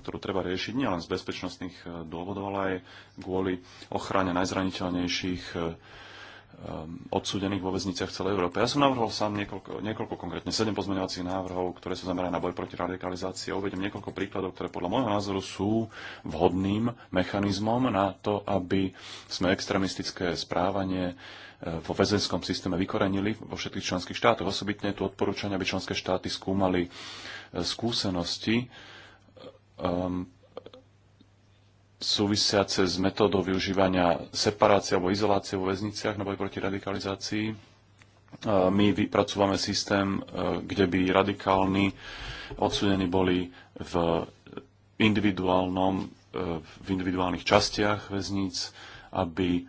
ktorú treba riešiť nielen z bezpečnostných e, dôvodov, ale aj kvôli ochrane najzraniteľnejších e, e, odsúdených vo väzniciach v celej Európe. Ja som navrhol sám niekoľko, niekoľko konkrétne sedem pozmeňovacích návrhov, ktoré sa zamerajú na boj proti radikalizácii. Uvedem niekoľko príkladov, ktoré podľa môjho názoru sú vhodným mechanizmom na to, aby sme extremistické správanie vo väzenskom systéme vykorenili vo všetkých členských štátoch. Osobitne tu odporúčania, aby členské štáty skúmali skúsenosti um, súvisiace s metódou využívania separácie alebo izolácie vo väzniciach na boj proti radikalizácii. Uh, my vypracúvame systém, uh, kde by radikálni odsudení boli v, individuálnom, uh, v individuálnych častiach väzníc, aby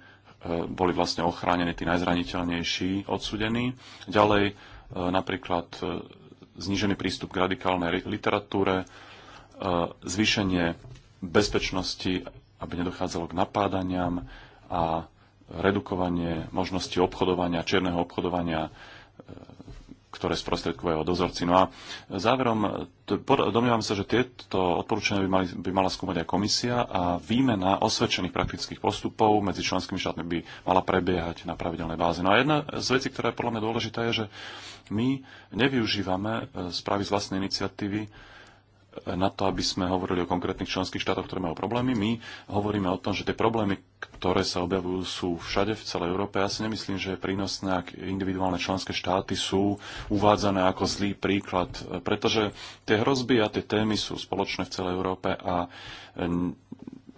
boli vlastne ochránení tí najzraniteľnejší odsudení. Ďalej napríklad znížený prístup k radikálnej literatúre, E, zvýšenie bezpečnosti, aby nedochádzalo k napádaniam a redukovanie možnosti obchodovania, čierneho obchodovania, e, ktoré sprostredkovajú dozorci. No a záverom, domnievam sa, že tieto odporúčania by, mali, by mala skúmať aj komisia a výmena osvedčených praktických postupov medzi členskými štátmi by mala prebiehať na pravidelnej báze. No a jedna z vecí, ktorá je podľa mňa dôležitá, je, že my nevyužívame e, správy z vlastnej iniciatívy na to, aby sme hovorili o konkrétnych členských štátoch, ktoré majú problémy. My hovoríme o tom, že tie problémy, ktoré sa objavujú, sú všade v celej Európe. Ja si nemyslím, že prínosné, ak individuálne členské štáty sú uvádzané ako zlý príklad, pretože tie hrozby a tie témy sú spoločné v celej Európe a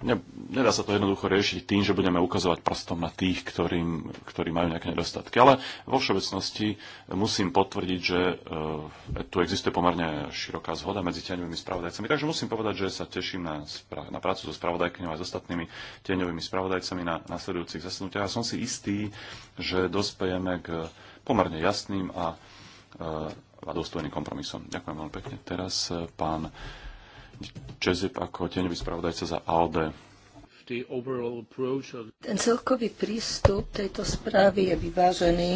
ne, nedá sa to jednoducho riešiť tým, že budeme ukazovať prstom na tých, ktorým, ktorí majú nejaké nedostatky. Ale vo všeobecnosti musím potvrdiť, že e, tu existuje pomerne široká zhoda medzi tieňovými spravodajcami. Takže musím povedať, že sa teším na, na prácu so spravodajkyňou a s ostatnými tieňovými spravodajcami na nasledujúcich zasadnutiach. A som si istý, že dospejeme k pomerne jasným a, e, a dôstojným kompromisom. Ďakujem veľmi pekne. Teraz e, pán Čezip ako tieňový spravodajca za ALDE. Ten celkový prístup tejto správy je vyvážený.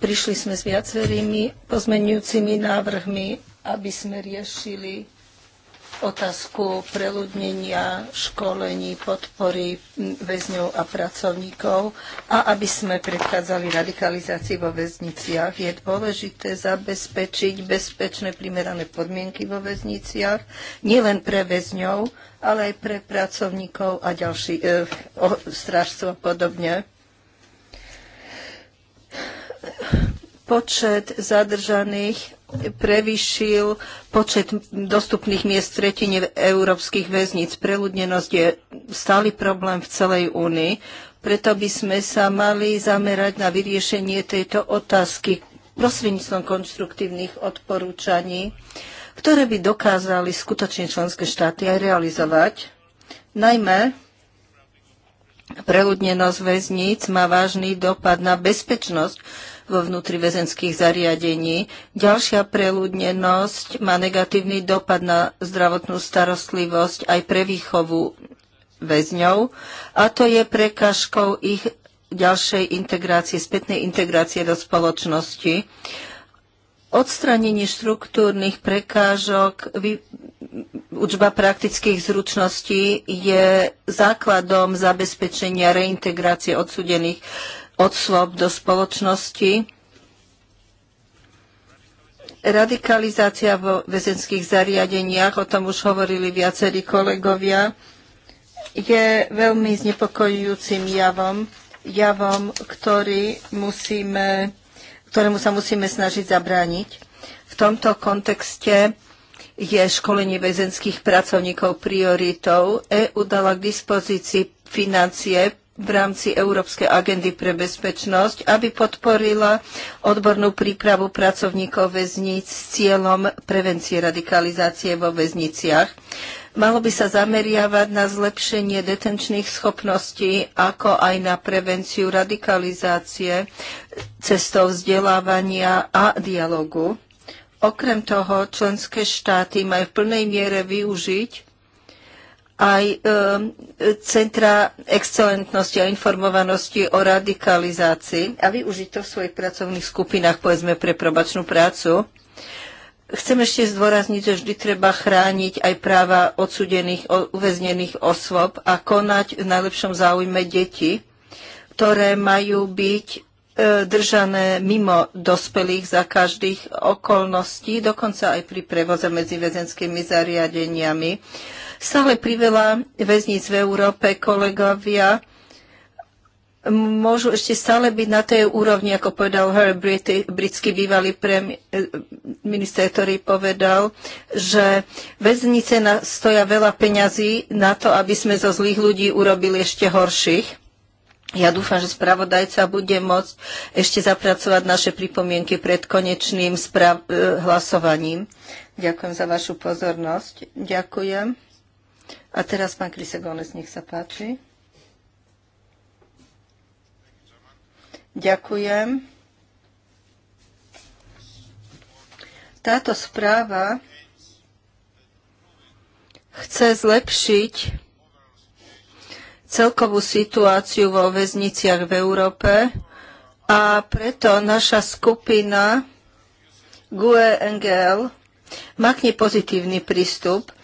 Prišli sme s viacerými pozmenujúcimi návrhmi, aby sme riešili otázku preľudnenia, školení, podpory väzňov a pracovníkov a aby sme predchádzali radikalizácii vo väzniciach. Je dôležité zabezpečiť bezpečné primerané podmienky vo väzniciach, nielen pre väzňov, ale aj pre pracovníkov a ďalší e, o, strážstvo a podobne. Počet zadržaných prevyšil počet dostupných miest v tretine európskych väzníc. Preľudnenosť je stály problém v celej únii, preto by sme sa mali zamerať na vyriešenie tejto otázky prostredníctvom konštruktívnych odporúčaní, ktoré by dokázali skutočne členské štáty aj realizovať. Najmä preľudnenosť väzníc má vážny dopad na bezpečnosť vo vnútri väzenských zariadení. Ďalšia preľudnenosť má negatívny dopad na zdravotnú starostlivosť aj pre výchovu väzňov a to je prekažkou ich ďalšej integrácie, spätnej integrácie do spoločnosti. Odstranenie štruktúrnych prekážok, učba praktických zručností je základom zabezpečenia reintegrácie odsudených osôb do spoločnosti. Radikalizácia vo väzenských zariadeniach, o tom už hovorili viacerí kolegovia, je veľmi znepokojujúcim javom, javom, ktorý musíme, ktorému sa musíme snažiť zabrániť. V tomto kontexte je školenie väzenských pracovníkov prioritou. EU dala k dispozícii financie v rámci Európskej agendy pre bezpečnosť, aby podporila odbornú prípravu pracovníkov väzníc s cieľom prevencie radikalizácie vo väzniciach. Malo by sa zameriavať na zlepšenie detenčných schopností, ako aj na prevenciu radikalizácie cestou vzdelávania a dialogu. Okrem toho, členské štáty majú v plnej miere využiť aj e, centra excelentnosti a informovanosti o radikalizácii a využiť to v svojich pracovných skupinách, povedzme, pre probačnú prácu. Chcem ešte zdôrazniť, že vždy treba chrániť aj práva odsudených, uväznených osôb a konať v najlepšom záujme deti, ktoré majú byť e, držané mimo dospelých za každých okolností, dokonca aj pri prevoze medzi väzenskými zariadeniami. Stále priveľa väzníc v Európe, kolegovia, môžu ešte stále byť na tej úrovni, ako povedal Her, Brity, britský bývalý minister, ktorý povedal, že väznice stoja veľa peňazí na to, aby sme zo zlých ľudí urobili ešte horších. Ja dúfam, že spravodajca bude môcť ešte zapracovať naše pripomienky pred konečným eh, hlasovaním. Ďakujem za vašu pozornosť. Ďakujem. A teraz pán Krisegones, nech sa páči. Ďakujem. Táto správa chce zlepšiť celkovú situáciu vo väzniciach v Európe a preto naša skupina GUE NGL má k nej pozitívny prístup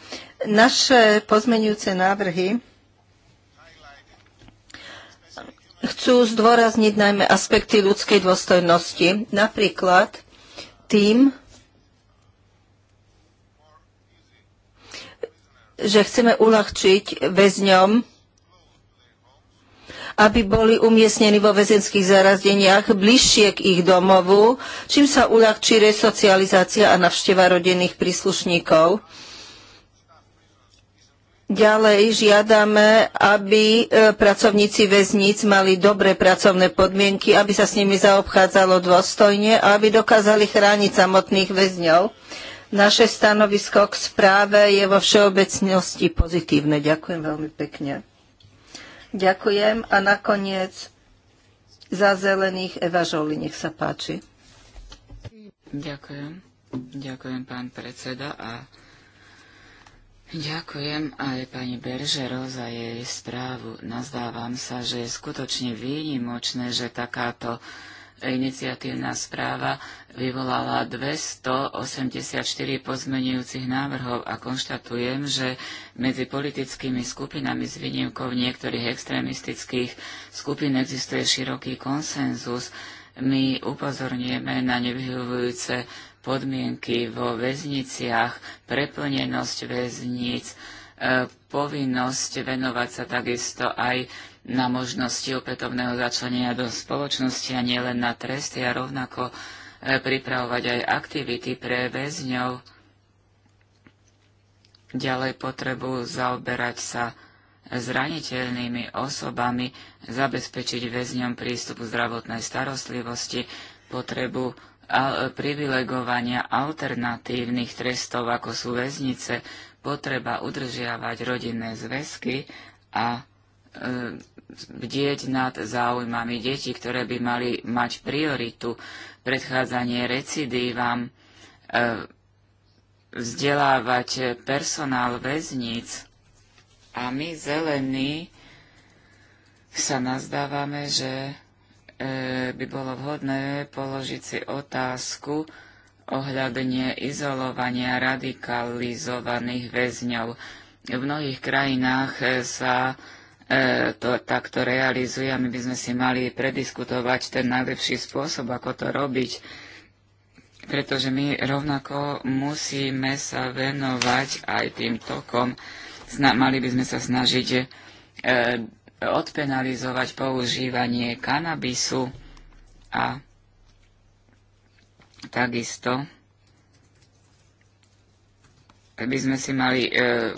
naše pozmenujúce návrhy chcú zdôrazniť najmä aspekty ľudskej dôstojnosti, napríklad tým, že chceme uľahčiť väzňom, aby boli umiestnení vo väzenských zarazdeniach bližšie k ich domovu, čím sa uľahčí resocializácia a navšteva rodinných príslušníkov. Ďalej žiadame, aby e, pracovníci väzníc mali dobré pracovné podmienky, aby sa s nimi zaobchádzalo dôstojne a aby dokázali chrániť samotných väzňov. Naše stanovisko k správe je vo všeobecnosti pozitívne. Ďakujem veľmi pekne. Ďakujem a nakoniec za zelených Eva Žoli, nech sa páči. Ďakujem. Ďakujem, pán predseda. A Ďakujem aj pani Beržero za jej správu. Nazdávam sa, že je skutočne výnimočné, že takáto iniciatívna správa vyvolala 284 pozmenujúcich návrhov a konštatujem, že medzi politickými skupinami s výnimkou niektorých extrémistických skupín existuje široký konsenzus. My upozorníme na nevyhovujúce podmienky vo väzniciach, preplnenosť väzníc, e, povinnosť venovať sa takisto aj na možnosti opätovného začlenia do spoločnosti a nielen na tresty a rovnako e, pripravovať aj aktivity pre väzňov. Ďalej potrebu zaoberať sa zraniteľnými osobami, zabezpečiť väzňom prístup k zdravotnej starostlivosti, potrebu privilegovania alternatívnych trestov, ako sú väznice, potreba udržiavať rodinné zväzky a e, bdieť nad záujmami detí, ktoré by mali mať prioritu, predchádzanie recidívam, e, vzdelávať personál väzníc. A my zelení sa nazdávame, že E, by bolo vhodné položiť si otázku ohľadne izolovania radikalizovaných väzňov. V mnohých krajinách e, sa e, to takto realizuje a my by sme si mali prediskutovať ten najlepší spôsob, ako to robiť, pretože my rovnako musíme sa venovať aj tým tokom. Mali by sme sa snažiť odpenalizovať používanie kanabisu a takisto by sme si mali e,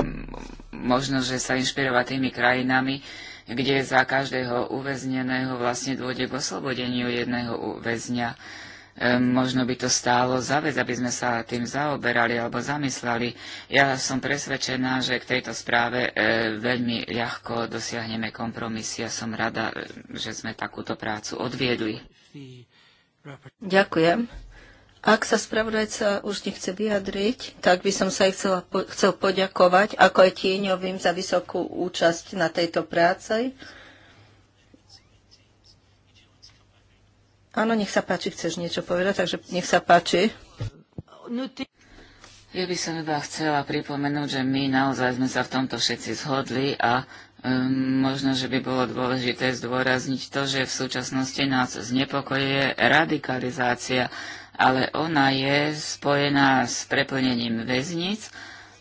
možnosť, že sa inšpirovať tými krajinami, kde za každého uväzneného vlastne dôjde k oslobodeniu jedného väzňa možno by to stálo za vec, aby sme sa tým zaoberali alebo zamysleli. Ja som presvedčená, že k tejto správe e, veľmi ľahko dosiahneme kompromisy a ja som rada, e, že sme takúto prácu odviedli. Ďakujem. Ak sa spravodajca už nechce vyjadriť, tak by som sa aj chcela, chcel poďakovať, ako aj tieňovým, za vysokú účasť na tejto práci Áno, nech sa páči, chceš niečo povedať, takže nech sa páči. Ja by som iba chcela pripomenúť, že my naozaj sme sa v tomto všetci zhodli a um, možno, že by bolo dôležité zdôrazniť to, že v súčasnosti nás znepokojuje radikalizácia, ale ona je spojená s preplnením väznic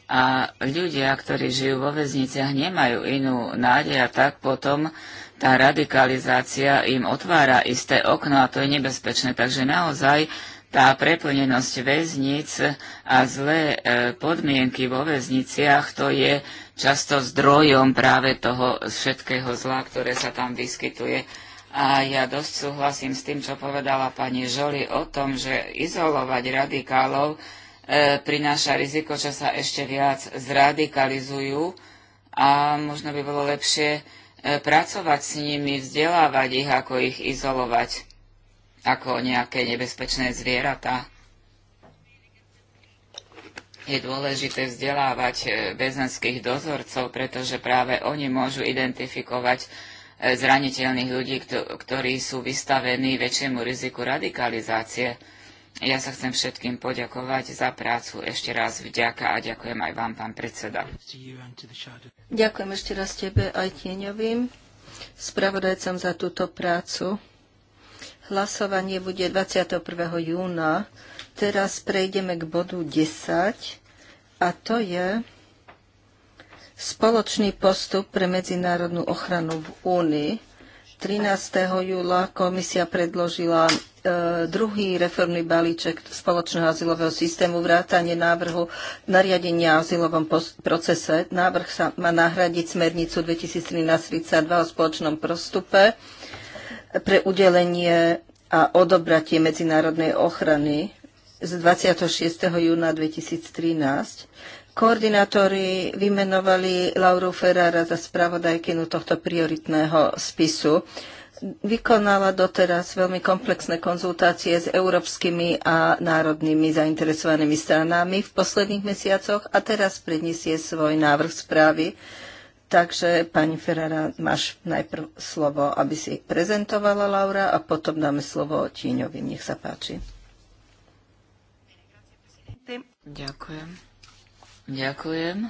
a ľudia, ktorí žijú vo väzniciach, nemajú inú nádej a tak potom tá radikalizácia im otvára isté okno a to je nebezpečné. Takže naozaj tá preplnenosť väznic a zlé e, podmienky vo väzniciach, to je často zdrojom práve toho všetkého zla, ktoré sa tam vyskytuje. A ja dosť súhlasím s tým, čo povedala pani Žoli o tom, že izolovať radikálov e, prináša riziko, že sa ešte viac zradikalizujú a možno by bolo lepšie E, pracovať s nimi, vzdelávať ich, ako ich izolovať ako nejaké nebezpečné zvieratá. Je dôležité vzdelávať e, väzenských dozorcov, pretože práve oni môžu identifikovať e, zraniteľných ľudí, ktorí sú vystavení väčšiemu riziku radikalizácie. Ja sa chcem všetkým poďakovať za prácu. Ešte raz vďaka a ďakujem aj vám, pán predseda. Ďakujem ešte raz tebe aj tieňovým spravodajcom za túto prácu. Hlasovanie bude 21. júna. Teraz prejdeme k bodu 10 a to je spoločný postup pre medzinárodnú ochranu v Únii. 13. júla komisia predložila e, druhý reformný balíček spoločného azylového systému vrátanie návrhu nariadenia o azylovom procese. Návrh sa má nahradiť smernicu 2013-32 o spoločnom prostupe pre udelenie a odobratie medzinárodnej ochrany z 26. júna 2013 Koordinátori vymenovali Lauru Ferrara za spravodajkynu tohto prioritného spisu. Vykonala doteraz veľmi komplexné konzultácie s európskymi a národnými zainteresovanými stranami v posledných mesiacoch a teraz predniesie svoj návrh správy. Takže pani Ferrara, máš najprv slovo, aby si prezentovala Laura a potom dáme slovo Tíňovi. Nech sa páči. Ďakujem. Ďakujem,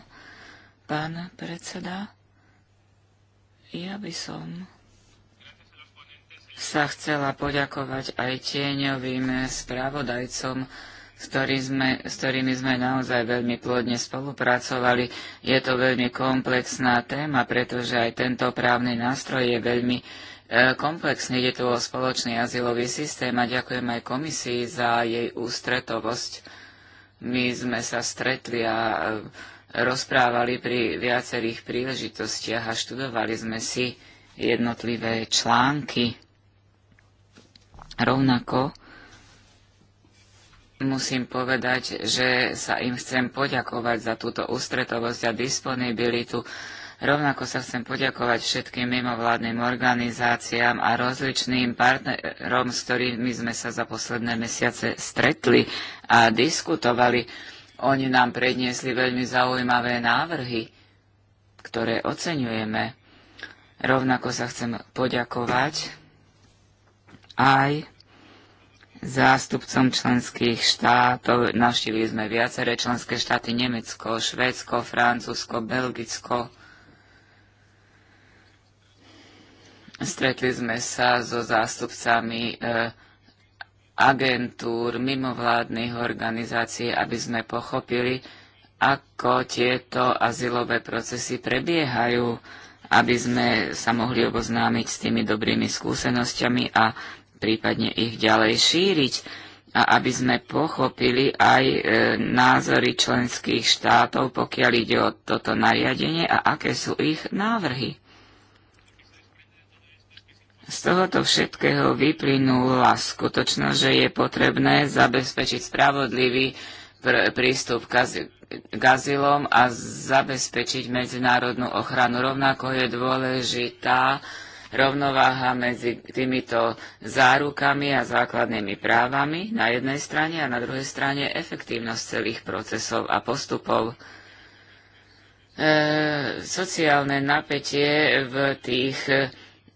pán predseda. Ja by som sa chcela poďakovať aj tieňovým spravodajcom, s, ktorý sme, s ktorými sme naozaj veľmi plodne spolupracovali. Je to veľmi komplexná téma, pretože aj tento právny nástroj je veľmi e, komplexný. Je tu o spoločný azylový systém a ďakujem aj komisii za jej ústretovosť. My sme sa stretli a e, rozprávali pri viacerých príležitostiach a študovali sme si jednotlivé články. Rovnako musím povedať, že sa im chcem poďakovať za túto ústretovosť a disponibilitu Rovnako sa chcem poďakovať všetkým mimovládnym organizáciám a rozličným partnerom, s ktorými sme sa za posledné mesiace stretli a diskutovali. Oni nám predniesli veľmi zaujímavé návrhy, ktoré oceňujeme. Rovnako sa chcem poďakovať aj zástupcom členských štátov. Navštívili sme viaceré členské štáty Nemecko, Švédsko, Francúzsko, Belgicko, Stretli sme sa so zástupcami e, agentúr, mimovládnych organizácií, aby sme pochopili, ako tieto azylové procesy prebiehajú, aby sme sa mohli oboznámiť s tými dobrými skúsenosťami a prípadne ich ďalej šíriť a aby sme pochopili aj e, názory členských štátov, pokiaľ ide o toto nariadenie a aké sú ich návrhy. Z tohoto všetkého vyplynula skutočnosť, že je potrebné zabezpečiť spravodlivý prístup k gazilom a zabezpečiť medzinárodnú ochranu. Rovnako je dôležitá rovnováha medzi týmito zárukami a základnými právami na jednej strane a na druhej strane efektívnosť celých procesov a postupov. E, sociálne napätie v tých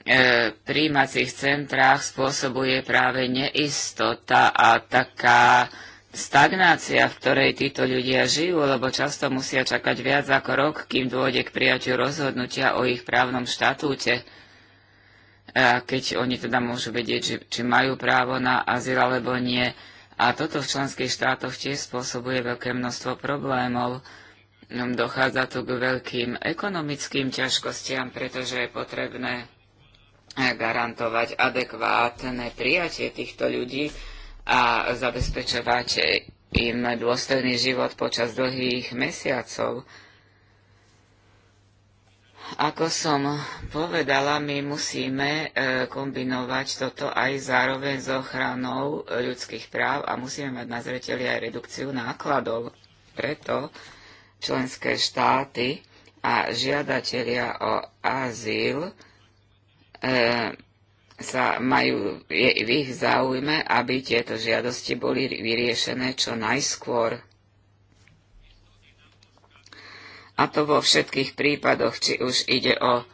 E, príjmacích centrách spôsobuje práve neistota a taká stagnácia, v ktorej títo ľudia žijú, lebo často musia čakať viac ako rok, kým dôjde k prijatiu rozhodnutia o ich právnom štatúte. e, keď oni teda môžu vedieť, či, či majú právo na azyl alebo nie. A toto v členských štátoch tiež spôsobuje veľké množstvo problémov. Dochádza tu k veľkým ekonomickým ťažkostiam, pretože je potrebné garantovať adekvátne prijatie týchto ľudí a zabezpečovať im dôstojný život počas dlhých mesiacov. Ako som povedala, my musíme e, kombinovať toto aj zároveň s ochranou ľudských práv a musíme mať na zreteli aj redukciu nákladov. Preto členské štáty a žiadatelia o azyl E, sa majú je, v ich záujme, aby tieto žiadosti boli vyriešené čo najskôr. A to vo všetkých prípadoch, či už ide o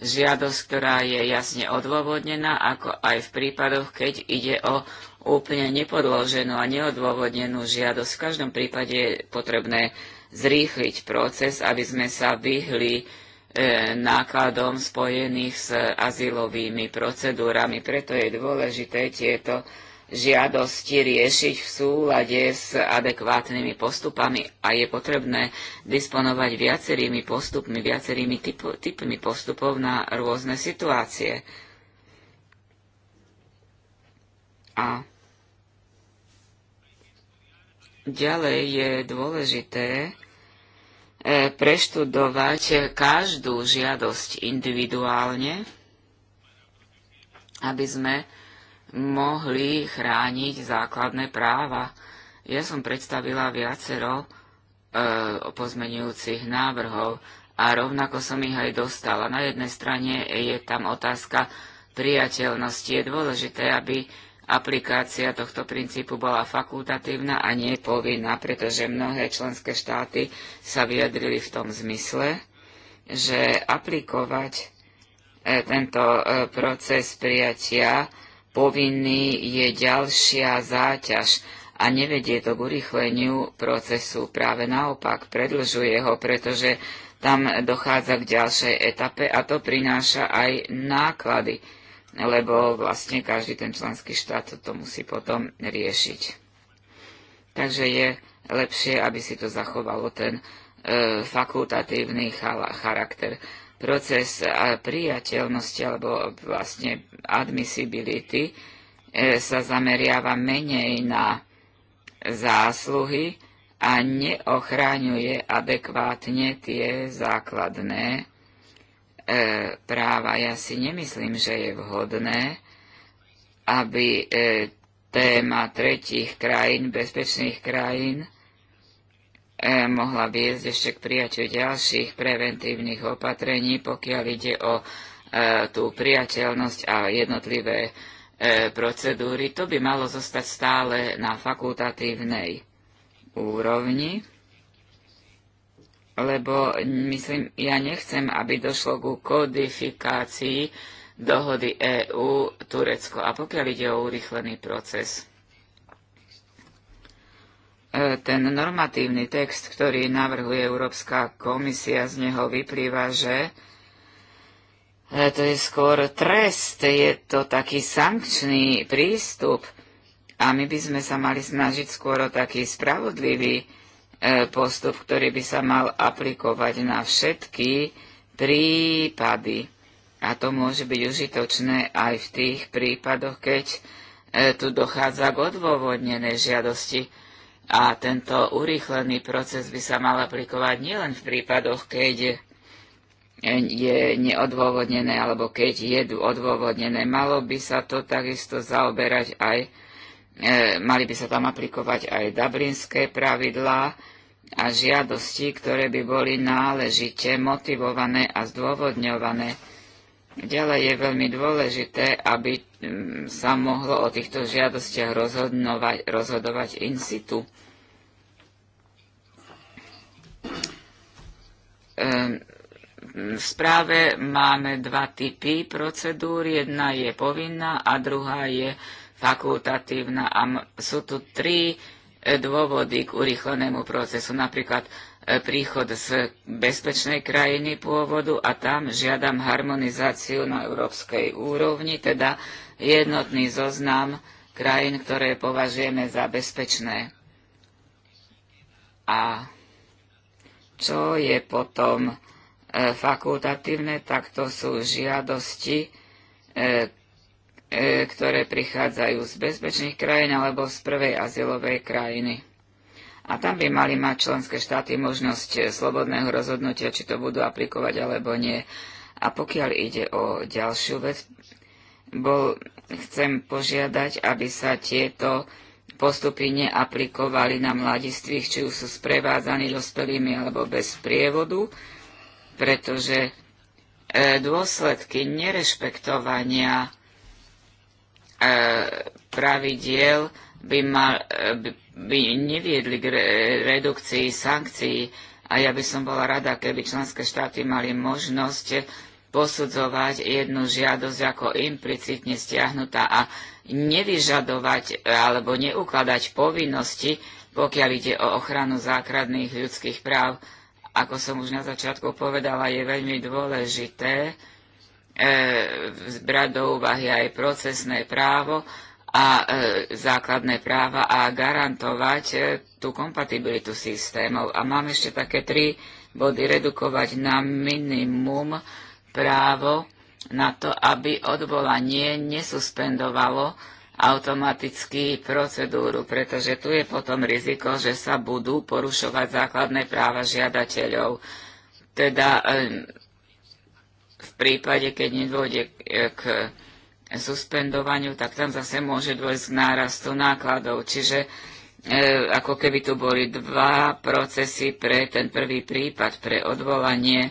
žiadosť, ktorá je jasne odôvodnená, ako aj v prípadoch, keď ide o úplne nepodloženú a neodôvodnenú žiadosť. V každom prípade je potrebné zrýchliť proces, aby sme sa vyhli E, nákladom spojených s azylovými procedúrami. Preto je dôležité tieto žiadosti riešiť v súlade s adekvátnymi postupami a je potrebné disponovať viacerými postupmi, viacerými typ, typmi postupov na rôzne situácie. A ďalej je dôležité, E, preštudovať každú žiadosť individuálne, aby sme mohli chrániť základné práva. Ja som predstavila viacero e, pozmenujúcich návrhov a rovnako som ich aj dostala. Na jednej strane je tam otázka priateľnosti. Je dôležité, aby Aplikácia tohto princípu bola fakultatívna a nie povinná, pretože mnohé členské štáty sa vyjadrili v tom zmysle, že aplikovať e, tento e, proces prijatia povinný je ďalšia záťaž a nevedie to k urychleniu procesu. Práve naopak predlžuje ho, pretože tam dochádza k ďalšej etape a to prináša aj náklady lebo vlastne každý ten členský štát to musí potom riešiť. Takže je lepšie, aby si to zachovalo ten e, fakultatívny charakter. Proces e, priateľnosti alebo vlastne admissibility e, sa zameriava menej na zásluhy a neochráňuje adekvátne tie základné E, práva. Ja si nemyslím, že je vhodné, aby e, téma tretích krajín, bezpečných krajín, e, mohla viesť ešte k prijaťu ďalších preventívnych opatrení, pokiaľ ide o tú priateľnosť a jednotlivé procedúry. To by malo zostať stále na fakultatívnej úrovni lebo myslím, ja nechcem, aby došlo ku kodifikácii dohody EÚ Turecko. A pokiaľ ide o urychlený proces, e, ten normatívny text, ktorý navrhuje Európska komisia, z neho vyplýva, že e, to je skôr trest, je to taký sankčný prístup a my by sme sa mali snažiť skôr o taký spravodlivý E, postup, ktorý by sa mal aplikovať na všetky prípady. A to môže byť užitočné aj v tých prípadoch, keď e, tu dochádza k odôvodnenej žiadosti. A tento urýchlený proces by sa mal aplikovať nielen v prípadoch, keď e, je neodôvodnené alebo keď je odôvodnené. Malo by sa to takisto zaoberať aj E, mali by sa tam aplikovať aj dublinské pravidlá a žiadosti, ktoré by boli náležite motivované a zdôvodňované. Ďalej je veľmi dôležité, aby mm, sa mohlo o týchto žiadostiach rozhodovať in situ. Ehm, v správe máme dva typy procedúr. Jedna je povinná a druhá je fakultatívna a sú tu tri e, dôvody k urýchlenému procesu, napríklad e, príchod z bezpečnej krajiny pôvodu a tam žiadam harmonizáciu na európskej úrovni, teda jednotný zoznam krajín, ktoré považujeme za bezpečné. A čo je potom e, fakultatívne, tak to sú žiadosti, E, ktoré prichádzajú z bezpečných krajín alebo z prvej azylovej krajiny. A tam by mali mať členské štáty možnosť slobodného rozhodnutia, či to budú aplikovať alebo nie. A pokiaľ ide o ďalšiu vec, bol, chcem požiadať, aby sa tieto postupy neaplikovali na mladistvých, či už sú sprevádzaní dospelými alebo bez prievodu, pretože e, dôsledky nerešpektovania pravidiel by, mal, by, by neviedli k redukcii sankcií a ja by som bola rada, keby členské štáty mali možnosť posudzovať jednu žiadosť ako implicitne stiahnutá a nevyžadovať e, alebo neukladať povinnosti, pokiaľ ide o ochranu základných ľudských práv. Ako som už na začiatku povedala, je veľmi dôležité, E, brať do úvahy aj procesné právo a e, základné práva a garantovať e, tú kompatibilitu systémov. A mám ešte také tri body redukovať na minimum právo na to, aby odvolanie nesuspendovalo automaticky procedúru, pretože tu je potom riziko, že sa budú porušovať základné práva žiadateľov. Teda e, prípade, keď nedôjde k suspendovaniu, tak tam zase môže dôjsť k nárastu nákladov. Čiže e, ako keby tu boli dva procesy pre ten prvý prípad, pre odvolanie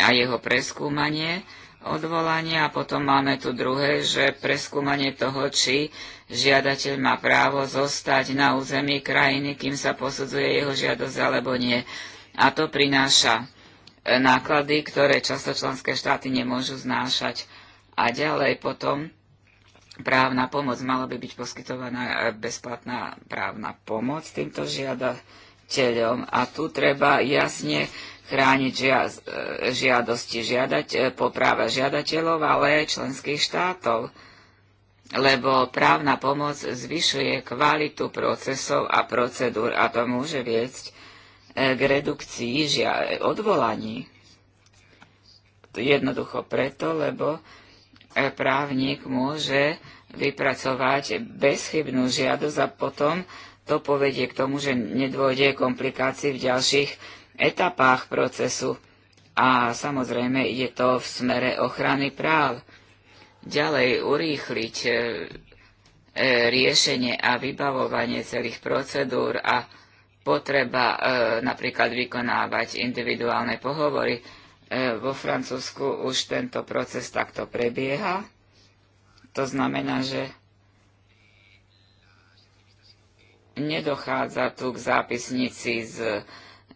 a jeho preskúmanie odvolania a potom máme tu druhé, že preskúmanie toho, či žiadateľ má právo zostať na území krajiny, kým sa posudzuje jeho žiadosť alebo nie. A to prináša náklady, ktoré často členské štáty nemôžu znášať. A ďalej potom právna pomoc. Mala by byť poskytovaná e, bezplatná právna pomoc týmto žiadateľom. A tu treba jasne chrániť e, žiadosti žiadať, e, popráva žiadateľov, ale aj členských štátov lebo právna pomoc zvyšuje kvalitu procesov a procedúr a to môže viesť k redukcii žia- odvolaní. Jednoducho preto, lebo e, právnik môže vypracovať bezchybnú žiadosť a potom to povedie k tomu, že nedôjde komplikácií v ďalších etapách procesu. A samozrejme ide to v smere ochrany práv. Ďalej urýchliť e, e, riešenie a vybavovanie celých procedúr a potreba e, napríklad vykonávať individuálne pohovory. E, vo Francúzsku už tento proces takto prebieha. To znamená, že nedochádza tu k zápisnici z,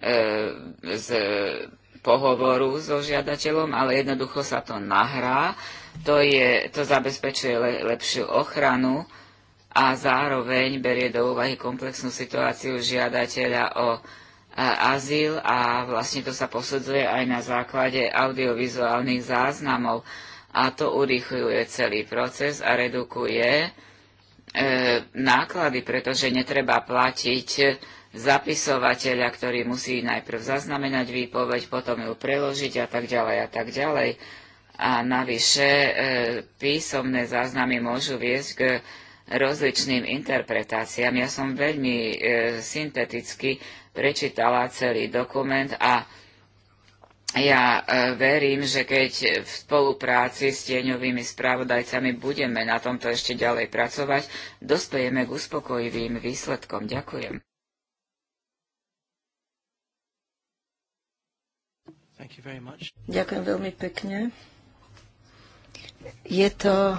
e, z pohovoru so žiadateľom, ale jednoducho sa to nahrá. To, je, to zabezpečuje le, lepšiu ochranu a zároveň berie do úvahy komplexnú situáciu žiadateľa o e, azyl a vlastne to sa posudzuje aj na základe audiovizuálnych záznamov a to urýchľuje celý proces a redukuje e, náklady, pretože netreba platiť zapisovateľa, ktorý musí najprv zaznamenať výpoveď, potom ju preložiť a tak ďalej a tak ďalej. A navyše e, písomné záznamy môžu viesť k rozličným interpretáciám. Ja som veľmi e, synteticky prečítala celý dokument a ja e, verím, že keď v spolupráci s tieňovými spravodajcami budeme na tomto ešte ďalej pracovať, dospejeme k uspokojivým výsledkom. Ďakujem. Ďakujem veľmi pekne. Je to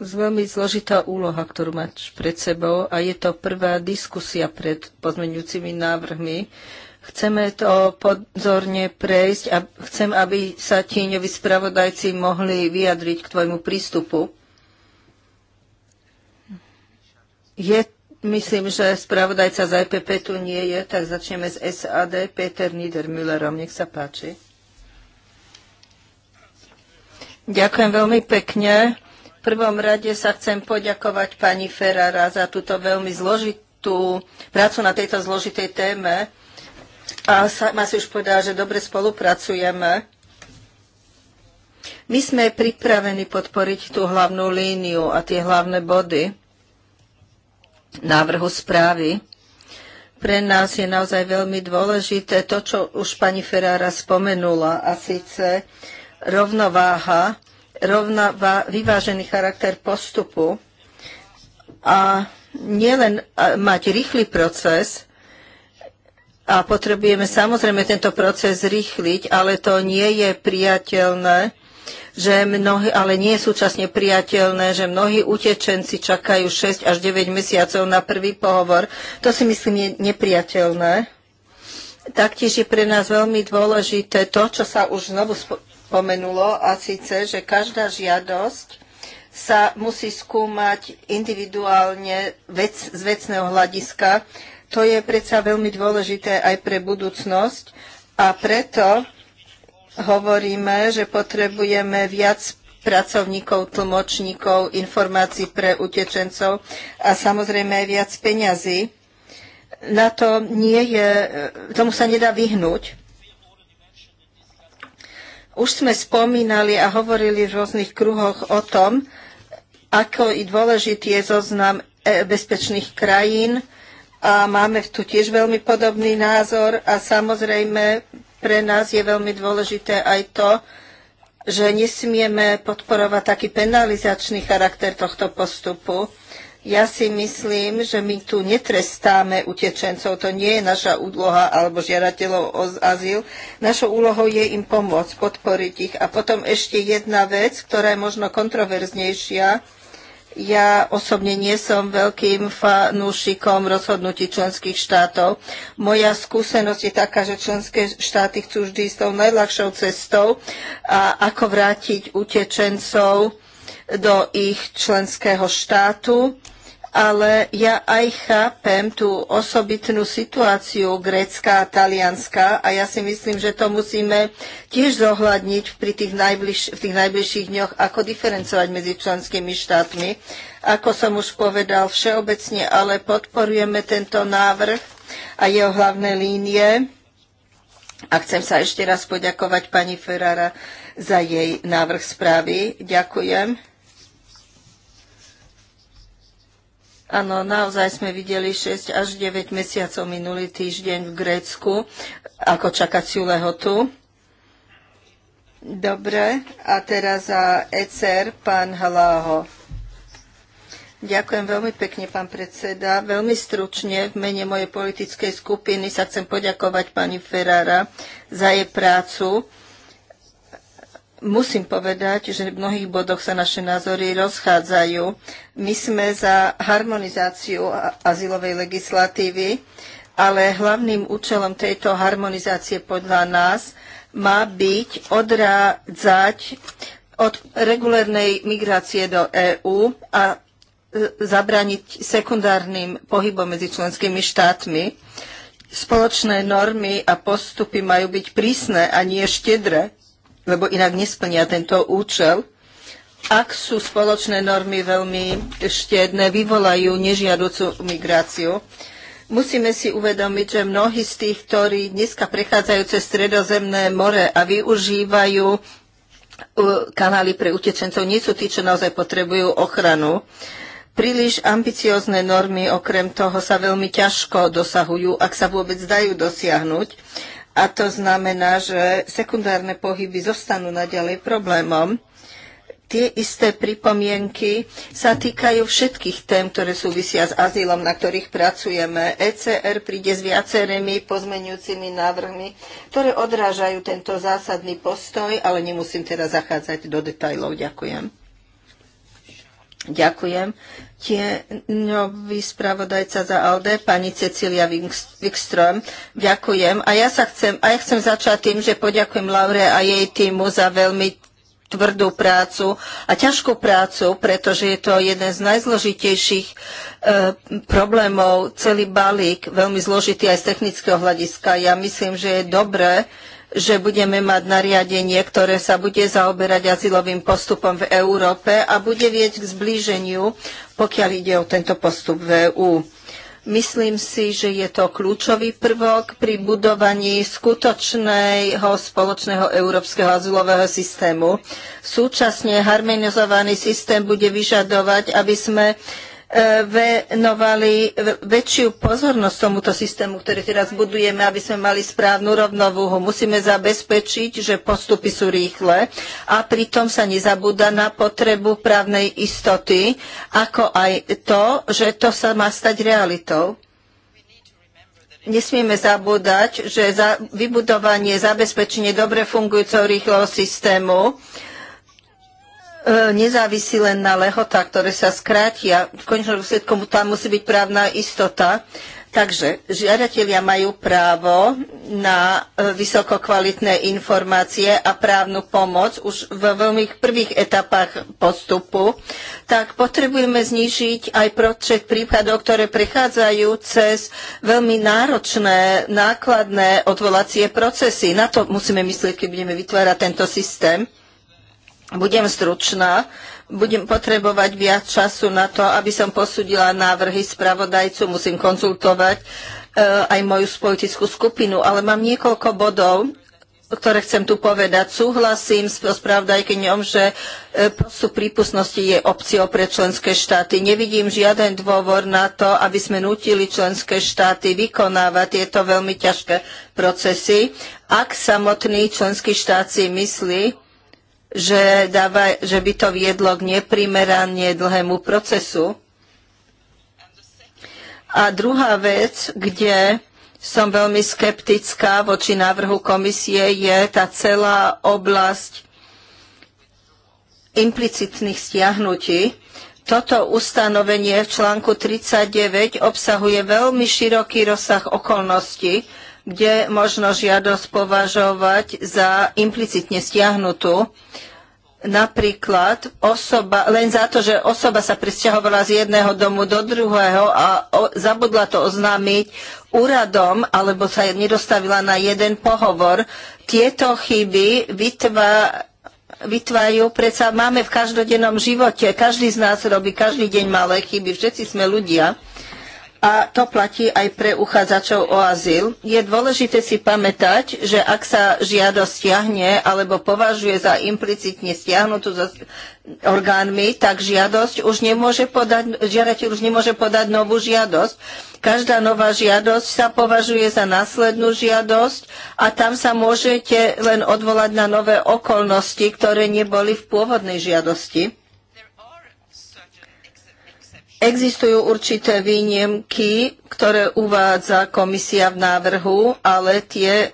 veľmi zložitá úloha, ktorú máš pred sebou a je to prvá diskusia pred pozmeňujúcimi návrhmi. Chceme to pozorne prejsť a chcem, aby sa tíňoví spravodajci mohli vyjadriť k tvojmu prístupu. Je, myslím, že spravodajca z IPP e tu nie je, tak začneme s SAD, Peter Niedermüllerom. Nech sa páči. Ďakujem veľmi pekne prvom rade sa chcem poďakovať pani Ferrara za túto veľmi zložitú prácu na tejto zložitej téme. A sama si už povedala, že dobre spolupracujeme. My sme pripravení podporiť tú hlavnú líniu a tie hlavné body návrhu správy. Pre nás je naozaj veľmi dôležité to, čo už pani Ferrara spomenula, a síce rovnováha rovná vyvážený charakter postupu a nielen mať rýchly proces, a potrebujeme samozrejme tento proces rýchliť, ale to nie je priateľné, že mnohí, ale nie je súčasne priateľné, že mnohí utečenci čakajú 6 až 9 mesiacov na prvý pohovor. To si myslím je nepriateľné. Taktiež je pre nás veľmi dôležité to, čo sa už znovu spomenulo, a síce, že každá žiadosť sa musí skúmať individuálne vec, z vecného hľadiska. To je predsa veľmi dôležité aj pre budúcnosť a preto hovoríme, že potrebujeme viac pracovníkov, tlmočníkov, informácií pre utečencov a samozrejme aj viac peňazí. Na to nie je, tomu sa nedá vyhnúť. Už sme spomínali a hovorili v rôznych kruhoch o tom, ako i dôležitý je zoznam bezpečných krajín a máme tu tiež veľmi podobný názor a samozrejme pre nás je veľmi dôležité aj to, že nesmieme podporovať taký penalizačný charakter tohto postupu. Ja si myslím, že my tu netrestáme utečencov, to nie je naša úloha alebo žiadateľov o azyl. Našou úlohou je im pomôcť, podporiť ich. A potom ešte jedna vec, ktorá je možno kontroverznejšia. Ja osobne nie som veľkým fanúšikom rozhodnutí členských štátov. Moja skúsenosť je taká, že členské štáty chcú vždy s tou najľahšou cestou a ako vrátiť utečencov do ich členského štátu ale ja aj chápem tú osobitnú situáciu Grécka a Talianska a ja si myslím, že to musíme tiež zohľadniť pri tých najbliž, v tých najbližších dňoch, ako diferencovať medzi členskými štátmi. Ako som už povedal všeobecne, ale podporujeme tento návrh a jeho hlavné línie. A chcem sa ešte raz poďakovať pani Ferrara za jej návrh správy. Ďakujem. Áno, naozaj sme videli 6 až 9 mesiacov minulý týždeň v Grécku ako čakaciu lehotu. Dobre, a teraz za ECR pán Haláho. Ďakujem veľmi pekne, pán predseda. Veľmi stručne v mene mojej politickej skupiny sa chcem poďakovať pani Ferrara za jej prácu Musím povedať, že v mnohých bodoch sa naše názory rozchádzajú. My sme za harmonizáciu azylovej legislatívy, ale hlavným účelom tejto harmonizácie podľa nás má byť odrádzať od regulérnej migrácie do EÚ a e, zabrániť sekundárnym pohybom medzi členskými štátmi. Spoločné normy a postupy majú byť prísne a nie štedré lebo inak nesplnia tento účel. Ak sú spoločné normy veľmi štiedne, vyvolajú nežiaducu migráciu. Musíme si uvedomiť, že mnohí z tých, ktorí dneska prechádzajú cez Stredozemné more a využívajú uh, kanály pre utečencov, nie sú tí, čo naozaj potrebujú ochranu. Príliš ambiciozne normy okrem toho sa veľmi ťažko dosahujú, ak sa vôbec dajú dosiahnuť. A to znamená, že sekundárne pohyby zostanú naďalej problémom. Tie isté pripomienky sa týkajú všetkých tém, ktoré súvisia s azylom, na ktorých pracujeme. ECR príde s viacerými pozmenujúcimi návrhmi, ktoré odrážajú tento zásadný postoj, ale nemusím teraz zachádzať do detajlov. Ďakujem. Ďakujem tieňový spravodajca za ALDE, pani Cecilia Wikström. Ďakujem. A ja, sa chcem, a ja chcem začať tým, že poďakujem Laure a jej týmu za veľmi tvrdú prácu a ťažkú prácu, pretože je to jeden z najzložitejších e, problémov, celý balík, veľmi zložitý aj z technického hľadiska. Ja myslím, že je dobré, že budeme mať nariadenie, ktoré sa bude zaoberať azylovým postupom v Európe a bude vieť k zblíženiu, pokiaľ ide o tento postup v EÚ. Myslím si, že je to kľúčový prvok pri budovaní skutočného spoločného európskeho azylového systému. Súčasne harmonizovaný systém bude vyžadovať, aby sme E, venovali väčšiu pozornosť tomuto systému, ktorý teraz budujeme, aby sme mali správnu rovnováhu. Musíme zabezpečiť, že postupy sú rýchle a pritom sa nezabúda na potrebu právnej istoty, ako aj to, že to sa má stať realitou. Nesmieme zabúdať, že za vybudovanie, zabezpečenie dobre fungujúceho rýchleho systému E, nezávisí len na lehotách, ktoré sa skrátia. V konečnom dôsledku tam musí byť právna istota. Takže žiadatelia majú právo na e, vysokokvalitné informácie a právnu pomoc už v veľmi prvých etapách postupu, tak potrebujeme znižiť aj počet prípadov, ktoré prechádzajú cez veľmi náročné, nákladné odvolacie procesy. Na to musíme myslieť, keď budeme vytvárať tento systém. Budem stručná. Budem potrebovať viac času na to, aby som posudila návrhy spravodajcu. Musím konzultovať e, aj moju politickú skupinu, ale mám niekoľko bodov, ktoré chcem tu povedať. Súhlasím s spravodajkyňom, že eh, postup prípustnosti je opciou pre členské štáty. Nevidím žiaden dôvod na to, aby sme nutili členské štáty vykonávať tieto veľmi ťažké procesy, ak samotný členský štát si myslí, že, dáva, že by to viedlo k neprimerane dlhému procesu. A druhá vec, kde som veľmi skeptická voči návrhu komisie, je tá celá oblasť implicitných stiahnutí. Toto ustanovenie v článku 39 obsahuje veľmi široký rozsah okolností, kde možno žiadosť považovať za implicitne stiahnutú. Napríklad osoba, len za to, že osoba sa pristahovala z jedného domu do druhého a o, zabudla to oznámiť úradom alebo sa nedostavila na jeden pohovor. Tieto chyby vytvá, vytvárajú, predsa máme v každodennom živote, každý z nás robí každý deň malé chyby, všetci sme ľudia a to platí aj pre uchádzačov o azyl. Je dôležité si pamätať, že ak sa žiadosť stiahne alebo považuje za implicitne stiahnutú so orgánmi, tak žiadosť už nemôže podať, žiadateľ už nemôže podať novú žiadosť. Každá nová žiadosť sa považuje za následnú žiadosť a tam sa môžete len odvolať na nové okolnosti, ktoré neboli v pôvodnej žiadosti. Existujú určité výnimky, ktoré uvádza komisia v návrhu, ale tie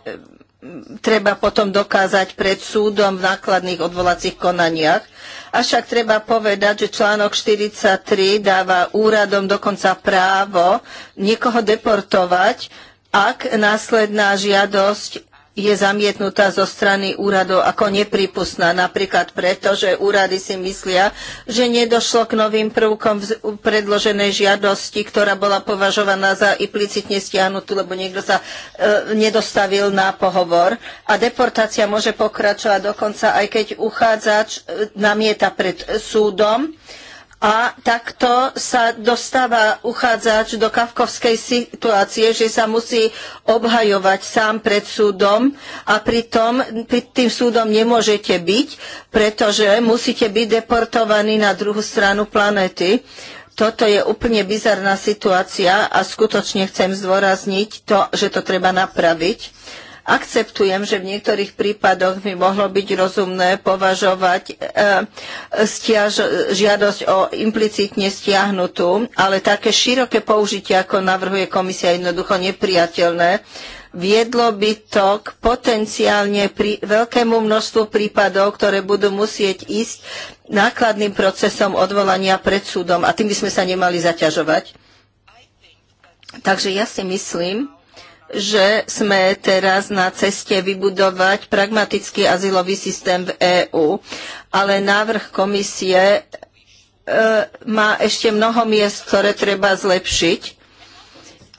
mm, treba potom dokázať pred súdom v nákladných odvolacích konaniach. Avšak treba povedať, že článok 43 dáva úradom dokonca právo niekoho deportovať, ak následná žiadosť je zamietnutá zo strany úradov ako nepripustná. Napríklad preto, že úrady si myslia, že nedošlo k novým prvkom v predloženej žiadosti, ktorá bola považovaná za implicitne stiahnutú, lebo niekto sa e, nedostavil na pohovor. A deportácia môže pokračovať dokonca aj keď uchádzač e, namieta pred súdom. E, a takto sa dostáva uchádzač do kafkovskej situácie, že sa musí obhajovať sám pred súdom a pritom pred tým súdom nemôžete byť, pretože musíte byť deportovaní na druhú stranu planéty. Toto je úplne bizarná situácia a skutočne chcem zdôrazniť to, že to treba napraviť. Akceptujem, že v niektorých prípadoch by mohlo byť rozumné považovať e, stiaž, žiadosť o implicitne stiahnutú, ale také široké použitie, ako navrhuje komisia, jednoducho nepriateľné viedlo by to k potenciálne pri, veľkému množstvu prípadov, ktoré budú musieť ísť nákladným procesom odvolania pred súdom a tým by sme sa nemali zaťažovať. Takže ja si myslím, že sme teraz na ceste vybudovať pragmatický azylový systém v EÚ, ale návrh komisie e, má ešte mnoho miest, ktoré treba zlepšiť.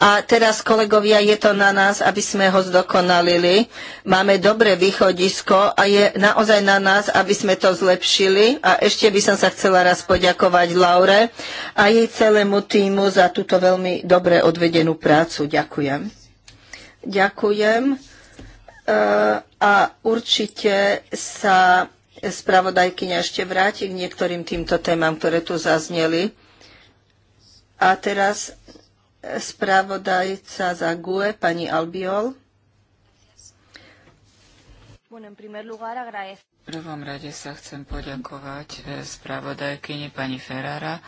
A teraz, kolegovia, je to na nás, aby sme ho zdokonalili. Máme dobré východisko a je naozaj na nás, aby sme to zlepšili. A ešte by som sa chcela raz poďakovať Laure a jej celému týmu za túto veľmi dobre odvedenú prácu. Ďakujem. Ďakujem eh, a určite sa spravodajkyňa ešte vráti k niektorým týmto témam, ktoré tu zazneli. A teraz spravodajca za GUE, pani Albiol. V prvom rade sa chcem poďakovať eh, spravodajkyni pani Ferrara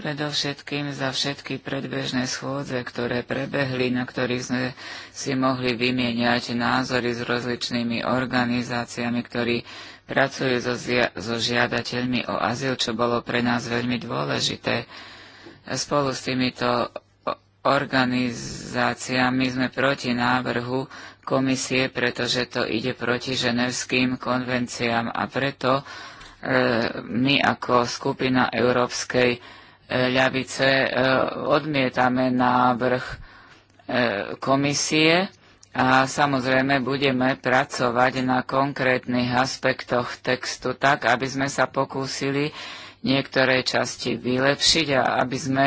predovšetkým za všetky predbežné schôdze, ktoré prebehli, na ktorých sme si mohli vymieňať názory s rozličnými organizáciami, ktorí pracujú so, so žiadateľmi o azyl, čo bolo pre nás veľmi dôležité. Spolu s týmito organizáciami sme proti návrhu komisie, pretože to ide proti ženevským konvenciám a preto e, my ako skupina Európskej ľavice e, odmietame návrh e, komisie a samozrejme budeme pracovať na konkrétnych aspektoch textu tak, aby sme sa pokúsili niektoré časti vylepšiť a aby sme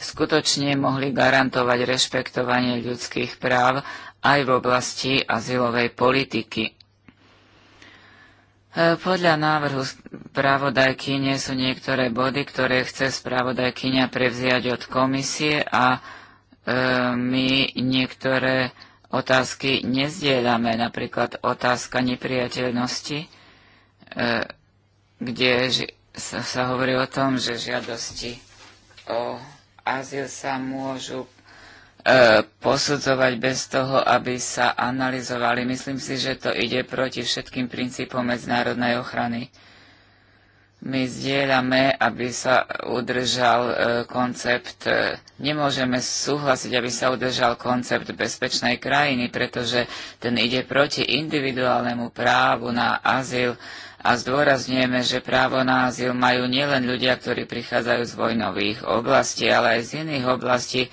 skutočne mohli garantovať rešpektovanie ľudských práv aj v oblasti azylovej politiky. E, podľa návrhu nie sú niektoré body, ktoré chce spravodajkyňa prevziať od komisie a e, my niektoré otázky nezdieľame, napríklad otázka nepriateľnosti, e, kde sa hovorí o tom, že žiadosti o azyl sa môžu E, posudzovať bez toho, aby sa analyzovali. Myslím si, že to ide proti všetkým princípom medzinárodnej ochrany. My zdieľame, aby sa udržal e, koncept, e, nemôžeme súhlasiť, aby sa udržal koncept bezpečnej krajiny, pretože ten ide proti individuálnemu právu na azyl a zdôrazňujeme, že právo na azyl majú nielen ľudia, ktorí prichádzajú z vojnových oblastí, ale aj z iných oblastí,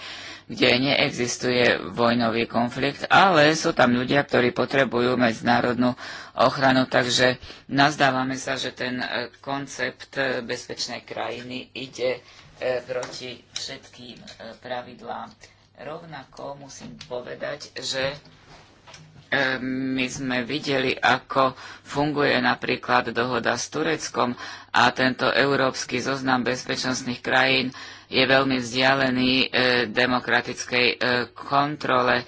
kde neexistuje vojnový konflikt, ale sú tam ľudia, ktorí potrebujú medzinárodnú ochranu, takže nazdávame sa, že ten e, koncept e, bezpečnej krajiny ide e, proti všetkým pravidlám. Rovnako musím povedať, že my sme videli, ako funguje napríklad dohoda s Tureckom a tento európsky zoznam bezpečnostných krajín je veľmi vzdialený e, demokratickej e, kontrole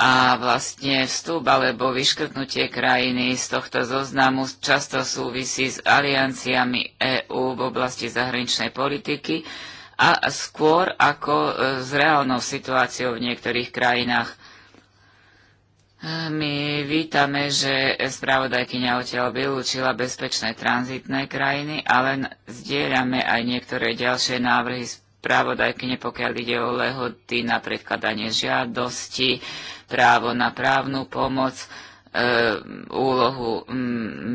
a vlastne vstup alebo vyškrtnutie krajiny z tohto zoznamu často súvisí s alianciami EÚ v oblasti zahraničnej politiky a skôr ako e, s reálnou situáciou v niektorých krajinách. E, my vítame, že spravodajkyňa odtiaľ vylúčila bezpečné tranzitné krajiny, ale zdieľame aj niektoré ďalšie návrhy právodajkyne, pokiaľ ide o lehoty na predkladanie žiadosti, právo na právnu pomoc, e, úlohu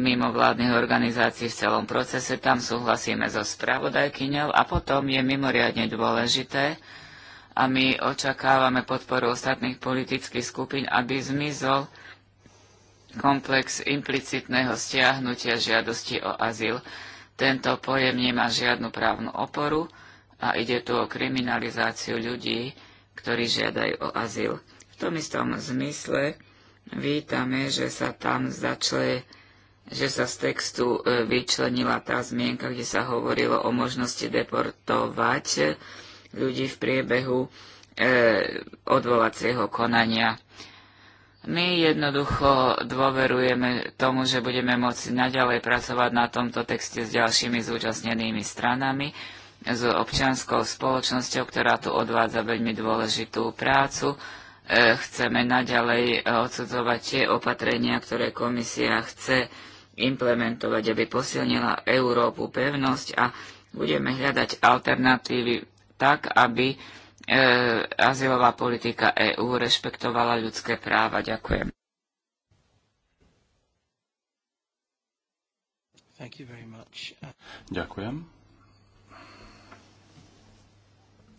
mimovládnych organizácií v celom procese. Tam súhlasíme so spravodajkyňou a potom je mimoriadne dôležité a my očakávame podporu ostatných politických skupín, aby zmizol komplex implicitného stiahnutia žiadosti o azyl. Tento pojem nemá žiadnu právnu oporu a ide tu o kriminalizáciu ľudí, ktorí žiadajú o azyl. V tom istom zmysle vítame, že sa tam začle, že sa z textu e, vyčlenila tá zmienka, kde sa hovorilo o možnosti deportovať ľudí v priebehu e, odvolacieho konania. My jednoducho dôverujeme tomu, že budeme môcť naďalej pracovať na tomto texte s ďalšími zúčastnenými stranami s občianskou spoločnosťou, ktorá tu odvádza veľmi dôležitú prácu. E, chceme naďalej e, odsudzovať tie opatrenia, ktoré komisia chce implementovať, aby posilnila Európu pevnosť a budeme hľadať alternatívy tak, aby e, azylová politika EÚ rešpektovala ľudské práva. Ďakujem. Uh, Ďakujem.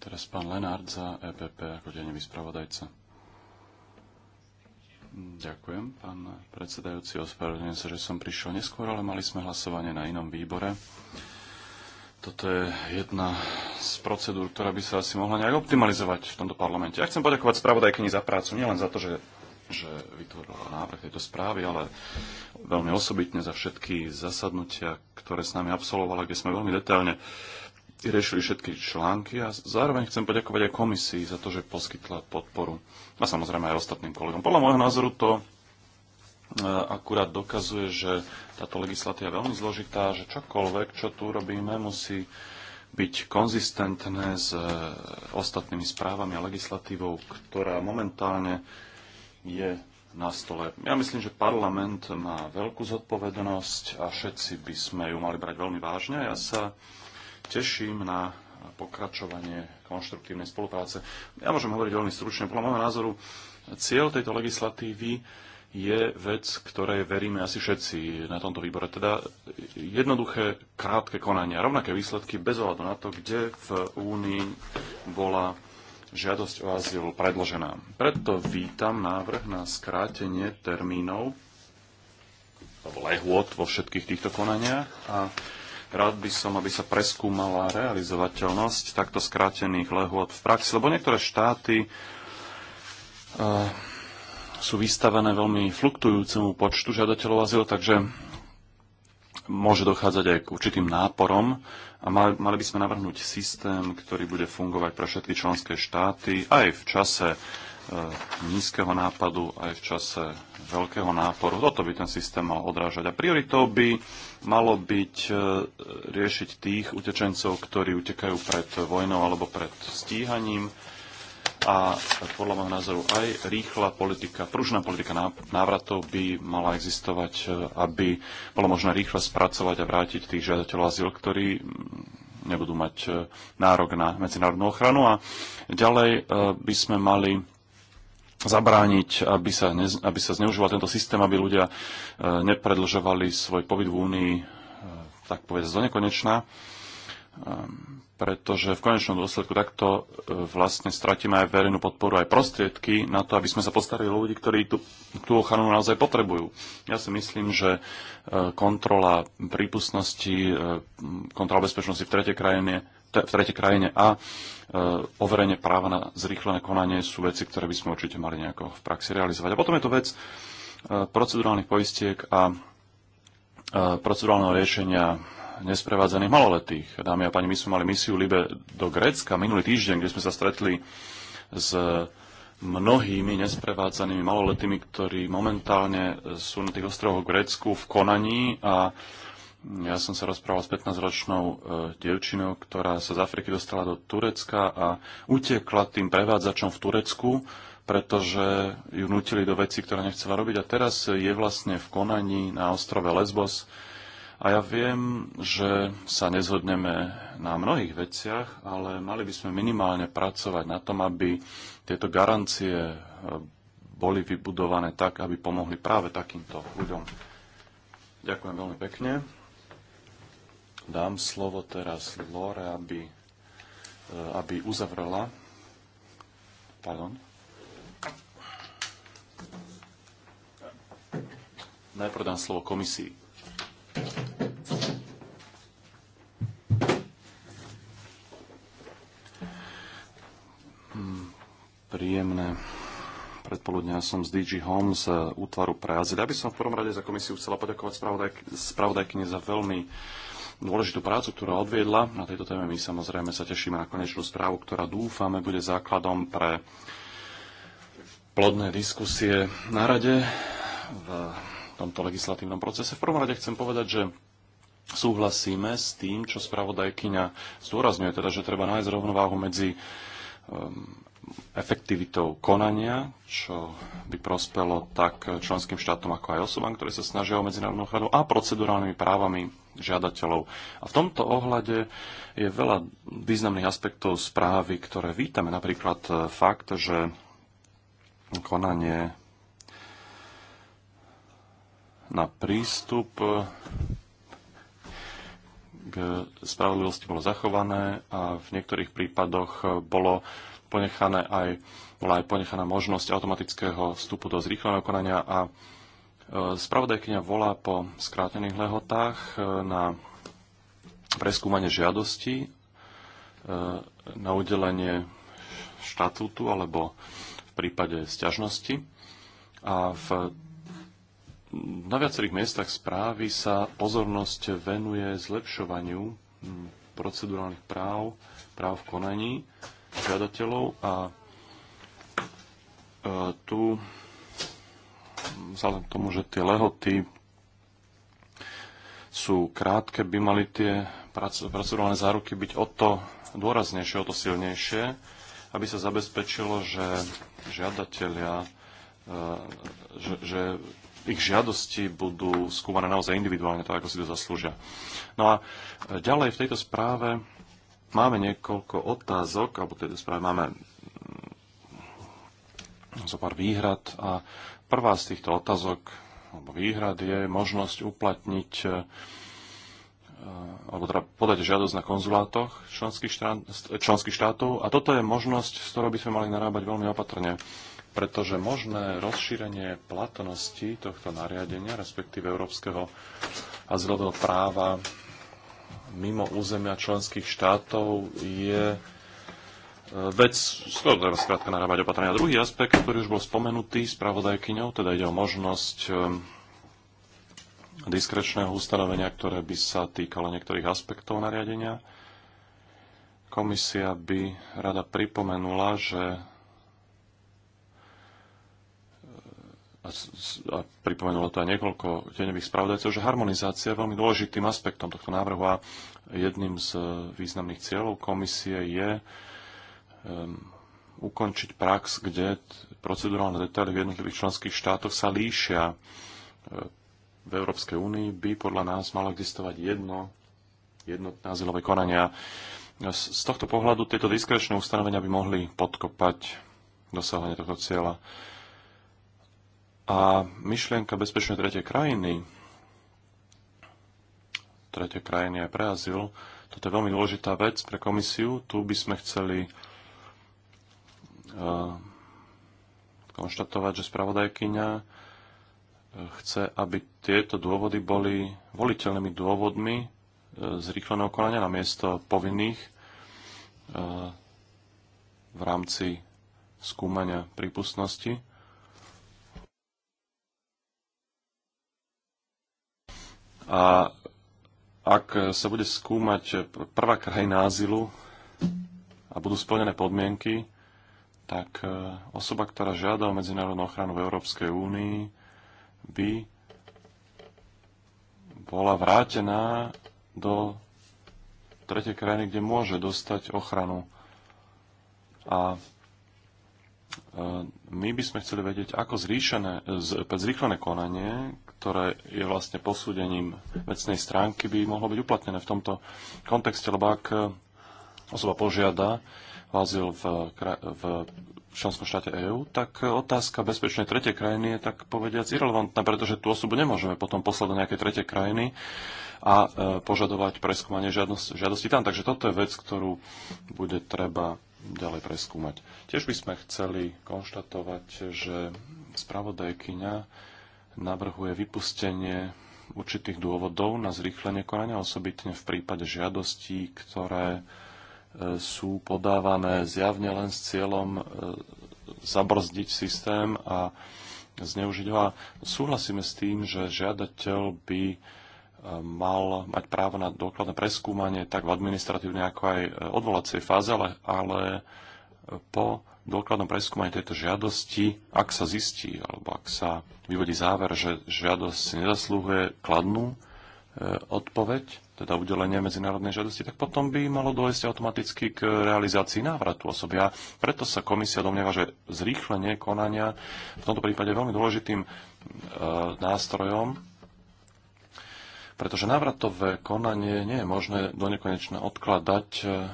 Teraz pán Lenard za EPP ako denný spravodajca. Ďakujem, pán predsedajúci. Ospravedlňujem sa, že som prišiel neskôr, ale mali sme hlasovanie na inom výbore. Toto je jedna z procedúr, ktorá by sa asi mohla nejak optimalizovať v tomto parlamente. Ja chcem poďakovať spravodajkyni za prácu, nielen za to, že, že vytvorila návrh tejto správy, ale veľmi osobitne za všetky zasadnutia, ktoré s nami absolvovala, kde sme veľmi detailne riešili všetky články a zároveň chcem poďakovať aj komisii za to, že poskytla podporu a samozrejme aj ostatným kolegom. Podľa môjho názoru to e, akurát dokazuje, že táto legislatíva je veľmi zložitá, že čokoľvek, čo tu robíme, musí byť konzistentné s e, ostatnými správami a legislatívou, ktorá momentálne je na stole. Ja myslím, že parlament má veľkú zodpovednosť a všetci by sme ju mali brať veľmi vážne. Ja sa teším na pokračovanie konštruktívnej spolupráce. Ja môžem hovoriť veľmi stručne. Podľa môjho názoru cieľ tejto legislatívy je vec, ktorej veríme asi všetci na tomto výbore. Teda jednoduché, krátke konania, rovnaké výsledky bez ohľadu na to, kde v Únii bola žiadosť o azyl predložená. Preto vítam návrh na skrátenie termínov alebo lehôd vo všetkých týchto konaniach a Rád by som, aby sa preskúmala realizovateľnosť takto skrátených lehôd v praxi, lebo niektoré štáty uh, sú vystavené veľmi fluktujúcemu počtu žiadateľov azyl, takže môže dochádzať aj k určitým náporom a mali by sme navrhnúť systém, ktorý bude fungovať pre všetky členské štáty aj v čase eh, nízkeho nápadu, aj v čase veľkého náporu. Toto by ten systém mal odrážať. A prioritou by malo byť e, riešiť tých utečencov, ktorí utekajú pred vojnou alebo pred stíhaním a podľa môjho názoru aj rýchla politika, pružná politika návratov by mala existovať, e, aby bolo možné rýchle spracovať a vrátiť tých žiadateľov azyl, ktorí nebudú mať e, nárok na medzinárodnú ochranu. A ďalej by sme mali zabrániť, aby sa, ne, aby sa zneužíval tento systém, aby ľudia e, nepredlžovali svoj pobyt v Únii, e, tak povedať, do nekonečná, e, pretože v konečnom dôsledku takto vlastne stratíme aj verejnú podporu, aj prostriedky na to, aby sme sa postarili o ľudí, ktorí tú, tú ochranu naozaj potrebujú. Ja si myslím, že kontrola prípustnosti, kontrola bezpečnosti v tretej krajine v tretej krajine a e, overenie práva na zrýchlené konanie sú veci, ktoré by sme určite mali nejako v praxi realizovať. A potom je to vec e, procedurálnych poistiek a e, procedurálneho riešenia nesprevádzaných maloletých. Dámy a páni, my sme mali misiu Libe do Grécka minulý týždeň, kde sme sa stretli s mnohými nesprevádzanými maloletými, ktorí momentálne sú na tých ostrovoch v Grécku v konaní a ja som sa rozprával s 15-ročnou e, dievčinou, ktorá sa z Afriky dostala do Turecka a utekla tým prevádzačom v Turecku, pretože ju nutili do veci, ktoré nechcela robiť. A teraz je vlastne v konaní na ostrove Lesbos. A ja viem, že sa nezhodneme na mnohých veciach, ale mali by sme minimálne pracovať na tom, aby tieto garancie e, boli vybudované tak, aby pomohli práve takýmto ľuďom. Ďakujem veľmi pekne. Dám slovo teraz Lore, aby, eh, aby uzavrela. Pardon. Najprv dám slovo komisii. Hmm, príjemné predpoludňa som z DG Home z eh, útvaru pre azyl. Ja by som v prvom rade za komisiu chcela poďakovať spravodajkyni za veľmi dôležitú prácu, ktorú odviedla. Na tejto téme my samozrejme sa tešíme na konečnú správu, ktorá dúfame bude základom pre plodné diskusie na rade v tomto legislatívnom procese. V prvom rade chcem povedať, že súhlasíme s tým, čo spravodajkyňa zdôrazňuje, teda, že treba nájsť rovnováhu medzi um, efektivitou konania, čo by prospelo tak členským štátom, ako aj osobám, ktoré sa snažia o medzinárodnú ochranu a procedurálnymi právami žiadateľov. A v tomto ohľade je veľa významných aspektov správy, ktoré vítame. Napríklad e, fakt, že konanie na prístup e, k spravodlivosti bolo zachované a v niektorých prípadoch bolo ponechané aj, bola aj ponechaná možnosť automatického vstupu do zrýchleného konania a Spravodajkňa volá po skrátených lehotách e, na preskúmanie žiadosti e, na udelenie štatútu alebo v prípade sťažnosti. A v, na viacerých miestach správy sa pozornosť venuje zlepšovaniu procedurálnych práv, práv v konaní žiadateľov a e, tu vzhľadom k tomu, že tie lehoty sú krátke, by mali tie pracovné záruky byť o to dôraznejšie, o to silnejšie, aby sa zabezpečilo, že žiadatelia, e, že, že ich žiadosti budú skúmané naozaj individuálne, tak ako si to zaslúžia. No a ďalej v tejto správe máme niekoľko otázok, alebo v tejto správe máme mm, zo pár výhrad a Prvá z týchto otázok alebo výhrad je možnosť uplatniť e, alebo teda podať žiadosť na konzulátoch členských, štát, členských štátov. A toto je možnosť, s ktorou by sme mali narábať veľmi opatrne, pretože možné rozšírenie platnosti tohto nariadenia, respektíve európskeho azylového práva mimo územia členských štátov je vec, z ktorou treba skrátka narábať opatrenia. Druhý aspekt, ktorý už bol spomenutý spravodajkyňou, teda ide o možnosť ehm, diskrečného ustanovenia, ktoré by sa týkalo niektorých aspektov nariadenia. Komisia by rada pripomenula, že ehm, a, a pripomenulo to aj niekoľko deňových spravodajcov, že harmonizácia je veľmi dôležitým aspektom tohto návrhu a jedným z ehm, významných cieľov komisie je ukončiť prax, kde procedurálne detaily v jednotlivých členských štátoch sa líšia. V Európskej únii by podľa nás malo existovať jedno jednotné azylové konania. Z tohto pohľadu tieto diskrečné ustanovenia by mohli podkopať dosahovanie tohto cieľa. A myšlienka bezpečnej tretej krajiny, tretej krajiny aj pre azyl, toto je veľmi dôležitá vec pre komisiu. Tu by sme chceli konštatovať, že spravodajkyňa eh, chce, aby tieto dôvody boli voliteľnými dôvodmi eh, zrýchleného konania na miesto povinných eh, v rámci skúmania prípustnosti. A ak sa bude skúmať prvá krajina azylu a budú splnené podmienky, tak e, osoba, ktorá žiada o medzinárodnú ochranu v Európskej únii, by bola vrátená do tretej krajiny, kde môže dostať ochranu. A e, my by sme chceli vedieť, ako zrýšené, zrýchlené konanie, ktoré je vlastne posúdením vecnej stránky, by mohlo byť uplatnené v tomto kontexte, lebo ak e, osoba požiada o azyl v, v členskom štáte EÚ, tak otázka bezpečnej tretej krajiny je tak povediac irrelevantná, pretože tú osobu nemôžeme potom poslať do nejakej tretej krajiny a e, požadovať preskúmanie žiadosti, žiadosti tam. Takže toto je vec, ktorú bude treba ďalej preskúmať. Tiež by sme chceli konštatovať, že spravodajkyňa navrhuje vypustenie určitých dôvodov na zrýchlenie konania, osobitne v prípade žiadostí, ktoré sú podávané zjavne len s cieľom e, zabrzdiť systém a zneužiť ho. A súhlasíme s tým, že žiadateľ by e, mal mať právo na dokladné preskúmanie tak v administratívnej ako aj e, odvolacej fáze, ale, ale po dôkladnom preskúmaní tejto žiadosti, ak sa zistí alebo ak sa vyvodí záver, že žiadosť nezaslúhuje kladnú E, odpoveď, teda udelenie medzinárodnej žiadosti, tak potom by malo dojsť automaticky k realizácii návratu osobia. Preto sa komisia domnieva, že zrýchlenie konania v tomto prípade je veľmi dôležitým e, nástrojom, pretože návratové konanie nie je možné do nekonečna odkladať e,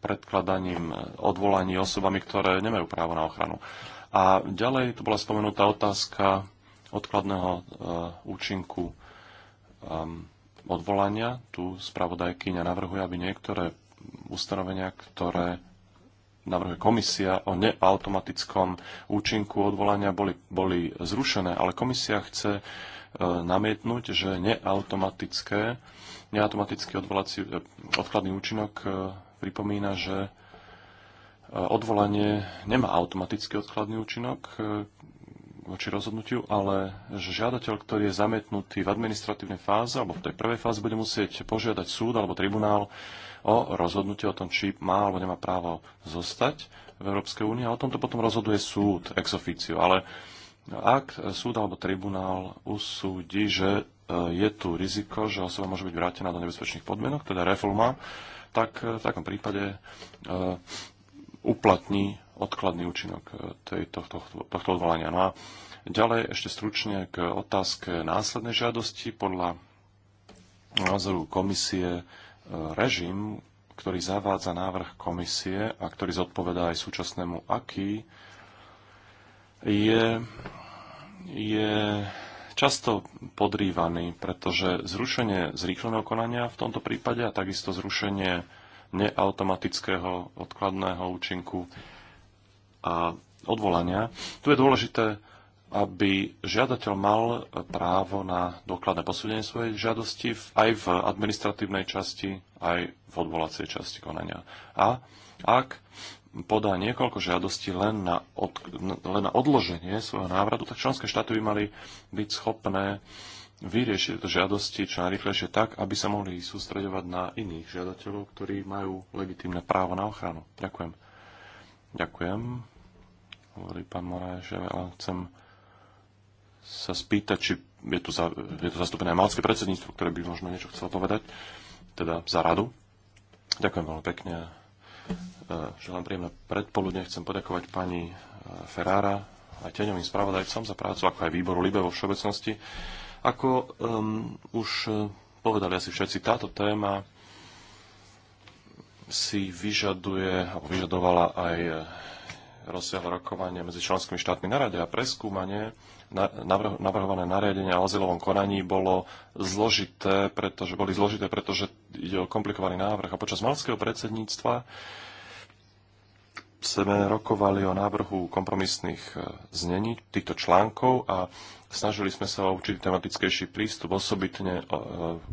predkladaním odvolaní osobami, ktoré nemajú právo na ochranu. A ďalej tu bola spomenutá otázka odkladného účinku um, odvolania. Tu spravodajkyňa navrhuje, aby niektoré ustanovenia, ktoré navrhuje komisia o neautomatickom účinku odvolania boli, boli zrušené, ale komisia chce e, namietnúť, že neautomatické, neautomatický odvolací, e, odkladný účinok e, pripomína, že odvolanie nemá automatický odkladný účinok, voči rozhodnutiu, ale že žiadateľ, ktorý je zametnutý v administratívnej fáze alebo v tej prvej fáze, bude musieť požiadať súd alebo tribunál o rozhodnutie o tom, či má alebo nemá právo zostať v Európskej únii a o tomto potom rozhoduje súd ex officio. Ale ak súd alebo tribunál usúdi, že e, je tu riziko, že osoba môže byť vrátená do nebezpečných podmienok, teda reforma, tak e, v takom prípade e, uplatní odkladný účinok e, tejto, tohto, tohto odvolania. No a ďalej ešte stručne k otázke následnej žiadosti. Podľa názoru komisie e, režim, ktorý zavádza návrh komisie a ktorý zodpovedá aj súčasnému aký, je, je často podrývaný, pretože zrušenie zrýchleného konania v tomto prípade a takisto zrušenie neautomatického odkladného účinku a odvolania. Tu je dôležité, aby žiadateľ mal právo na dokladné posúdenie svojej žiadosti aj v administratívnej časti, aj v odvolacej časti konania. A ak podá niekoľko žiadostí len na, od, len na odloženie svojho návratu, tak členské štáty by mali byť schopné vyriešiť tieto žiadosti čo najrychlejšie tak, aby sa mohli sústredovať na iných žiadateľov, ktorí majú legitímne právo na ochranu. Ďakujem. Ďakujem. Hovorí pán Moráš, ale chcem sa spýtať, či je tu, za, je tu zastúpené malské predsedníctvo, ktoré by možno niečo chcelo povedať, teda za radu. Ďakujem veľmi pekne. E, želám príjemné predpoludne. Chcem poďakovať pani e, Ferrara a teňovým spravodajcom za prácu, ako aj výboru Libe vo všeobecnosti. Ako um, už e, povedali asi všetci, táto téma si vyžaduje, alebo vyžadovala aj rozsiahle rokovanie medzi členskými štátmi na rade a preskúmanie navrhované nariadenia o azylovom konaní bolo zložité, pretože, boli zložité, pretože ide o komplikovaný návrh. A počas malského predsedníctva sme rokovali o návrhu kompromisných e, znení týchto článkov a snažili sme sa o určitý tematickejší prístup, osobitne, e, e,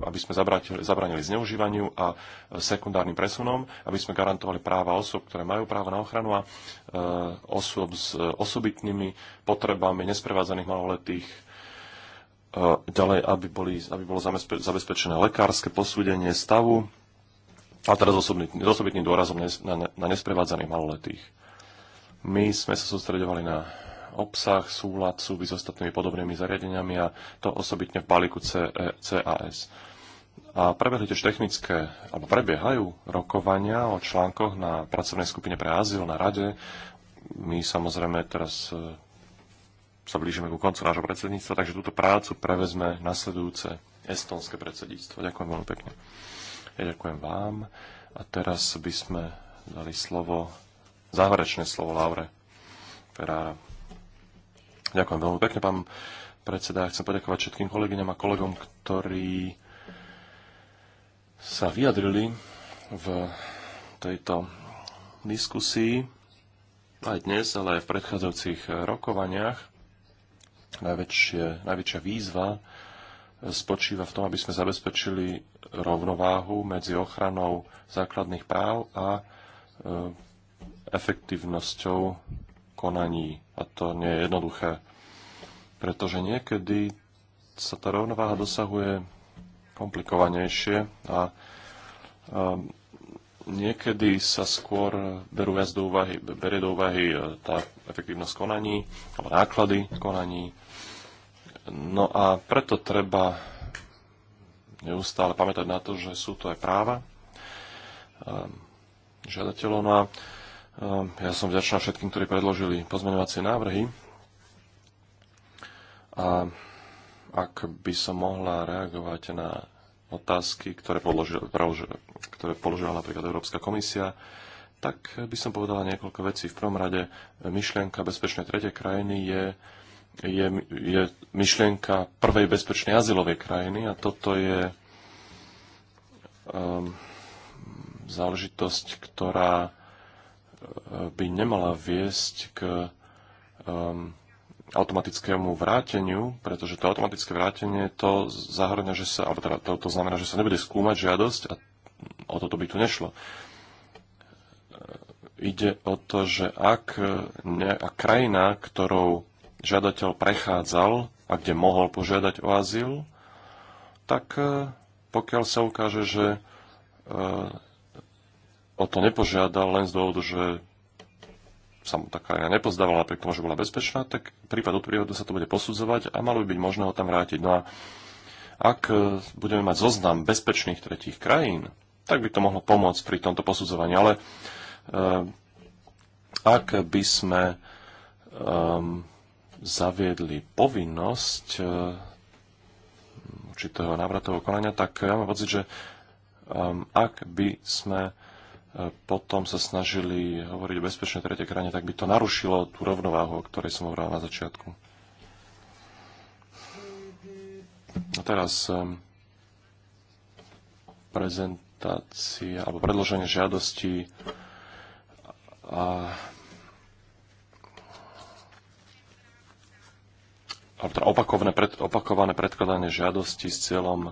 aby sme zabranili zneužívaniu a sekundárnym presunom, aby sme garantovali práva osob, ktoré majú právo na ochranu a osob s osobitnými potrebami nesprevádzaných maloletých ďalej, aby, boli, aby bolo zabezpečené lekárske posúdenie stavu a teraz s osobitným dôrazom na, na nesprevádzaných maloletých. My sme sa sústredovali na obsah, súlad, súvisť s ostatnými podobnými zariadeniami a to osobitne v balíku CAS. E- a prebehli tiež technické, alebo prebiehajú rokovania o článkoch na pracovnej skupine pre azyl na rade. My samozrejme teraz e, sa blížime ku koncu nášho predsedníctva, takže túto prácu prevezme nasledujúce estonské predsedníctvo. Ďakujem veľmi pekne. Ja ďakujem vám. A teraz by sme dali slovo, záverečné slovo Laure Ferrara. Ďakujem veľmi pekne, pán predseda. Chcem poďakovať všetkým kolegyňam a kolegom, ktorí sa vyjadrili v tejto diskusii aj dnes, ale aj v predchádzajúcich rokovaniach. Najväčšie, najväčšia výzva spočíva v tom, aby sme zabezpečili rovnováhu medzi ochranou základných práv a e, efektívnosťou konaní. A to nie je jednoduché, pretože niekedy sa tá rovnováha dosahuje komplikovanejšie a e, niekedy sa skôr berú viac do úvahy, berie do úvahy e, tá efektívnosť konaní alebo náklady konaní No a preto treba neustále pamätať na to, že sú to aj práva ehm, žiadateľov. No a ehm, ja som vďačná všetkým, ktorí predložili pozmeňovacie návrhy. A ak by som mohla reagovať na otázky, ktoré položila, ktoré položila napríklad Európska komisia, tak by som povedala niekoľko vecí. V prvom rade myšlienka bezpečnej tretej krajiny je je, je myšlienka prvej bezpečnej azylovej krajiny a toto je um, záležitosť, ktorá eh, by nemala viesť k um, automatickému vráteniu, pretože to automatické vrátenie to zahrňa, že sa, alebo teda to, to znamená, že sa nebude skúmať žiadosť a o toto by tu nešlo. Ide o to, že ak, ne, krajina, ktorou žiadateľ prechádzal a kde mohol požiadať o azyl, tak e, pokiaľ sa ukáže, že e, o to nepožiadal len z dôvodu, že sa mu taká krajina nepozdávala napriek tomu, že bola bezpečná, tak prípad od príhodu sa to bude posudzovať a malo by byť možné ho tam vrátiť. No a ak e, budeme mať zoznam bezpečných tretích krajín, tak by to mohlo pomôcť pri tomto posudzovaní. Ale eh, ak by sme zaviedli povinnosť eh, určitého návratového konania, tak ja mám pocit, že ehm, ak by sme eh, potom sa snažili hovoriť o bezpečnej tretej krajine, tak by to narušilo tú rovnováhu, o ktorej som hovoril na začiatku. A teraz ehm, prezentácia alebo predloženie žiadosti a alebo teda opakovné, pred, opakované predkladanie žiadosti s cieľom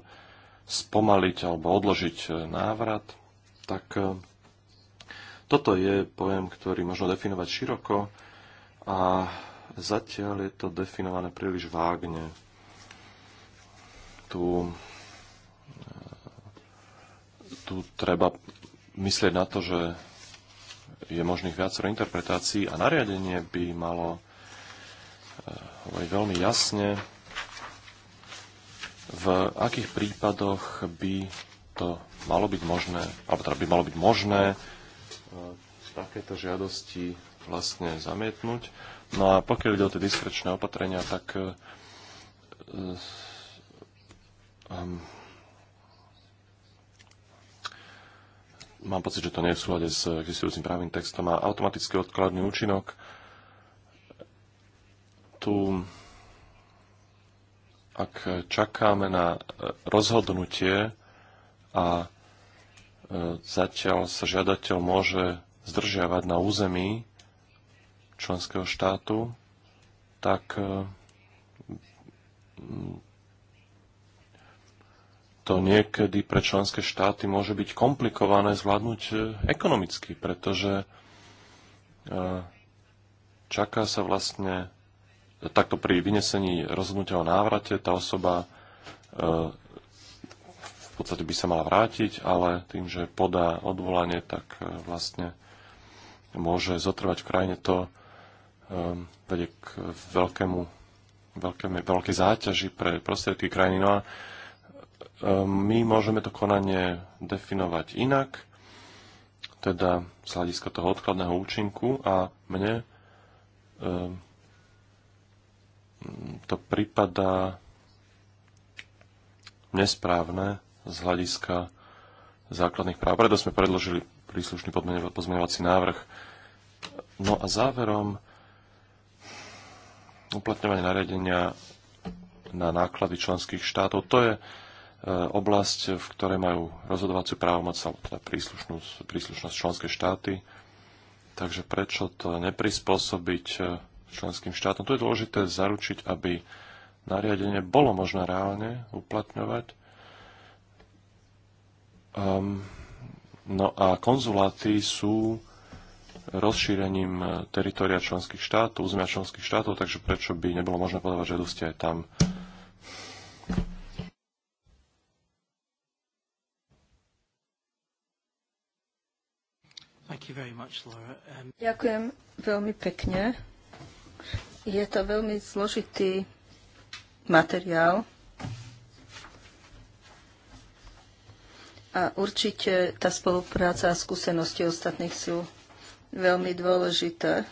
spomaliť alebo odložiť e, návrat, tak e, toto je pojem, ktorý možno definovať široko a zatiaľ je to definované príliš vágne. Tu, e, tu treba myslieť na to, že je možných viacero interpretácií a nariadenie by malo hovorí veľmi jasne, v akých prípadoch by to malo byť možné, alebo teda by malo byť možné e, takéto žiadosti vlastne zamietnúť. No a pokiaľ ide o tie diskrečné opatrenia, tak um, mám pocit, že to nie je v súlade s existujúcim právnym textom a automaticky odkladný účinok tu, ak čakáme na e, rozhodnutie a e, zatiaľ sa žiadateľ môže zdržiavať na území členského štátu, tak e, to niekedy pre členské štáty môže byť komplikované zvládnuť ekonomicky, pretože čaká sa vlastne takto pri vynesení rozhodnutia o návrate tá osoba e, v podstate by sa mala vrátiť, ale tým, že podá odvolanie, tak e, vlastne môže zotrvať v krajine to e, vedie k veľkému, veľkému veľkej záťaži pre prostriedky krajiny. No a my môžeme to konanie definovať inak, teda z hľadiska toho odkladného účinku a mne to pripadá nesprávne z hľadiska základných práv. Preto sme predložili príslušný pozmeňovací návrh. No a záverom uplatňovanie nariadenia na náklady členských štátov. To je e, oblasť, v ktorej majú rozhodovaciu právomoc alebo teda príslušnosť, príslušnosť členské štáty. Takže prečo to neprispôsobiť e, členským štátom. To je dôležité zaručiť, aby nariadenie bolo možné reálne uplatňovať. Um, no a konzuláty sú rozšírením teritoria členských štátov, územia členských štátov, takže prečo by nebolo možné podávať žiadosti aj tam? Um, Ďakujem veľmi pekne. Je to veľmi zložitý materiál a určite tá spolupráca a skúsenosti ostatných sú veľmi dôležité.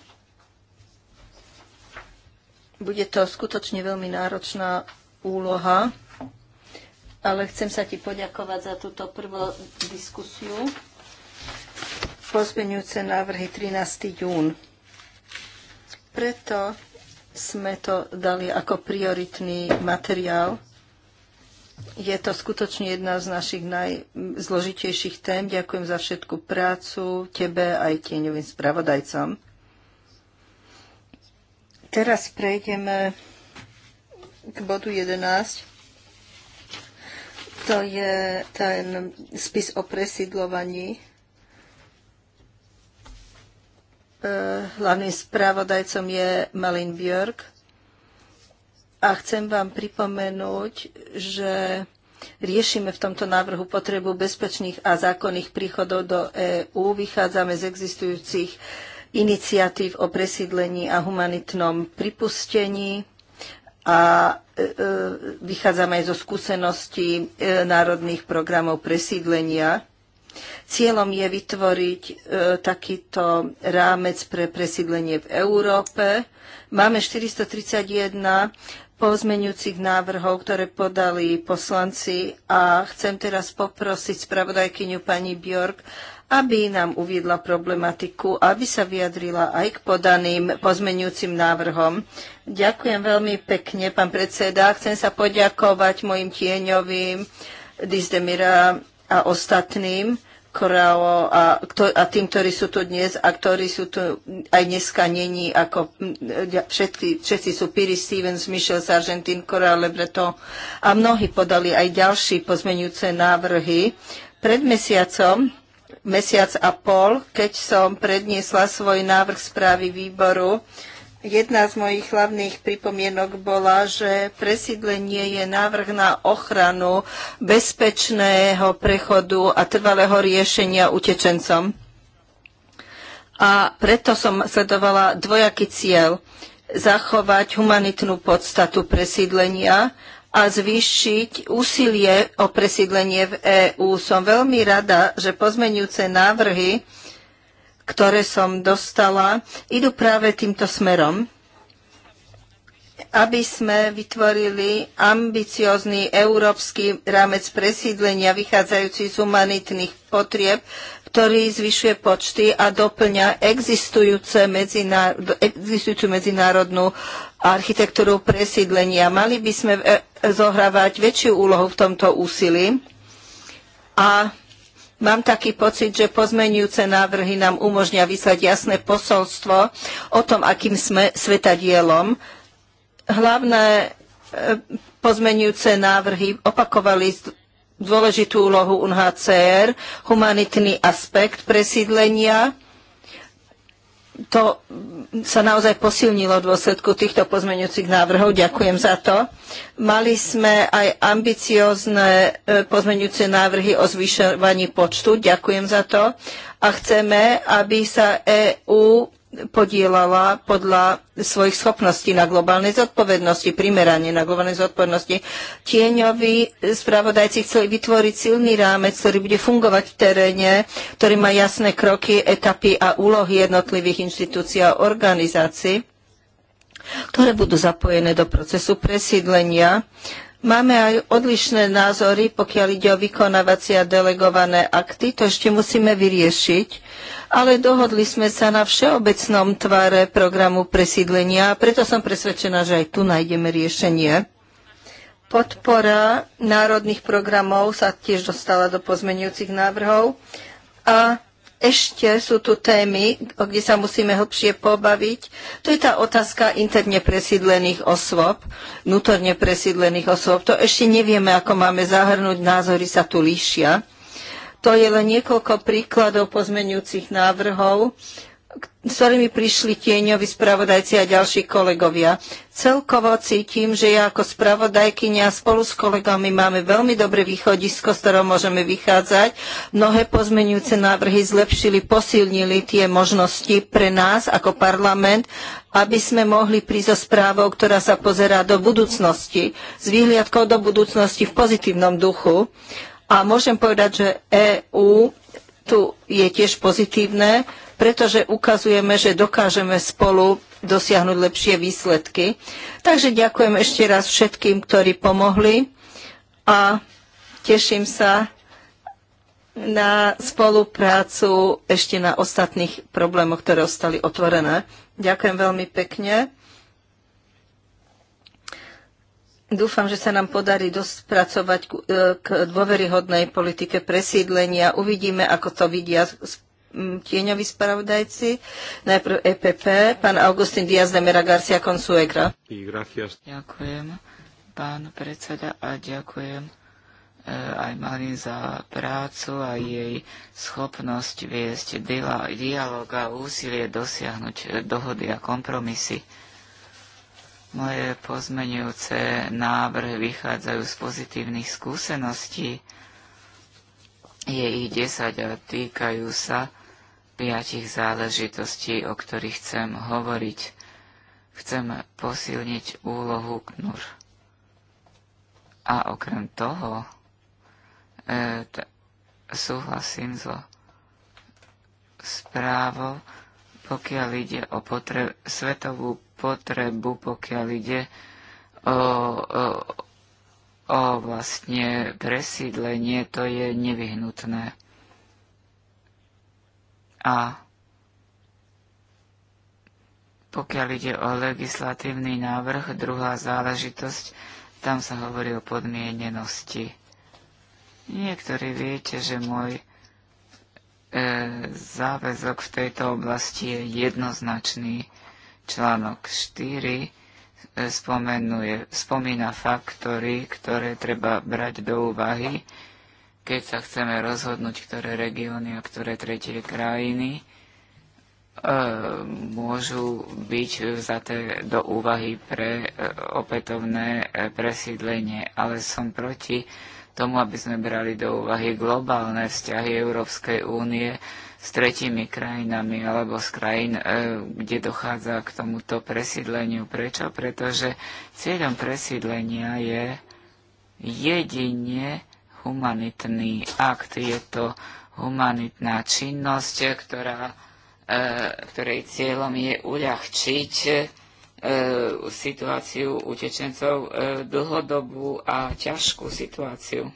Bude to skutočne veľmi náročná úloha, ale chcem sa ti poďakovať za túto prvú diskusiu. Pozmeňujúce návrhy 13. jún. Preto sme to dali ako prioritný materiál. Je to skutočne jedna z našich najzložitejších tém. Ďakujem za všetku prácu tebe aj tieňovým spravodajcom. Teraz prejdeme k bodu 11. To je ten spis o presídlovaní Eh, hlavným správodajcom je Malin Björk. A chcem vám pripomenúť, že riešime v tomto návrhu potrebu bezpečných a zákonných príchodov do EÚ. Vychádzame z existujúcich iniciatív o presídlení a humanitnom pripustení a e, e, vychádzame aj zo skúseností e, národných programov presídlenia. Cieľom je vytvoriť e, takýto rámec pre presídlenie v Európe. Máme 431 pozmeňujúcich návrhov, ktoré podali poslanci a chcem teraz poprosiť spravodajkyňu pani Bjork, aby nám uviedla problematiku, aby sa vyjadrila aj k podaným pozmeňujúcim návrhom. Ďakujem veľmi pekne, pán predseda. Chcem sa poďakovať mojim tieňovým Dizdemira a ostatným, a, a tým, ktorí sú tu dnes a ktorí sú tu aj dneska není, ako všetci, všetci sú Piri Stevens, Michel Sargentin, Korao Lebreto a mnohí podali aj ďalší pozmenujúce návrhy. Pred mesiacom, mesiac a pol, keď som predniesla svoj návrh správy výboru, Jedna z mojich hlavných pripomienok bola, že presídlenie je návrh na ochranu bezpečného prechodu a trvalého riešenia utečencom. A preto som sledovala dvojaký cieľ. Zachovať humanitnú podstatu presídlenia a zvýšiť úsilie o presídlenie v EÚ. Som veľmi rada, že pozmenujúce návrhy ktoré som dostala, idú práve týmto smerom aby sme vytvorili ambiciózny európsky rámec presídlenia vychádzajúci z humanitných potrieb, ktorý zvyšuje počty a doplňa existujúce existujúcu medzinárodnú architektúru presídlenia. Mali by sme e- zohrávať väčšiu úlohu v tomto úsilí a Mám taký pocit, že pozmenujúce návrhy nám umožňa vyslať jasné posolstvo o tom, akým sme svetadielom. Hlavné e, pozmenujúce návrhy opakovali dôležitú úlohu UNHCR, humanitný aspekt presídlenia, to sa naozaj posilnilo v dôsledku týchto pozmeňujúcich návrhov. Ďakujem za to. Mali sme aj ambiciozne e, pozmeňujúce návrhy o zvyšovaní počtu. Ďakujem za to. A chceme, aby sa EÚ podielala podľa svojich schopností na globálnej zodpovednosti, primerane na globálnej zodpovednosti. Tieňoví spravodajci chceli vytvoriť silný rámec, ktorý bude fungovať v teréne, ktorý má jasné kroky, etapy a úlohy jednotlivých inštitúcií a organizácií, ktoré budú zapojené do procesu presídlenia. Máme aj odlišné názory, pokiaľ ide o vykonávacie a delegované akty, to ešte musíme vyriešiť ale dohodli sme sa na všeobecnom tvare programu presídlenia, preto som presvedčená, že aj tu nájdeme riešenie. Podpora národných programov sa tiež dostala do pozmenujúcich návrhov a ešte sú tu témy, kde sa musíme hlbšie pobaviť. To je tá otázka interne presídlených osôb, vnútorne presídlených osôb. To ešte nevieme, ako máme zahrnúť, názory sa tu líšia. To je len niekoľko príkladov pozmenujúcich návrhov, s ktorými prišli tieňovi spravodajci a ďalší kolegovia. Celkovo cítim, že ja ako spravodajkynia spolu s kolegami máme veľmi dobré východisko, z ktorého môžeme vychádzať. Mnohé pozmenujúce návrhy zlepšili, posilnili tie možnosti pre nás ako parlament, aby sme mohli prísť so správou, ktorá sa pozerá do budúcnosti, s výhliadkou do budúcnosti v pozitívnom duchu. A môžem povedať, že EÚ tu je tiež pozitívne, pretože ukazujeme, že dokážeme spolu dosiahnuť lepšie výsledky. Takže ďakujem ešte raz všetkým, ktorí pomohli a teším sa na spoluprácu ešte na ostatných problémoch, ktoré ostali otvorené. Ďakujem veľmi pekne. Dúfam, že sa nám podarí dospracovať k, e, k dôveryhodnej politike presídlenia. Uvidíme, ako to vidia tieňoví spravodajci. Najprv EPP, pán Augustín Diaz de Mera Garcia Consuegra. Ďakujem, pán predseda, a ďakujem e, aj Malin za prácu a jej schopnosť viesť dialog a úsilie dosiahnuť dohody a kompromisy. Moje pozmenujúce návrhy vychádzajú z pozitívnych skúseností. Je ich 10 a týkajú sa piatich záležitostí, o ktorých chcem hovoriť. Chcem posilniť úlohu KNUR. A okrem toho e, súhlasím so správou, pokiaľ ide o potre- svetovú potrebu, pokiaľ ide o, o, o vlastne presídlenie, to je nevyhnutné. A pokiaľ ide o legislatívny návrh, druhá záležitosť, tam sa hovorí o podmienenosti. Niektorí viete, že môj e, záväzok v tejto oblasti je jednoznačný. Článok 4 e, spomenuje, spomína faktory, ktoré treba brať do úvahy, keď sa chceme rozhodnúť, ktoré regióny a ktoré tretie krajiny e, môžu byť vzaté do úvahy pre e, opätovné presídlenie. Ale som proti tomu, aby sme brali do úvahy globálne vzťahy Európskej únie s tretími krajinami alebo z krajín, e, kde dochádza k tomuto presídleniu. Prečo? Pretože cieľom presídlenia je jedine humanitný akt. Je to humanitná činnosť, ktorá, e, ktorej cieľom je uľahčiť e, situáciu utečencov, dlhodobú a ťažkú situáciu.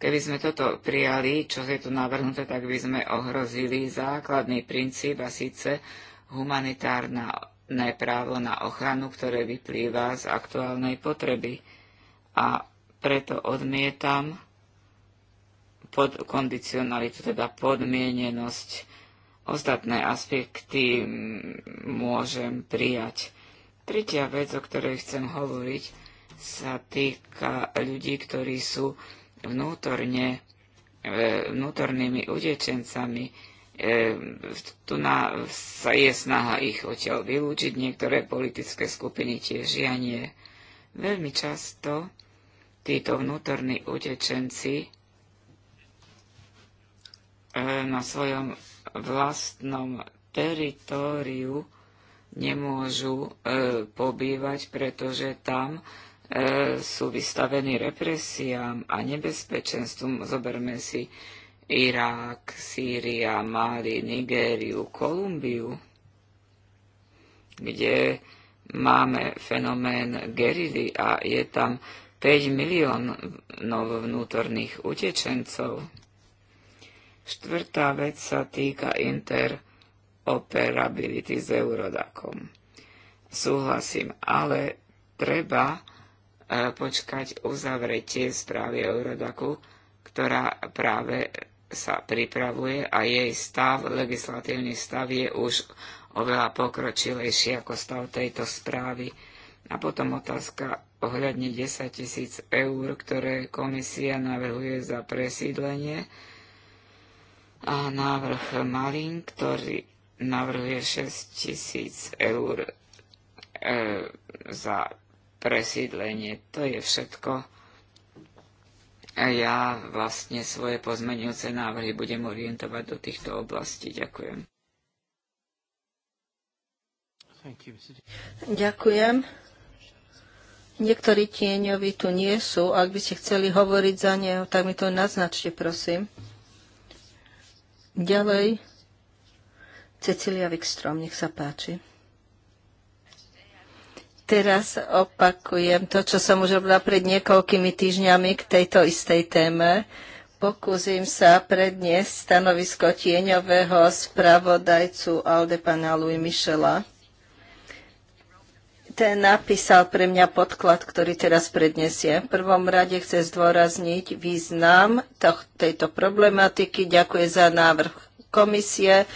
Keby sme toto prijali, čo je tu navrhnuté, tak by sme ohrozili základný princíp a síce humanitárne právo na ochranu, ktoré vyplýva z aktuálnej potreby. A preto odmietam pod kondicionalitu, teda podmienenosť. Ostatné aspekty môžem prijať. Tretia vec, o ktorej chcem hovoriť, sa týka ľudí, ktorí sú vnútorne, e, vnútornými utečencami. E, tu na, sa je snaha ich odtiaľ vylúčiť, niektoré politické skupiny tiež žianie. nie. Veľmi často títo vnútorní utečenci e, na svojom vlastnom teritóriu nemôžu pobývať, pretože tam E, sú vystavení represiám a nebezpečenstvom. Zoberme si Irák, Sýria, Mali, Nigériu, Kolumbiu, kde máme fenomén gerily a je tam 5 miliónov vnútorných utečencov. Štvrtá vec sa týka interoperability s Eurodakom. Súhlasím, ale treba počkať uzavretie správy Eurodaku, ktorá práve sa pripravuje a jej stav, legislatívny stav je už oveľa pokročilejší ako stav tejto správy. A potom otázka ohľadne 10 tisíc eur, ktoré komisia navrhuje za presídlenie a návrh Malin, ktorý navrhuje 6 tisíc eur e, za presídlenie. To je všetko. A ja vlastne svoje pozmeňujúce návrhy budem orientovať do týchto oblastí. Ďakujem. Ďakujem. Niektorí tieňovi tu nie sú. Ak by ste chceli hovoriť za neho, tak mi to naznačte, prosím. Ďalej. Cecilia Wikstrom, nech sa páči. Teraz opakujem to, čo som už robila pred niekoľkými týždňami k tejto istej téme. Pokúsim sa predniesť stanovisko tieňového spravodajcu Alde pana Louis Michela. Ten napísal pre mňa podklad, ktorý teraz predniesie. V prvom rade chce zdôrazniť význam tejto problematiky. Ďakujem za návrh komisie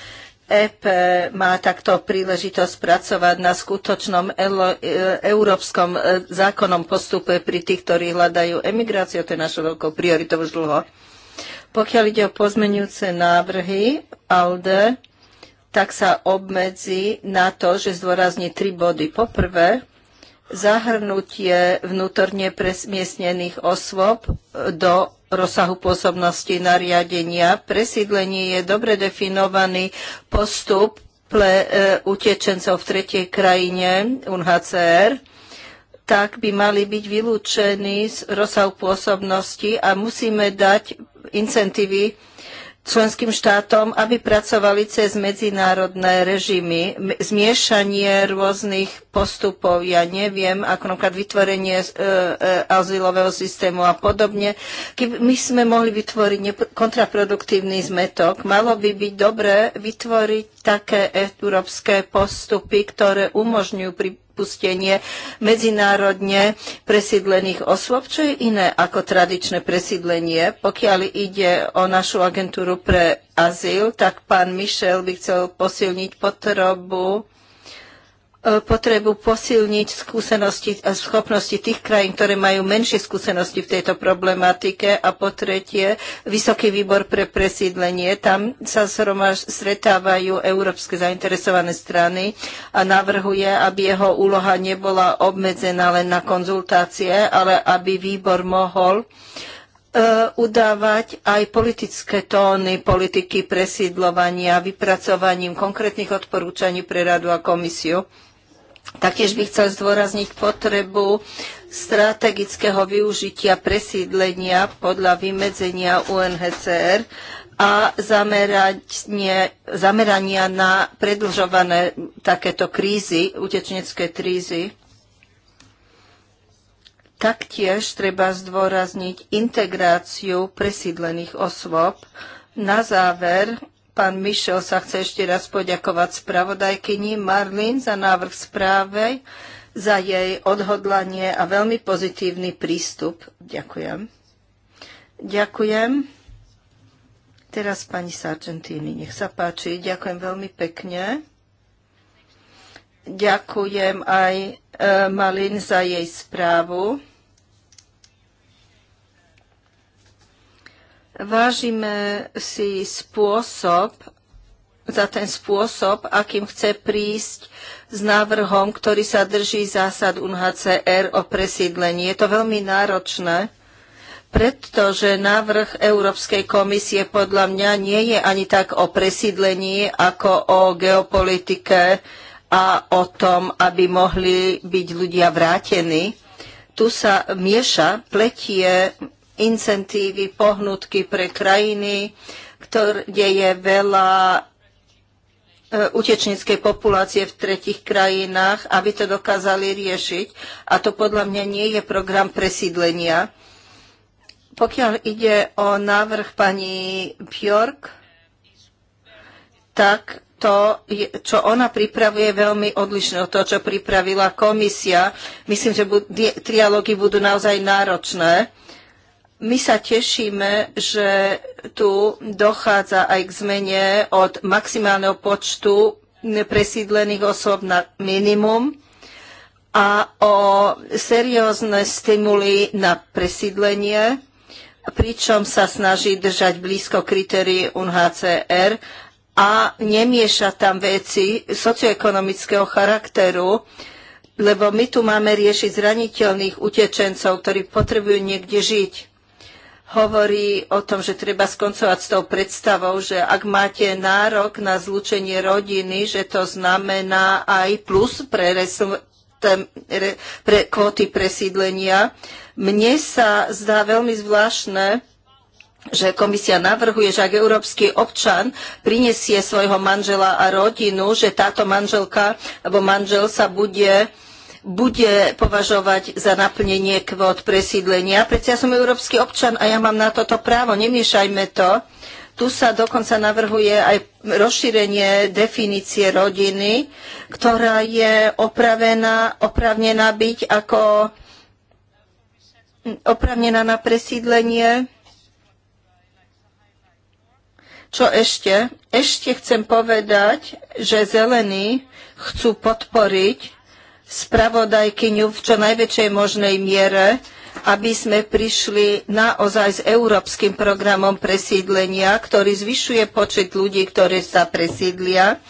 EP má takto príležitosť pracovať na skutočnom e, európskom e, zákonom postupe pri tých, ktorí hľadajú emigráciu. To je našou veľkou prioritou už dlho. Pokiaľ ide o pozmenujúce návrhy ALDE, tak sa obmedzí na to, že zdôrazní tri body. Poprvé, zahrnutie vnútorne presmiestnených osôb do rozsahu pôsobnosti nariadenia. Presídlenie je dobre definovaný postup pre e, utečencov v tretej krajine UNHCR tak by mali byť vylúčení z rozsahu pôsobnosti a musíme dať incentívy členským štátom, aby pracovali cez medzinárodné režimy. Zmiešanie rôznych postupov, ja neviem, ako napríklad vytvorenie e, e, azylového systému a podobne. Keby my sme mohli vytvoriť kontraproduktívny zmetok, malo by byť dobré vytvoriť také európske postupy, ktoré umožňujú pri pustenie medzinárodne presídlených osôb, čo je iné ako tradičné presídlenie. Pokiaľ ide o našu agentúru pre azyl, tak pán Michel by chcel posilniť potrebu E, potrebu posilniť skúsenosti a schopnosti tých krajín, ktoré majú menšie skúsenosti v tejto problematike a po tretie Vysoký výbor pre presídlenie. Tam sa stretávajú európske zainteresované strany a navrhuje, aby jeho úloha nebola obmedzená len na konzultácie, ale aby výbor mohol e, udávať aj politické tóny politiky presídlovania, vypracovaním konkrétnych odporúčaní pre radu a komisiu. Taktiež by chcel zdôrazniť potrebu strategického využitia presídlenia podľa vymedzenia UNHCR a zameranie, zamerania na predlžované takéto krízy, utečnecké krízy. Taktiež treba zdôrazniť integráciu presídlených osôb. Na záver Pán Mišel sa chce ešte raz poďakovať spravodajkyni Marlin za návrh správy, za jej odhodlanie a veľmi pozitívny prístup. Ďakujem. Ďakujem. Teraz pani Sargentini, nech sa páči. Ďakujem veľmi pekne. Ďakujem aj e, Malin za jej správu. Vážime si spôsob, za ten spôsob, akým chce prísť s návrhom, ktorý sa drží zásad UNHCR o presídlení. Je to veľmi náročné, pretože návrh Európskej komisie podľa mňa nie je ani tak o presídlení, ako o geopolitike a o tom, aby mohli byť ľudia vrátení. Tu sa mieša, pletie incentívy, pohnutky pre krajiny, kde je veľa e, utečníckej populácie v tretich krajinách, aby to dokázali riešiť. A to podľa mňa nie je program presídlenia. Pokiaľ ide o návrh pani Bjork, tak to, čo ona pripravuje, je veľmi odlišné od toho, čo pripravila komisia. Myslím, že bu- budú naozaj náročné my sa tešíme, že tu dochádza aj k zmene od maximálneho počtu presídlených osob na minimum a o seriózne stimuly na presídlenie, pričom sa snaží držať blízko kritérií UNHCR a nemieša tam veci socioekonomického charakteru, lebo my tu máme riešiť zraniteľných utečencov, ktorí potrebujú niekde žiť hovorí o tom, že treba skoncovať s tou predstavou, že ak máte nárok na zlúčenie rodiny, že to znamená aj plus pre, resl- re- pre kvóty presídlenia. Mne sa zdá veľmi zvláštne, že komisia navrhuje, že ak európsky občan prinesie svojho manžela a rodinu, že táto manželka alebo manžel sa bude bude považovať za naplnenie kvót presídlenia. Preto ja som európsky občan a ja mám na toto právo. Nemiešajme to. Tu sa dokonca navrhuje aj rozšírenie definície rodiny, ktorá je opravená, opravnená byť ako opravnená na presídlenie. Čo ešte? Ešte chcem povedať, že zelení chcú podporiť spravodajkyňu v čo najväčšej možnej miere, aby sme prišli naozaj s európskym programom presídlenia, ktorý zvyšuje počet ľudí, ktorí sa presídlia,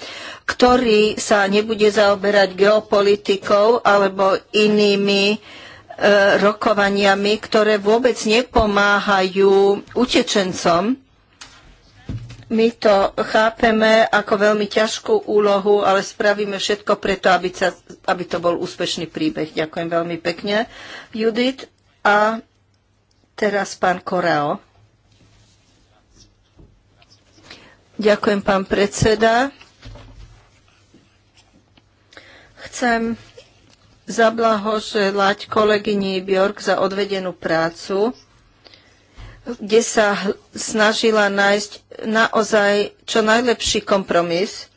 ktorý sa nebude zaoberať geopolitikou alebo inými e, rokovaniami, ktoré vôbec nepomáhajú utečencom, my to chápeme ako veľmi ťažkú úlohu, ale spravíme všetko preto, aby, sa, aby to bol úspešný príbeh. Ďakujem veľmi pekne, Judith. A teraz pán Koreo. Ďakujem, pán predseda. Chcem zablahoželať kolegyni Bjork za odvedenú prácu kde sa snažila nájsť naozaj čo najlepší kompromis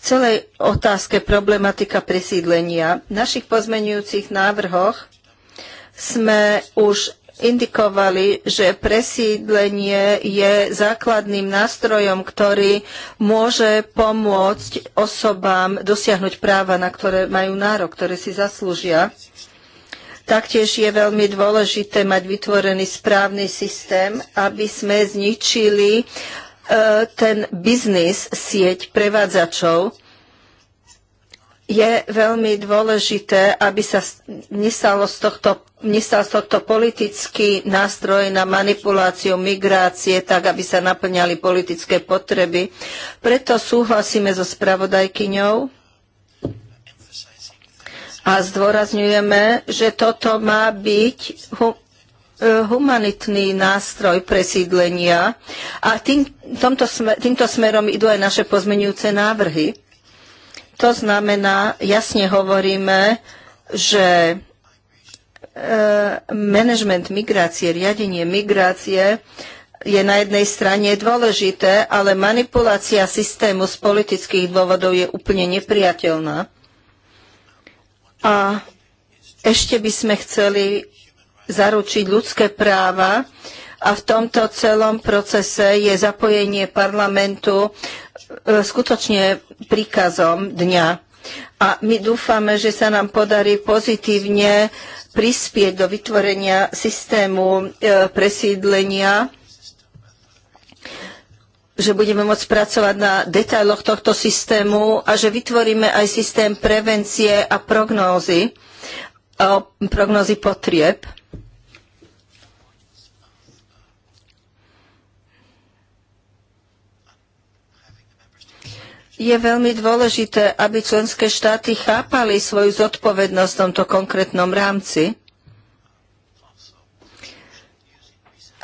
v celej otázke problematika presídlenia. V našich pozmenujúcich návrhoch sme už indikovali, že presídlenie je základným nástrojom, ktorý môže pomôcť osobám dosiahnuť práva, na ktoré majú nárok, ktoré si zaslúžia. Taktiež je veľmi dôležité mať vytvorený správny systém, aby sme zničili e, ten biznis, sieť prevádzačov, je veľmi dôležité, aby sa nestalo z tohto, nestal z tohto politický nástroj na manipuláciu migrácie, tak aby sa naplňali politické potreby. Preto súhlasíme so spravodajkyňou a zdôrazňujeme, že toto má byť e, humanitný nástroj presídlenia a tým, tomto smer, týmto smerom idú aj naše pozmenujúce návrhy. To znamená, jasne hovoríme, že e, management migrácie, riadenie migrácie je na jednej strane dôležité, ale manipulácia systému z politických dôvodov je úplne nepriateľná. A ešte by sme chceli zaručiť ľudské práva a v tomto celom procese je zapojenie parlamentu e, skutočne príkazom dňa. A my dúfame, že sa nám podarí pozitívne prispieť do vytvorenia systému e, presídlenia že budeme môcť pracovať na detailoch tohto systému a že vytvoríme aj systém prevencie a prognózy, prognózy potrieb. Je veľmi dôležité, aby členské štáty chápali svoju zodpovednosť v tomto konkrétnom rámci.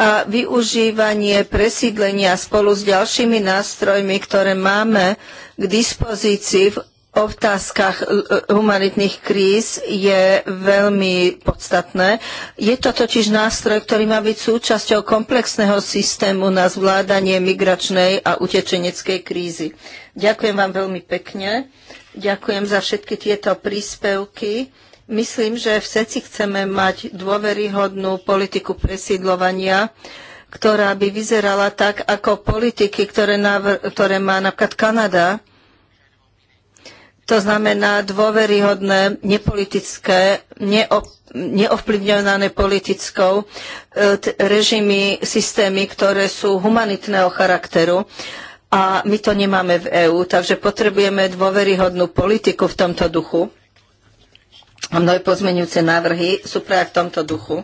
a využívanie presídlenia spolu s ďalšími nástrojmi, ktoré máme k dispozícii v otázkach e, e, humanitných kríz je veľmi podstatné. Je to totiž nástroj, ktorý má byť súčasťou komplexného systému na zvládanie migračnej a utečeneckej krízy. Ďakujem vám veľmi pekne. Ďakujem za všetky tieto príspevky. Myslím, že všetci chceme mať dôveryhodnú politiku presídlovania, ktorá by vyzerala tak ako politiky, ktoré, ktoré má napríklad Kanada. To znamená dôveryhodné, nepolitické, neop- neovplyvňované politickou e, režimy, systémy, ktoré sú humanitného charakteru. A my to nemáme v EÚ, takže potrebujeme dôveryhodnú politiku v tomto duchu. Mnohé pozmeňujúce návrhy sú práve v tomto duchu.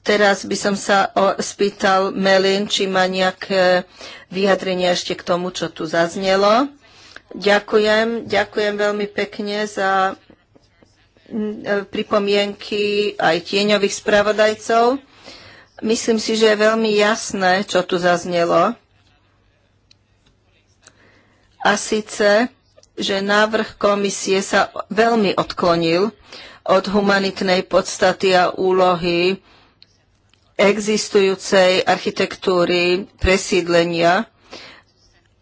Teraz by som sa o, spýtal Melin, či má nejaké vyjadrenie ešte k tomu, čo tu zaznelo. Ďakujem, ďakujem veľmi pekne za e, pripomienky aj tieňových spravodajcov. Myslím si, že je veľmi jasné, čo tu zaznelo. A síce, že návrh komisie sa veľmi odklonil od humanitnej podstaty a úlohy existujúcej architektúry presídlenia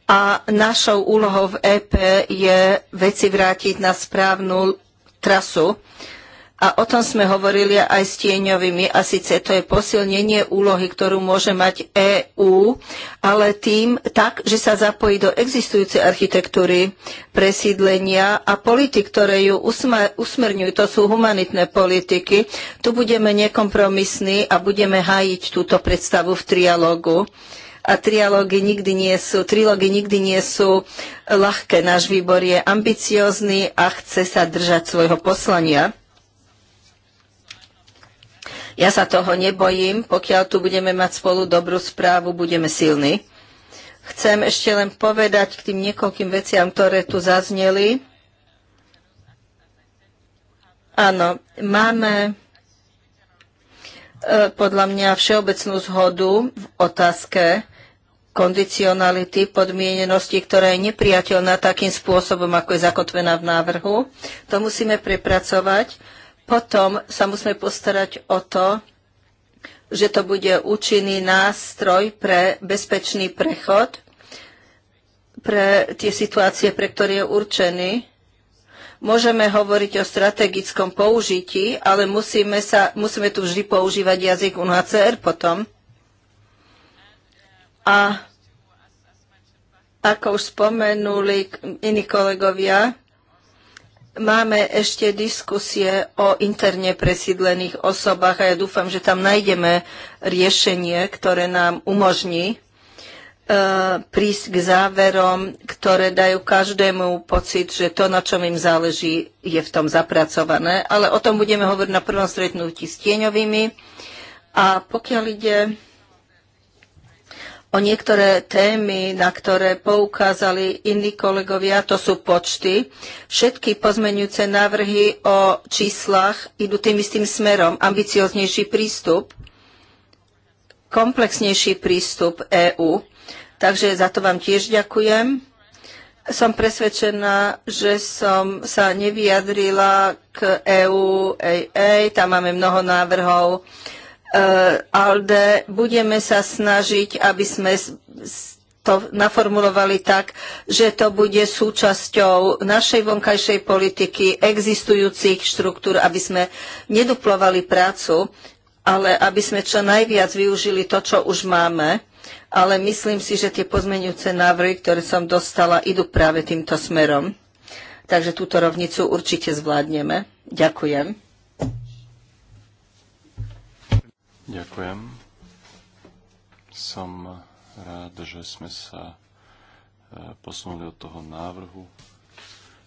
a našou úlohou v EP je veci vrátiť na správnu trasu. A o tom sme hovorili aj s tieňovými, a síce to je posilnenie úlohy, ktorú môže mať EÚ, ale tým tak, že sa zapojí do existujúcej architektúry presídlenia a politik, ktoré ju usmerňujú, to sú humanitné politiky. Tu budeme nekompromisní a budeme hájiť túto predstavu v trialógu. a trialógy nikdy nie sú, trilógy nikdy nie sú ľahké. Náš výbor je ambiciózny a chce sa držať svojho poslania. Ja sa toho nebojím, pokiaľ tu budeme mať spolu dobrú správu, budeme silní. Chcem ešte len povedať k tým niekoľkým veciam, ktoré tu zazneli. Áno, máme e, podľa mňa všeobecnú zhodu v otázke kondicionality, podmienenosti, ktorá je nepriateľná takým spôsobom, ako je zakotvená v návrhu. To musíme prepracovať potom sa musíme postarať o to, že to bude účinný nástroj pre bezpečný prechod, pre tie situácie, pre ktoré je určený. Môžeme hovoriť o strategickom použití, ale musíme, sa, musíme tu vždy používať jazyk UNHCR potom. A ako už spomenuli iní kolegovia, Máme ešte diskusie o interne presídlených osobách a ja dúfam, že tam nájdeme riešenie, ktoré nám umožní e, prísť k záverom, ktoré dajú každému pocit, že to, na čom im záleží, je v tom zapracované. Ale o tom budeme hovoriť na prvom stretnutí s tieňovými. A pokiaľ ide o niektoré témy, na ktoré poukázali iní kolegovia, to sú počty. Všetky pozmenujúce návrhy o číslach idú tým istým smerom. Ambicioznejší prístup, komplexnejší prístup EÚ. Takže za to vám tiež ďakujem. Som presvedčená, že som sa nevyjadrila k EÚ, AA, tam máme mnoho návrhov E, ALDE budeme sa snažiť, aby sme to naformulovali tak, že to bude súčasťou našej vonkajšej politiky, existujúcich štruktúr, aby sme neduplovali prácu, ale aby sme čo najviac využili to, čo už máme. Ale myslím si, že tie pozmenujúce návrhy, ktoré som dostala, idú práve týmto smerom. Takže túto rovnicu určite zvládneme. Ďakujem. Ďakujem. Som rád, že sme sa e, posunuli od toho návrhu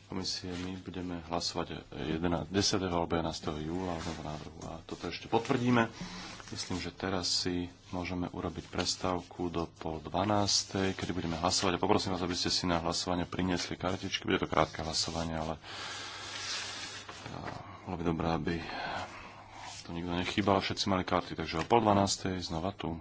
komisie. My budeme hlasovať 11, 10. alebo 11. júla o návrhu a toto ešte potvrdíme. Myslím, že teraz si môžeme urobiť prestávku do pol 12. kedy budeme hlasovať. A poprosím vás, aby ste si na hlasovanie priniesli kartičky. Bude to krátke hlasovanie, ale e, bolo by dobré, aby nikto nechýbal, všetci mali karty, takže o pol 12. znova tu.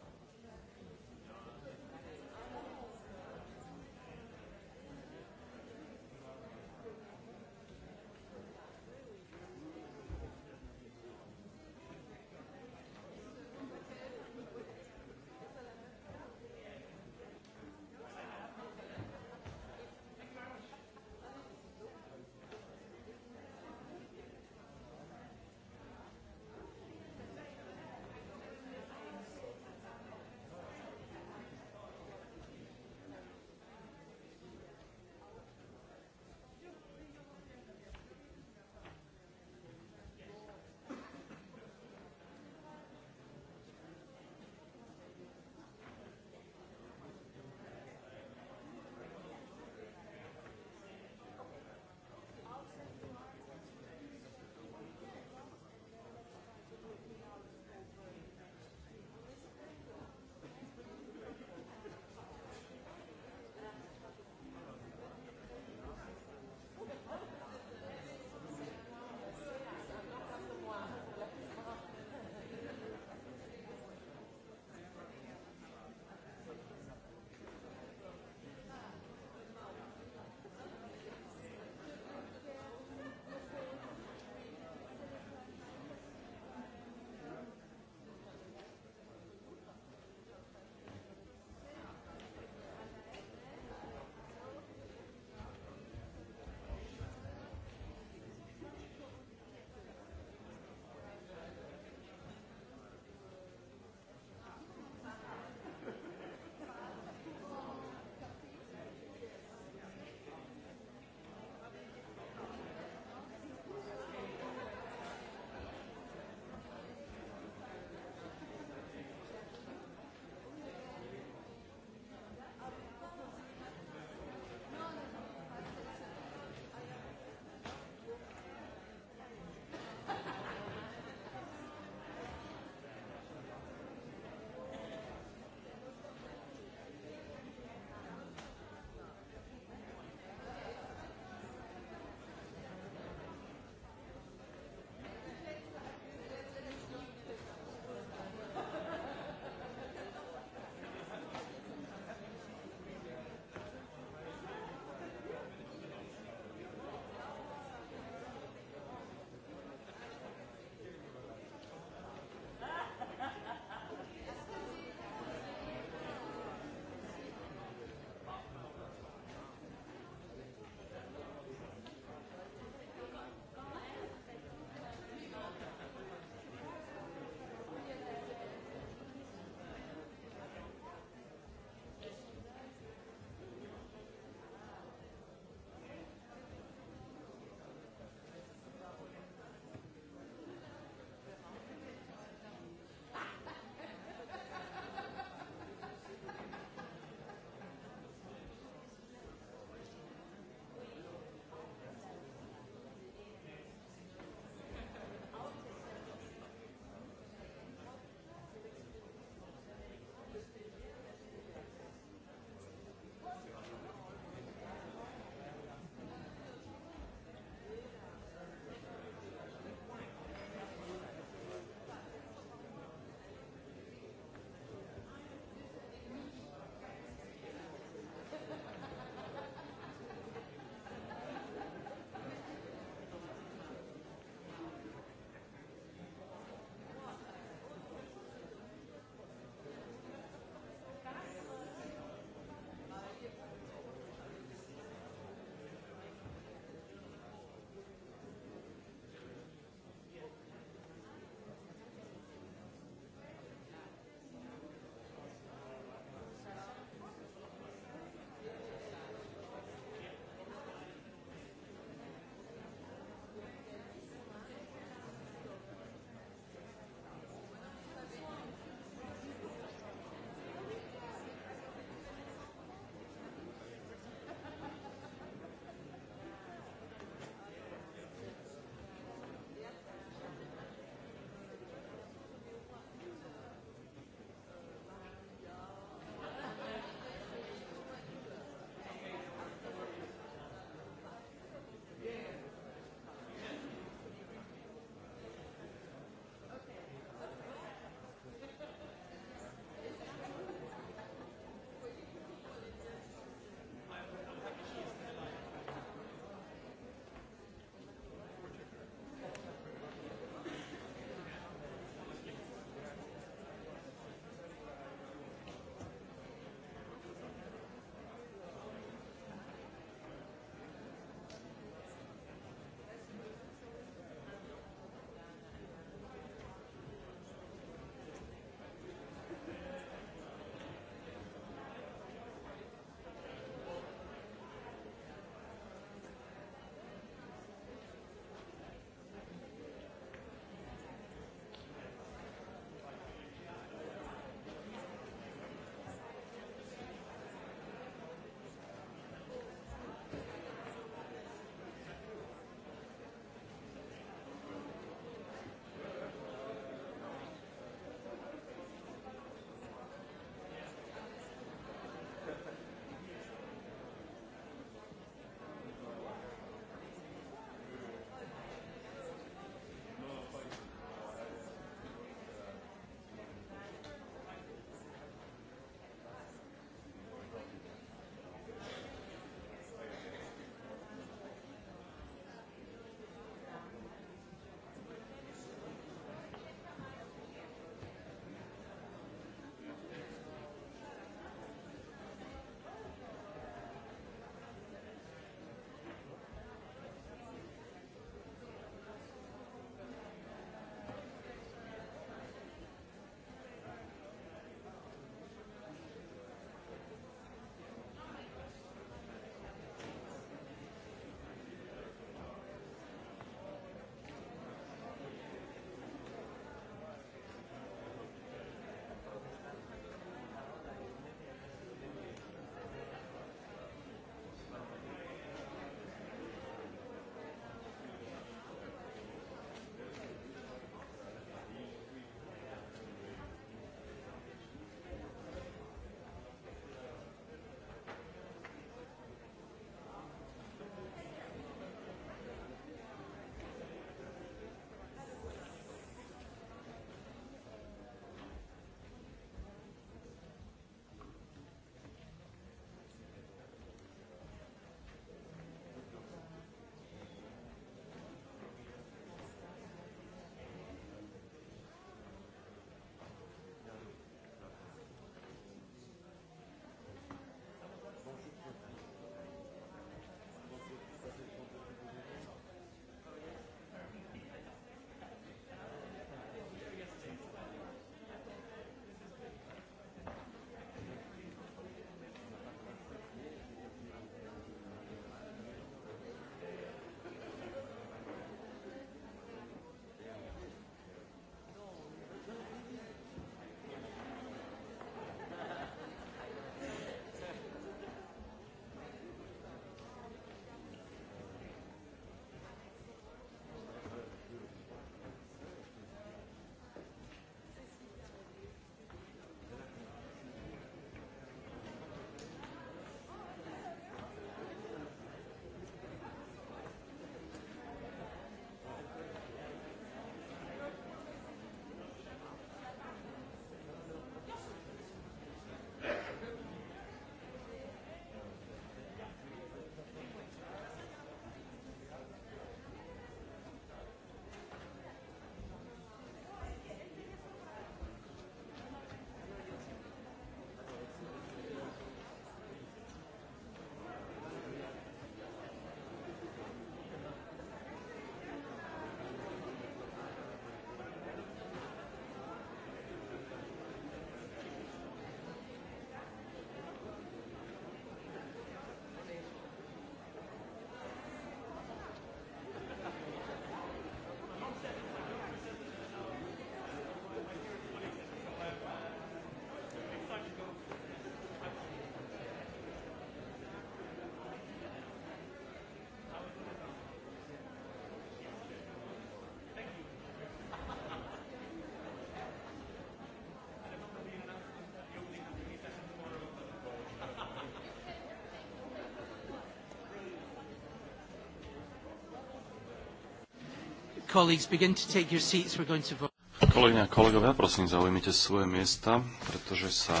colleagues, begin to take your seats. We're going to vote. Kolegyne a kolegovia, prosím, zaujímite svoje miesta, pretože sa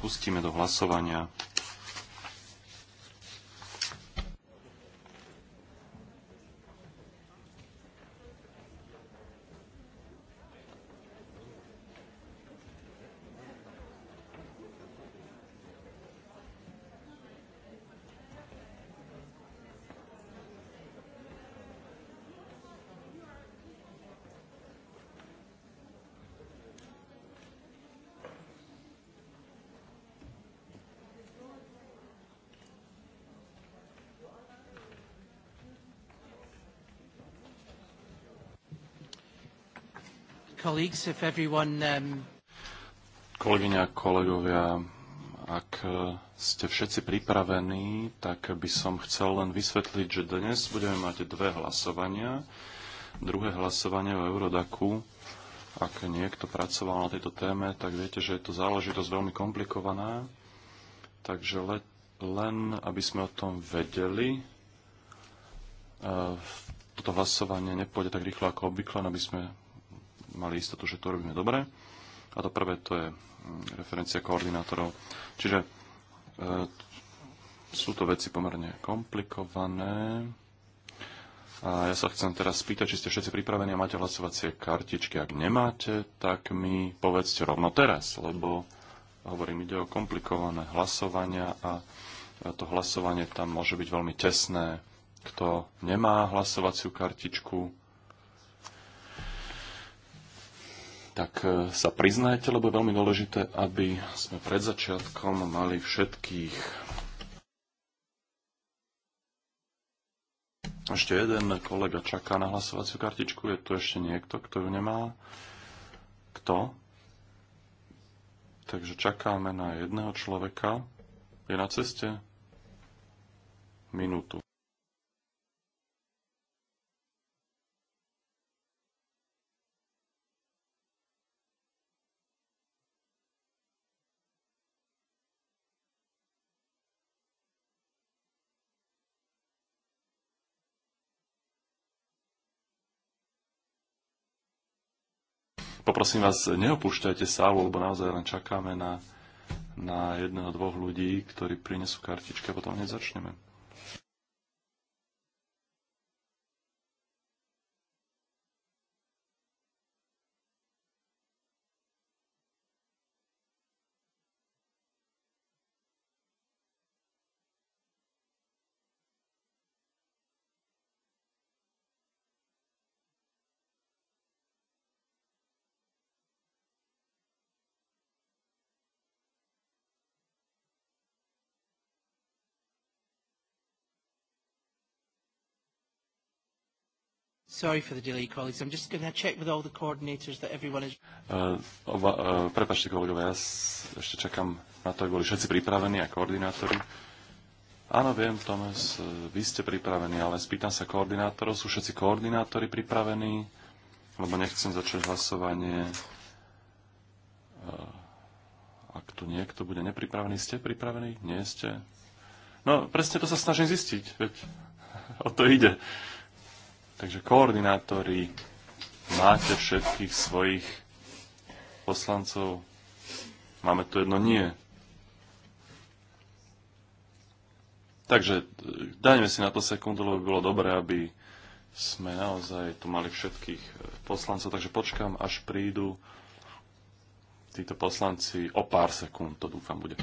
pustíme do hlasovania. colleagues, if everyone... Um, Kolegyňa, kolegovia, ak e, ste všetci pripravení, tak by som chcel len vysvetliť, že dnes budeme mať dve hlasovania. Druhé hlasovanie o Eurodaku. Ak niekto pracoval na tejto téme, tak viete, že je to záležitosť veľmi komplikovaná. Takže le, len, aby sme o tom vedeli, e, toto hlasovanie nepôjde tak rýchlo ako obvykle, aby sme mali istotu, že to robíme dobre. A to prvé to je mm, referencia koordinátorov. Čiže e, sú to veci pomerne komplikované. A ja sa chcem teraz spýtať, či ste všetci pripravení a máte hlasovacie kartičky. Ak nemáte, tak mi povedzte rovno teraz, lebo hovorím, ide o komplikované hlasovania a to hlasovanie tam môže byť veľmi tesné. Kto nemá hlasovaciu kartičku, tak e, sa priznajte, lebo je veľmi dôležité, aby sme pred začiatkom mali všetkých. Ešte jeden kolega čaká na hlasovaciu kartičku. Je tu ešte niekto, kto ju nemá? Kto? Takže čakáme na jedného človeka. Je na ceste? Minútu. Poprosím vás, neopúšťajte sálu, lebo naozaj len čakáme na, na jedného, dvoch ľudí, ktorí prinesú kartičky a potom hneď začneme. Sorry for the delay, colleagues. I'm just going to check with all the coordinators that everyone is... Uh, uh, prepačte, kolegovia, ja ešte čakám na to, aby boli všetci pripravení a koordinátori. Áno, viem, Tomas, uh, vy ste pripravení, ale spýtam sa koordinátorov. Sú všetci koordinátori pripravení? Lebo nechcem začať hlasovanie. Uh, ak tu niekto bude nepripravený, ste pripravení? Nie ste? No, presne to sa snažím zistiť, veď o to ide. Takže koordinátori, máte všetkých svojich poslancov? Máme tu jedno nie. Takže e, dajme si na to sekundu, lebo by bolo dobré, aby sme naozaj tu mali všetkých e, poslancov, takže počkám, až prídu títo poslanci o pár sekúnd, to dúfam bude.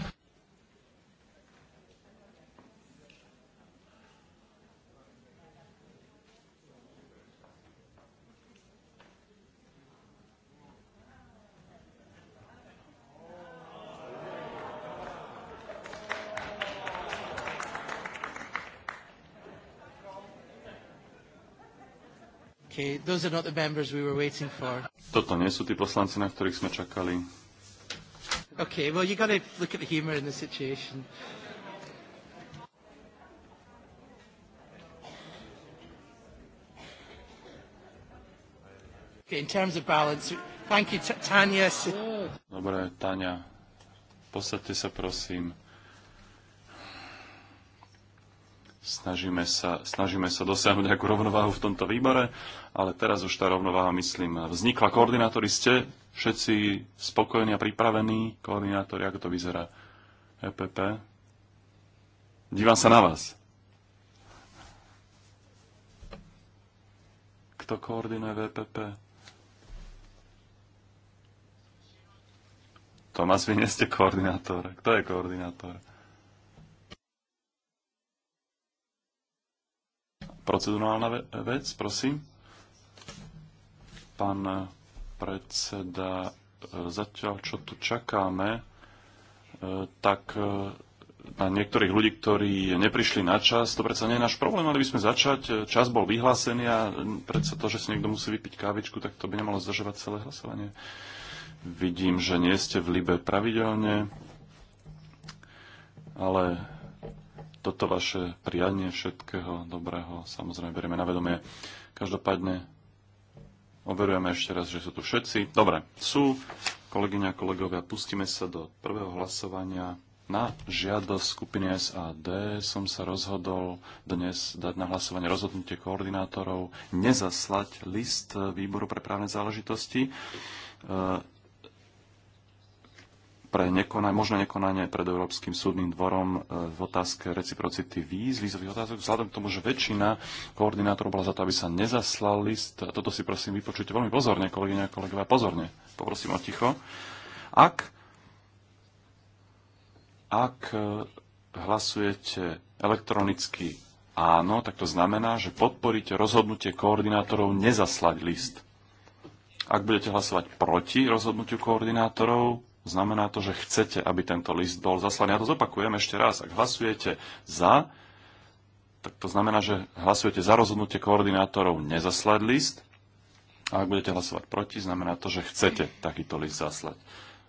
Okay, those are not the members we were waiting for. Toto nie sú tí poslanci, na ktorých sme čakali. Okay, well you gotta look at the humor in the situation. Okay, in terms of balance, thank you, Tanya. Dobre, Tania, posadte sa prosím. snažíme sa, snažíme sa dosiahnuť nejakú rovnováhu v tomto výbore, ale teraz už tá rovnováha, myslím, vznikla. Koordinátori ste všetci spokojní a pripravení? Koordinátori, ako to vyzerá? EPP? Dívam sa na vás. Kto koordinuje VPP? Tomás, vy nie ste koordinátor. Kto je koordinátor? Procedurálna vec, prosím. Pán predseda, e, zatiaľ čo tu čakáme, e, tak e, na niektorých ľudí, ktorí neprišli na čas, to predsa nie je náš problém, mali by sme začať. Čas bol vyhlásený a predsa to, že si niekto musí vypiť kávičku, tak to by nemalo zdržovať celé hlasovanie. Vidím, že nie ste v Libe pravidelne, ale toto vaše prianie všetkého dobrého samozrejme berieme na vedomie. Každopádne overujeme ešte raz, že sú tu všetci. Dobre, sú kolegyňa a kolegovia, pustíme sa do prvého hlasovania. Na žiadosť skupiny SAD som sa rozhodol dnes dať na hlasovanie rozhodnutie koordinátorov nezaslať list výboru pre právne záležitosti e, pre nekonaj, možné nekonanie pred Európskym súdnym dvorom e, v otázke reciprocity víz, vízových otázok, vzhľadom k tomu, že väčšina koordinátorov bola za to, aby sa nezaslal list. Toto si prosím vypočujte veľmi pozorne, kolegyne a kolegovia, pozorne. Poprosím o ticho. Ak, ak e, hlasujete elektronicky áno, tak to znamená, že podporíte rozhodnutie koordinátorov nezaslať list. Ak budete hlasovať proti rozhodnutiu koordinátorov, Znamená to, že chcete, aby tento list bol zaslaný. Ja to zopakujem ešte raz. Ak hlasujete za, tak to znamená, že hlasujete za rozhodnutie koordinátorov nezaslať list. A ak budete hlasovať proti, znamená to, že chcete takýto list zaslať.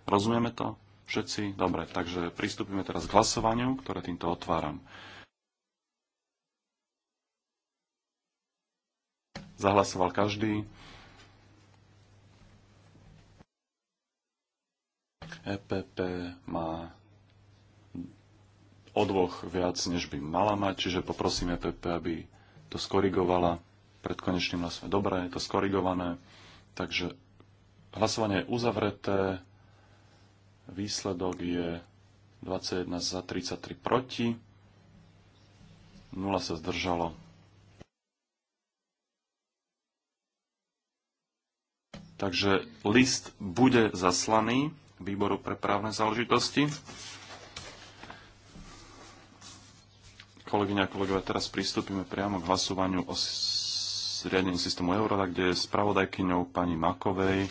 Rozumieme to? Všetci? Dobre, takže pristúpime teraz k hlasovaniu, ktoré týmto otváram. Zahlasoval každý. EPP má o dvoch viac, než by mala mať, čiže poprosím EPP, aby to skorigovala pred konečným hlasovaním. Dobre, je to skorigované, takže hlasovanie je uzavreté, výsledok je 21 za 33 proti, 0 sa zdržalo. Takže list bude zaslaný výboru pre právne záležitosti. Kolegyňa a kolegové, teraz pristúpime priamo k hlasovaniu o zriadení systému Eurora, kde je spravodajkyňou pani Makovej.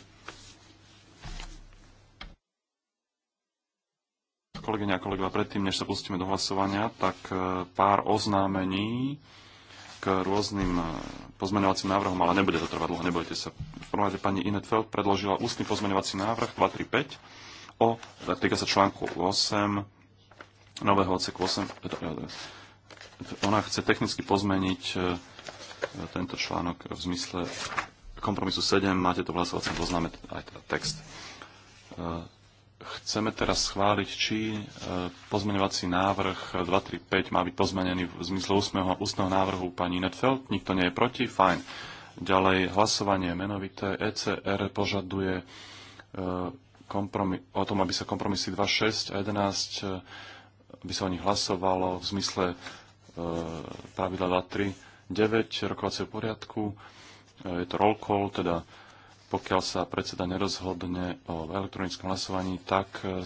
Kolegyňa a kolegové, predtým, než sa pustíme do hlasovania, tak e, pár oznámení k rôznym eh, pozmeňovacím návrhom, ale nebude to trvať dlho, nebojte sa. V prvom rade pani Feld predložila ústny pozmeňovací návrh 235 o, eh, týka sa článku 8, nového odseku 8, eh, ona chce technicky pozmeniť tento článok v zmysle kompromisu 7, máte to v hlasovacom zozname, aj teda text chceme teraz schváliť, či e, pozmeňovací návrh 235 má byť pozmenený v zmysle ústneho, ústneho návrhu pani Netfeld. Nikto nie je proti? Fajn. Ďalej hlasovanie menovité. ECR požaduje e, kompromis, o tom, aby sa kompromisy 2, 6 a 11, e, aby sa o nich hlasovalo v zmysle pravidla 2, 3, 9 rokovacieho poriadku. Je to roll call, teda pokiaľ sa predseda nerozhodne o elektronickom hlasovaní, tak e,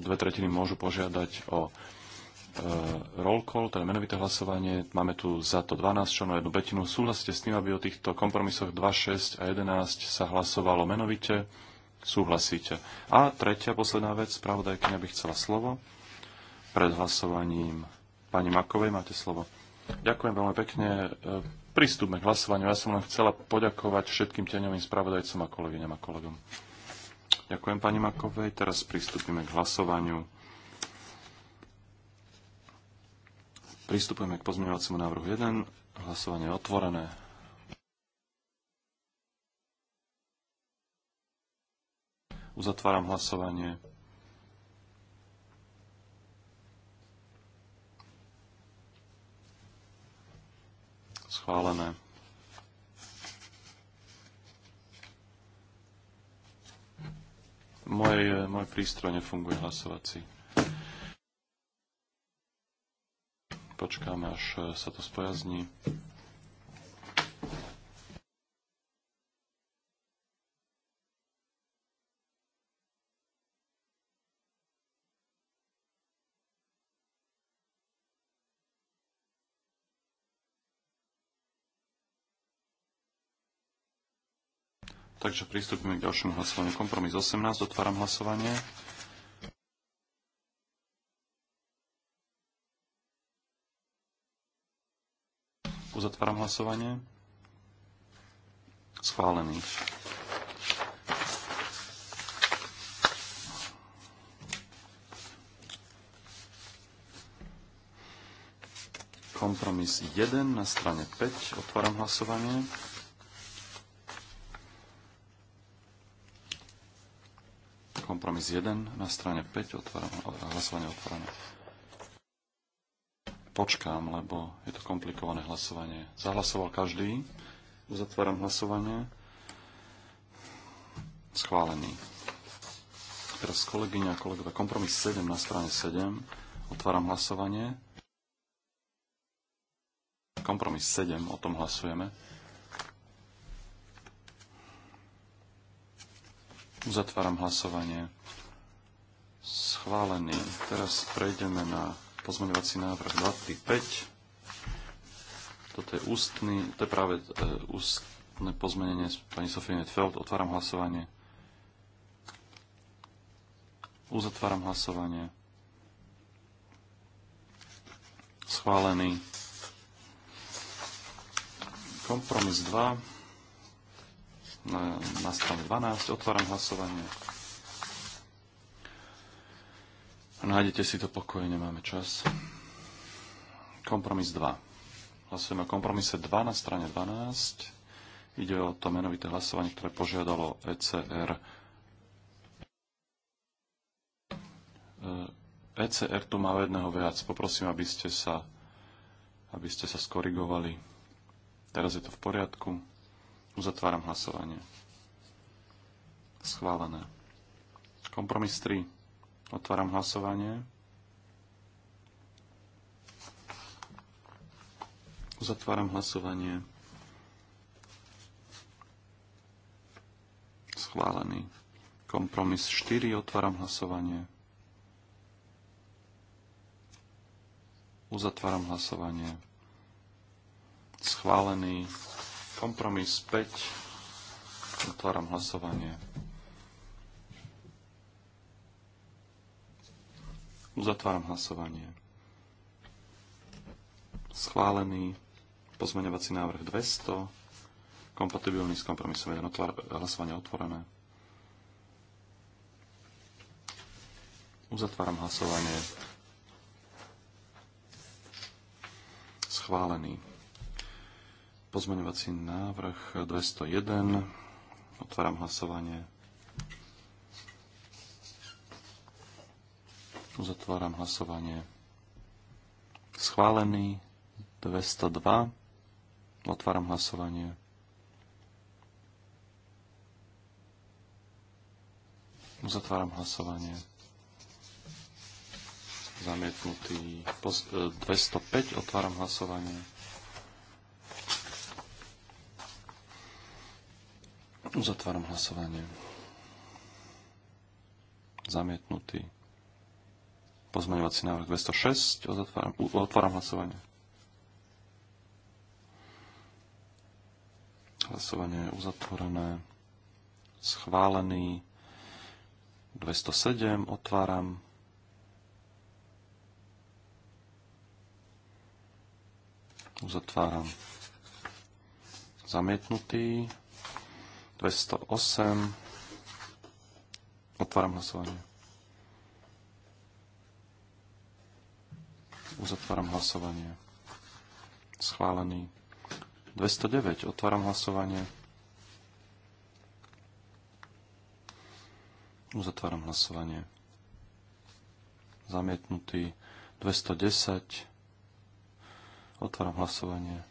dve tretiny môžu požiadať o e, roll call, teda menovité hlasovanie. Máme tu za to 12 členov, jednu betinu. Súhlasíte s tým, aby o týchto kompromisoch 2, 6 a 11 sa hlasovalo menovite? Súhlasíte. A tretia, posledná vec, spravodajkyňa by chcela slovo. Pred hlasovaním pani Makovej máte slovo. Ďakujem veľmi pekne. E, pristúpme k hlasovaniu. Ja som len chcela poďakovať všetkým teňovým spravodajcom a kolegyňam a kolegom. Ďakujem pani Makovej. Teraz pristúpime k hlasovaniu. Pristúpime k pozmeňovacímu návrhu 1. Hlasovanie je otvorené. Uzatváram hlasovanie. schválené. Moje, môj prístroj nefunguje hlasovací. Počkáme, až sa to spojazní. Takže pristúpime k ďalšiemu hlasovaniu. Kompromis 18, otváram hlasovanie. Uzatváram hlasovanie. Schválený. Kompromis 1 na strane 5. Otváram hlasovanie. Kompromis 1 na strane 5, otváram, hlasovanie otvorené. Počkám, lebo je to komplikované hlasovanie. Zahlasoval každý. Uzatváram hlasovanie. Schválený. Teraz kolegyňa a kolegové, kompromis 7 na strane 7. Otváram hlasovanie. Kompromis 7, o tom hlasujeme. Uzatváram hlasovanie. Schválený. Teraz prejdeme na pozmeňovací návrh 235. Toto je ústny, to je práve e, ústne pozmenenie pani Sofie Netfeld. Otváram hlasovanie. Uzatváram hlasovanie. Schválený. Kompromis 2 na strane 12. Otváram hlasovanie. Nájdete si to pokoje, nemáme čas. Kompromis 2. Hlasujeme o kompromise 2 na strane 12. Ide o to menovité hlasovanie, ktoré požiadalo ECR. ECR e tu má jedného viac. Poprosím, aby ste sa, aby ste sa skorigovali. Teraz je to v poriadku. Uzatváram hlasovanie. Schválené. Kompromis 3. Otváram hlasovanie. Uzatváram hlasovanie. Schválený. Kompromis 4. Otváram hlasovanie. Uzatváram hlasovanie. Schválený Kompromis 5. Otváram hlasovanie. Uzatváram hlasovanie. Schválený pozmeňovací návrh 200. Kompatibilný s kompromisom 1. Otvár, hlasovanie otvorené. Uzatváram hlasovanie. Schválený Pozmeňovací návrh 201. Otváram hlasovanie. Uzatváram hlasovanie. Schválený 202. Otváram hlasovanie. Uzatváram hlasovanie. Zamietnutý 205. Otváram hlasovanie. Uzatváram hlasovanie. Zamietnutý. Pozmeňovací návrh 206. Uzatváram, otváram hlasovanie. Hlasovanie je uzatvorené. Schválený. 207. Otváram. Uzatváram. Zamietnutý. 208. Otváram hlasovanie. Uzatváram hlasovanie. Schválený. 209. Otváram hlasovanie. Uzatváram hlasovanie. Zamietnutý. 210. Otváram hlasovanie.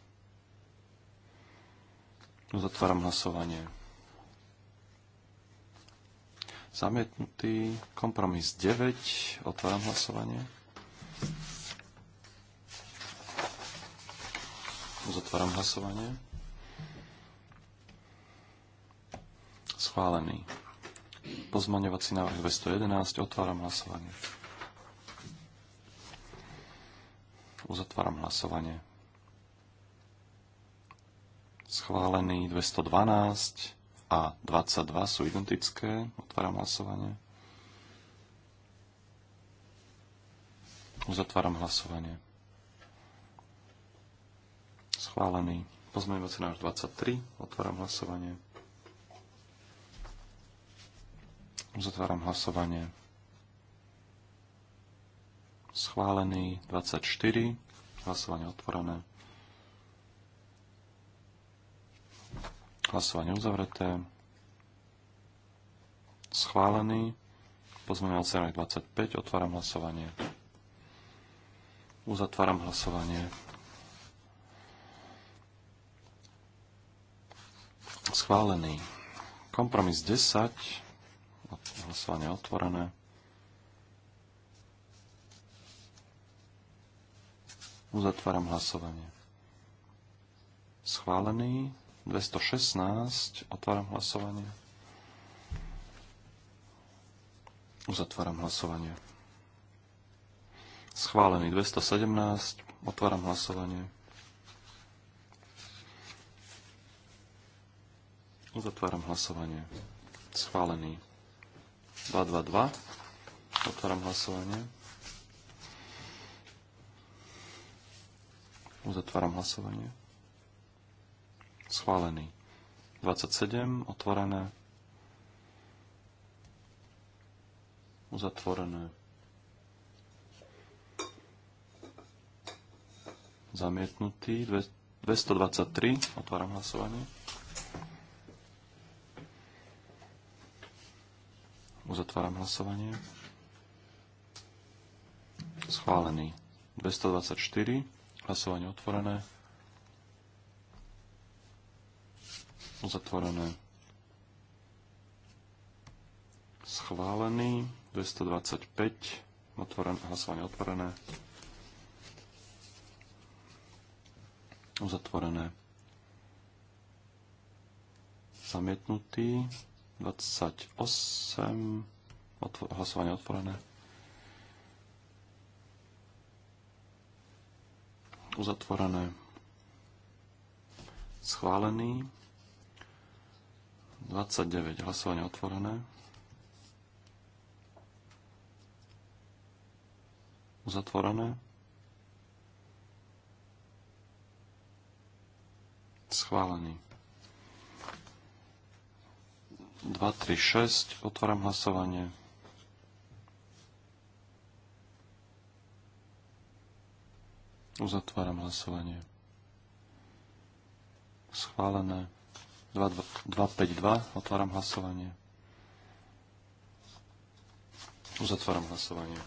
Uzatváram hlasovanie Zamietnutý kompromis 9. Otváram hlasovanie. Zotváram hlasovanie. Schválený. Pozmaňovací návrh 211. Otváram hlasovanie. Uzatváram hlasovanie. Schválený 212 a 22 sú identické. Otváram hlasovanie. Uzatváram hlasovanie. Schválený. Pozmeňovací návrh 23. Otváram hlasovanie. Uzatváram hlasovanie. Schválený 24. Hlasovanie otvorené. Hlasovanie uzavreté. Schválený. Pozmeňovací návrh 25. Otváram hlasovanie. Uzatváram hlasovanie. Schválený. Kompromis 10. Hlasovanie otvorené. Uzatváram hlasovanie. Schválený. 216. Otváram hlasovanie. Uzatváram hlasovanie. Schválený 217. Otváram hlasovanie. Uzatváram hlasovanie. Schválený 222. Otváram hlasovanie. Uzatváram hlasovanie schválený. 27 otvorené, uzatvorené, zamietnutý, 223, otváram hlasovanie. Uzatváram hlasovanie. Schválený. 224. Hlasovanie otvorené. Uzatvorené. Schválený. 225. Otvoren, hlasovanie otvorené. Uzatvorené. Zamietnutý. 28. Otvo, hlasovanie otvorené. Uzatvorené. Schválený. 29. Hlasovanie otvorené. Zatvorené. Schválený. 2, 3, 6. Otváram hlasovanie. Uzatváram hlasovanie. Schválené. 252. Otváram hlasovanie. Uzatváram hlasovanie.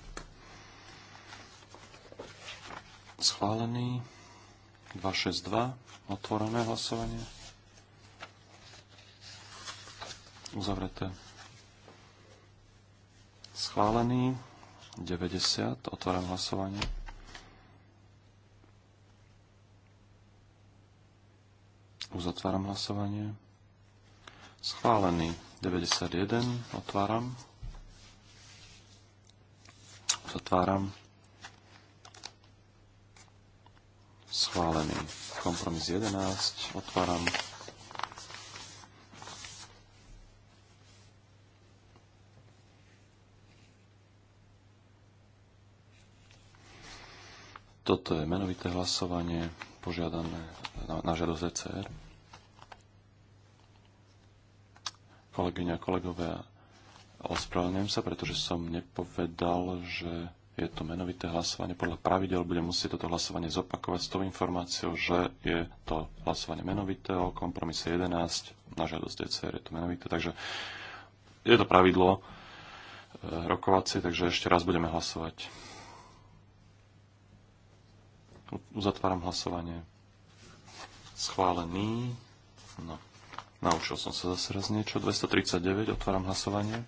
Schválený. 262. Otvorené hlasovanie. Uzavreté. Schválený. 90. Otváram hlasovanie. Uzatváram hlasovanie. Schválený 91. Otváram. Uzatváram. Schválený kompromis 11. Otváram. Toto je menovité hlasovanie požiadané na, na žiadosť ECR. kolegyne a kolegovia, ospravedlňujem sa, pretože som nepovedal, že je to menovité hlasovanie. Podľa pravidel budem musieť toto hlasovanie zopakovať s tou informáciou, že je to hlasovanie menovité o kompromise 11 na žiadosť DCR je to menovité, takže je to pravidlo eh, rokovacie, takže ešte raz budeme hlasovať. Uzatváram hlasovanie. Schválený. No, Naučil som sa zase raz niečo. 239, otváram hlasovanie.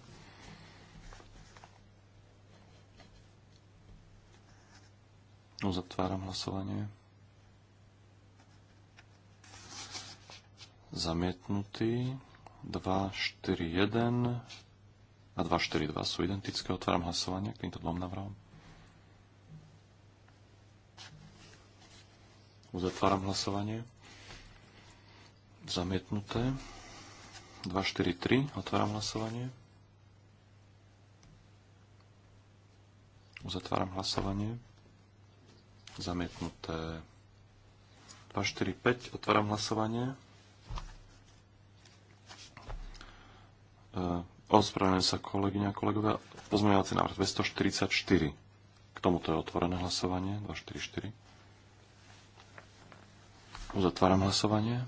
Uzatváram hlasovanie. Zamietnutý. 2, 4, 1 a 2, 4, 2 sú identické. Otváram hlasovanie k týmto dvom návrhom. Uzatváram hlasovanie. Zamietnuté. 243. Otváram hlasovanie. Uzatváram hlasovanie. Zamietnuté. 245. Otváram hlasovanie. E, ospravedlňujem sa kolegyňa a kolegovia. Pozmeňovací návrh 244. K tomuto je otvorené hlasovanie. 244. Uzatváram hlasovanie.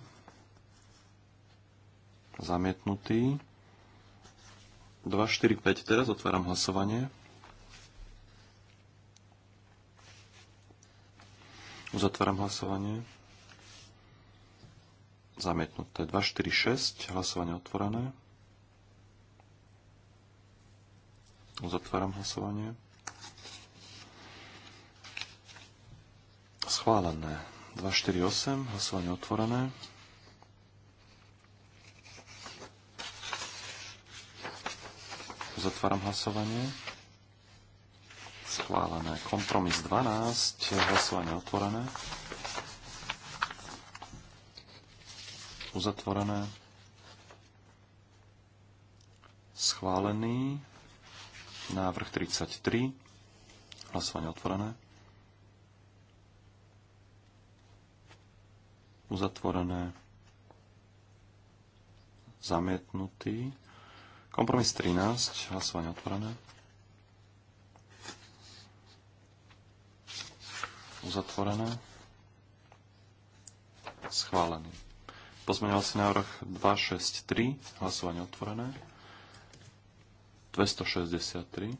Zamietnutý. 2, 4, 5. Teraz otváram hlasovanie. Uzatváram hlasovanie. Zamietnuté. 2, 4, 6. Hlasovanie otvorené. Uzatváram hlasovanie. Schválené. 248, hlasovanie otvorené. Uzatváram hlasovanie. Schválené. Kompromis 12. Hlasovanie otvorené. Uzatvorené. Schválený. Návrh 33. Hlasovanie otvorené. Uzatvorené. Zamietnutý. Kompromis 13, hlasovanie otvorené. Uzatvorené. Schválený. Pozmeňovací návrh 263, hlasovanie otvorené. 263.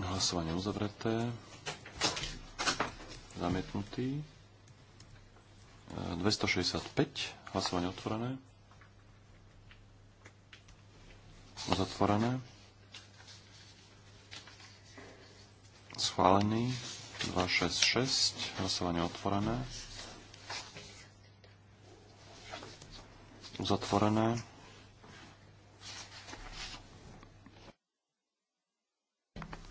Hlasovanie uzavreté. Zamietnutý. 265. Hlasovanie otvorené. Zatvorené. Schválený. 266. Hlasovanie otvorené. Zatvorené.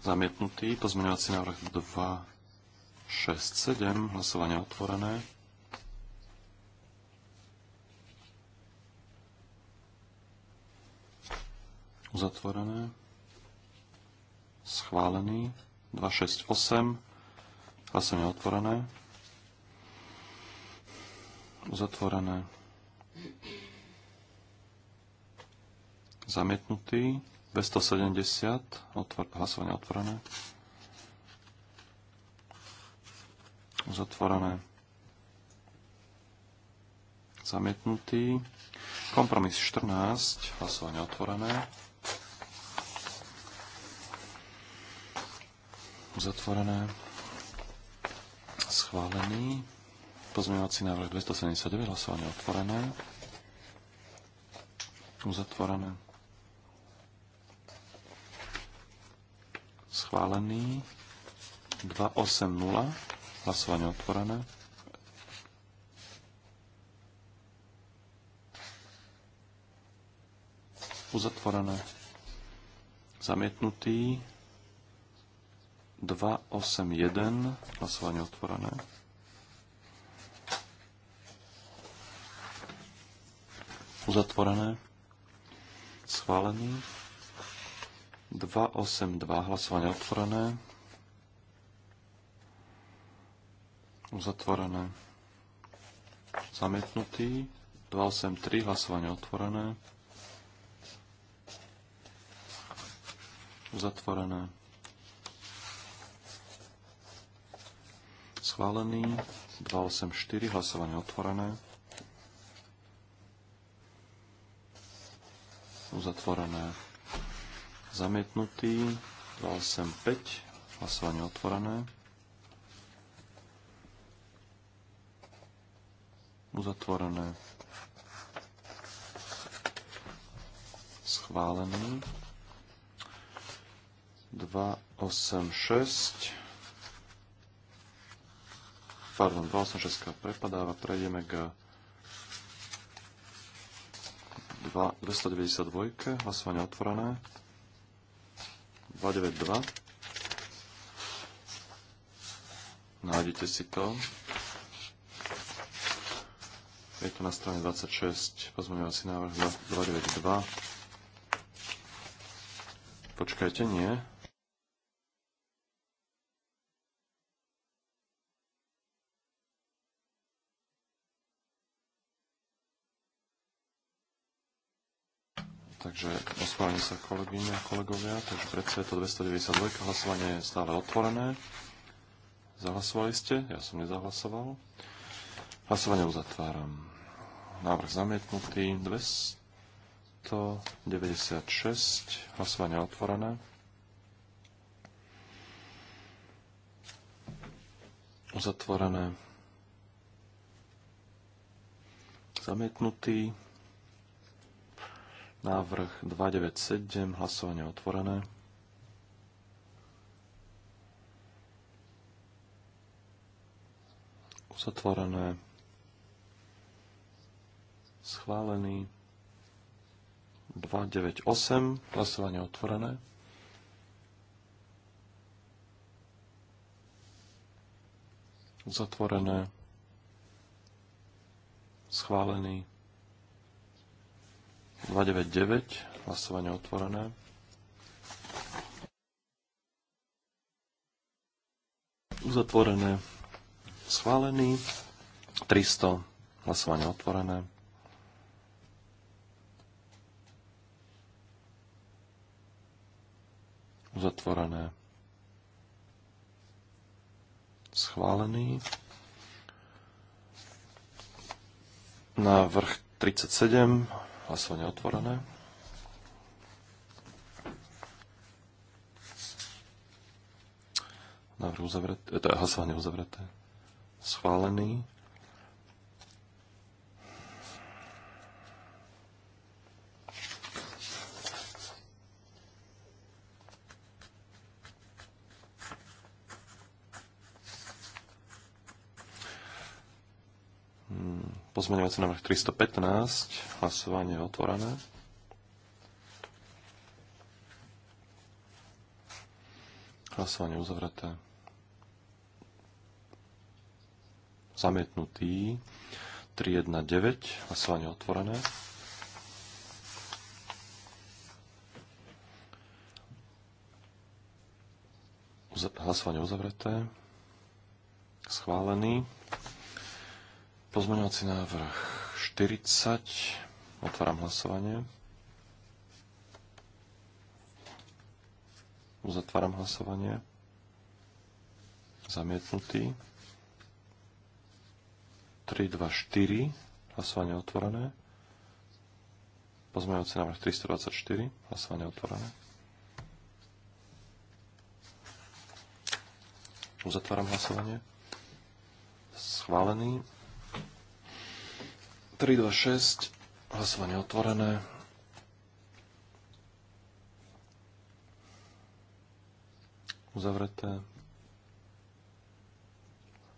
Zamietnutý. Pozmeňovací návrh 267. Hlasovanie otvorené. Uzatvorené. Schválený. 268. hlasenie otvorené. Uzatvorené. Zamietnutý. 270. Otvor, hlasovanie otvorené. Uzatvorené. Zamietnutý. Kompromis 14. Hlasovanie otvorené. zatvorené. Schválený. Pozmeňovací návrh 279. Hlasovanie otvorené. Uzatvorené. Schválený. 280. Hlasovanie otvorené. Uzatvorené. Zamietnutý. 281, hlasovanie otvorené. Uzatvorené. Schválený. 282, hlasovanie otvorené. Uzatvorené. Zamietnutý. 283, hlasovanie otvorené. Uzatvorené schválený. 284, hlasovanie otvorené. Uzatvorené. Zamietnutý. 285, hlasovanie otvorené. Uzatvorené. Schválený. 286 pardon, 286 prepadáva, prejdeme k 292, hlasovanie otvorené, 292, nájdete si to, je to na strane 26, si návrh 292, počkajte, nie, Takže ospravedlňujem sa kolegyne a kolegovia. Takže predsa je to 292. Hlasovanie je stále otvorené. Zahlasovali ste? Ja som nezahlasoval. Hlasovanie uzatváram. Návrh zamietnutý. 296. Hlasovanie otvorené. Uzatvorené. Zamietnutý. Návrh 297, hlasovanie otvorené. Uzatvorené. Schválený. 298, hlasovanie otvorené. Uzatvorené. Schválený. 299, hlasovanie otvorené. Uzatvorené, schválený. 300, hlasovanie otvorené. Uzatvorené. Schválený. Návrh 37, Hlasovanie otvorené. Návrh uzavreté, eh, teda hlasovanie uzavreté. Schválený. Pozmeňovací návrh 315. Hlasovanie je otvorené. Hlasovanie uzavreté. Zamietnutý. 319. Hlasovanie otvorené. Hlasovanie uzavreté. Schválený. Pozmeňovací návrh 40. Otváram hlasovanie. Uzatváram hlasovanie. Zamietnutý. 3, 2, 4. Hlasovanie otvorené. Pozmeňovací návrh 324. Hlasovanie otvorené. Uzatváram hlasovanie. Schválený. 3, 2, 6. Hlasovanie otvorené. Uzavreté.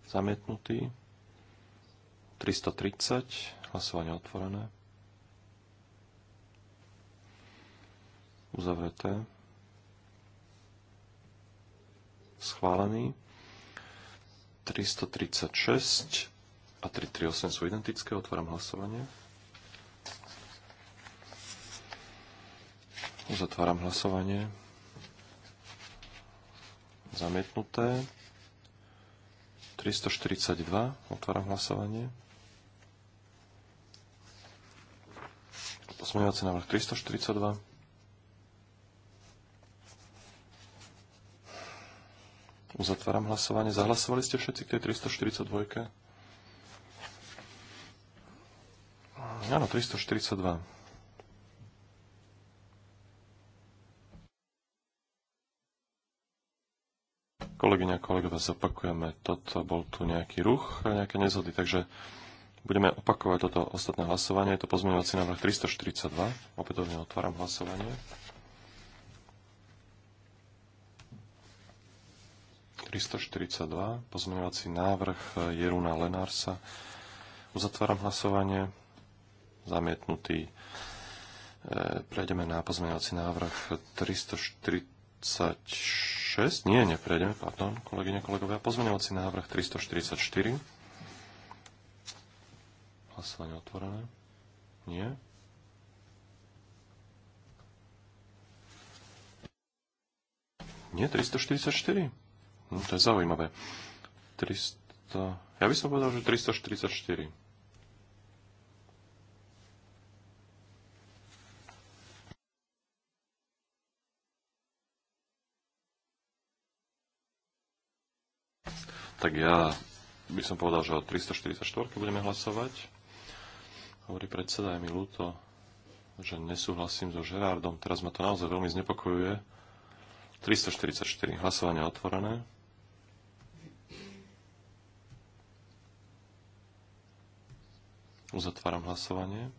Zamietnutý. 330. Hlasovanie otvorené. Uzavreté. Schválený. 336 a 338 sú identické. Otváram hlasovanie. Uzatváram hlasovanie. Zamietnuté. 342. Otváram hlasovanie. Pozmeňovací návrh 342. Uzatváram hlasovanie. Zahlasovali ste všetci k tej 342? Áno, 342. Kolegyňa a kolegovia, zopakujeme, toto bol tu nejaký ruch, nejaké nezhody, takže budeme opakovať toto ostatné hlasovanie. Je to pozmeňovací návrh 342. Opätovne otváram hlasovanie. 342, pozmeňovací návrh Jeruna Lenársa. Uzatváram hlasovanie zamietnutý. E, prejdeme na pozmeňovací návrh 346. Nie, neprejdeme, pardon, kolegyne, kolegovia. Pozmeňovací návrh 344. Hlasovanie otvorené. Nie. Nie, 344. No, hm, to je zaujímavé. 300... Ja by som povedal, že 344. tak ja by som povedal, že o 344 budeme hlasovať. Hovorí predseda, je mi ľúto, že nesúhlasím so Žerardom. Teraz ma to naozaj veľmi znepokojuje. 344. Hlasovanie otvorené. Uzatváram hlasovanie.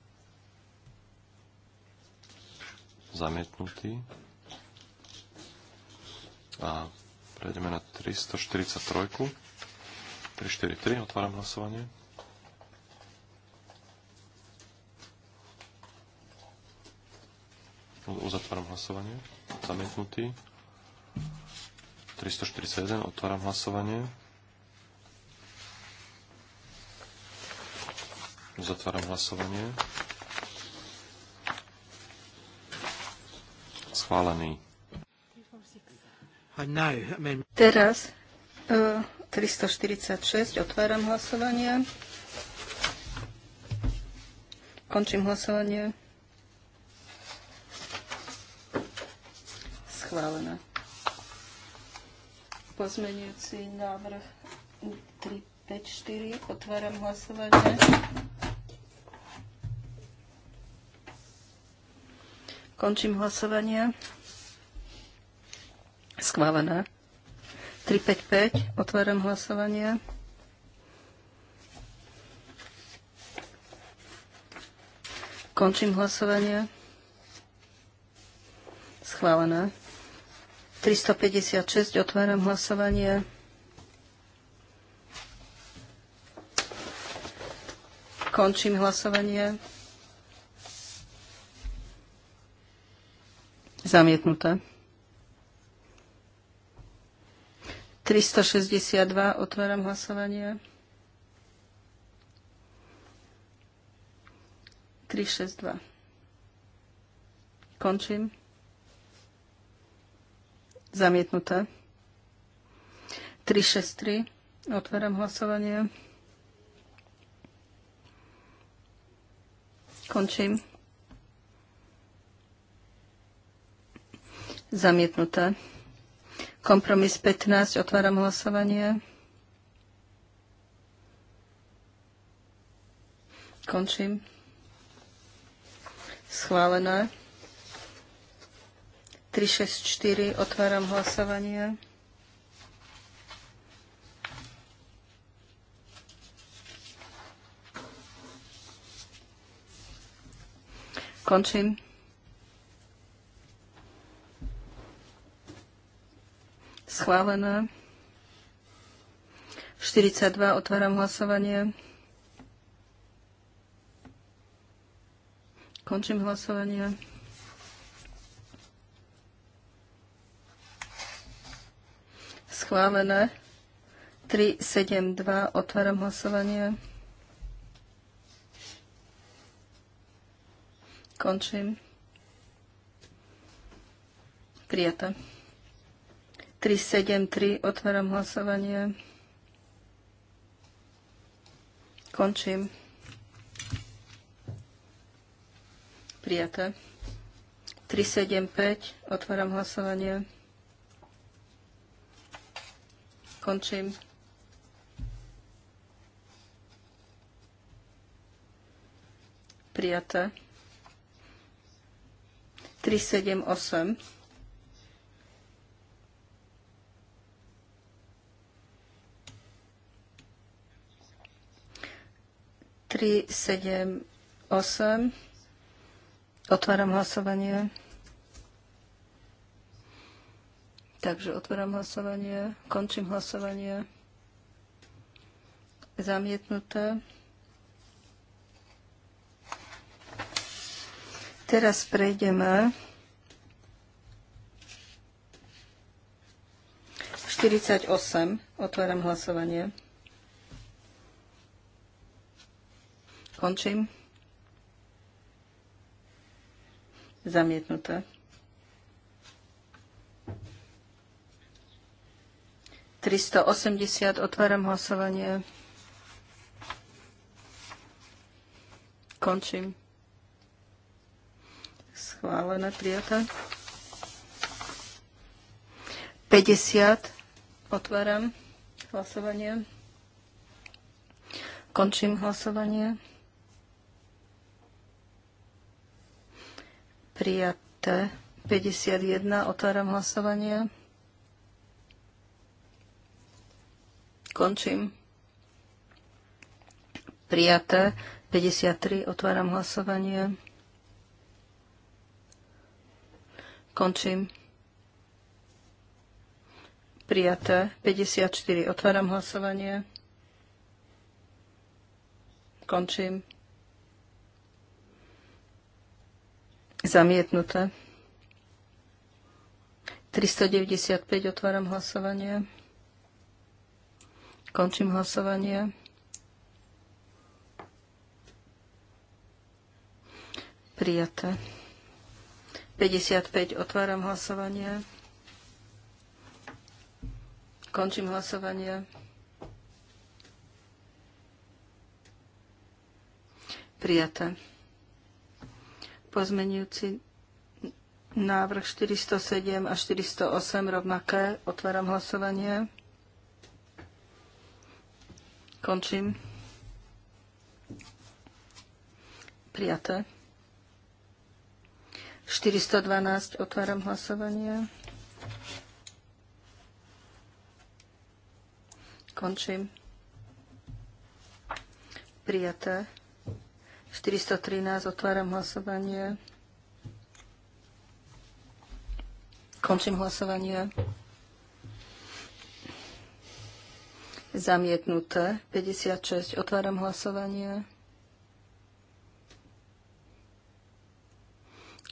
Zamietnutý. A prejdeme na 343. 4-3, otváram hlasovanie. Uzatváram hlasovanie. Zamietnutý. 341, otváram hlasovanie. Uzatváram hlasovanie. Schválený. Teraz uh, 346. Otváram hlasovanie. Končím hlasovanie. Schválené. Pozmeniaci návrh 354. Otváram hlasovanie. Končím hlasovanie. Schválené. 355. Otváram hlasovanie. Končím hlasovanie. Schválené. 356. Otváram hlasovanie. Končím hlasovanie. Zamietnuté. 362, otváram hlasovanie. 362. Končím. Zamietnuté. 363, otváram hlasovanie. Končím. Zamietnuté. Kompromis 15. Otváram hlasovanie. Končím. Schválené. 364. Otváram hlasovanie. Končím. schválené. 42, otváram hlasovanie. Končím hlasovanie. Schválené. 3, 7, 2, otváram hlasovanie. Končím. Prijaté. 373. Otváram hlasovanie. Končím. Prijaté. 375. Otváram hlasovanie. Končím. Prijaté. 378. 3, 7, 8. Otváram hlasovanie. Takže otváram hlasovanie. Končím hlasovanie. Zamietnuté. Teraz prejdeme 48. Otváram hlasovanie. Končím. Zamietnuté. 380. Otváram hlasovanie. Končím. Schválené, prijaté. 50. Otváram hlasovanie. Končím hlasovanie. prijaté. 51, otváram hlasovanie. Končím. Prijaté. 53, otváram hlasovanie. Končím. Prijaté. 54, otváram hlasovanie. Končím. Zamietnuté. 395 otváram hlasovanie. Končím hlasovanie. Prijaté. 55 otváram hlasovanie. Končím hlasovanie. Prijaté. Pozmenujúci návrh 407 a 408 rovnaké. Otváram hlasovanie. Končím. Prijaté. 412. Otváram hlasovanie. Končím. Prijaté. 413, otváram hlasovanie. Končím hlasovanie. Zamietnuté. 56. Otváram hlasovanie.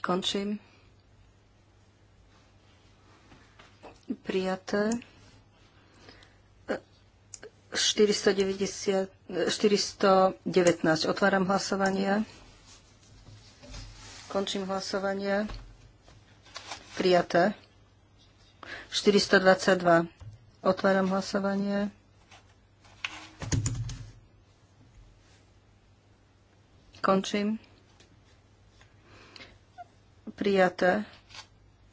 Končím. Prijaté. 490 419. Otváram hlasovanie. Končím hlasovanie. Prijaté. 422. Otváram hlasovanie. Končím. Prijaté.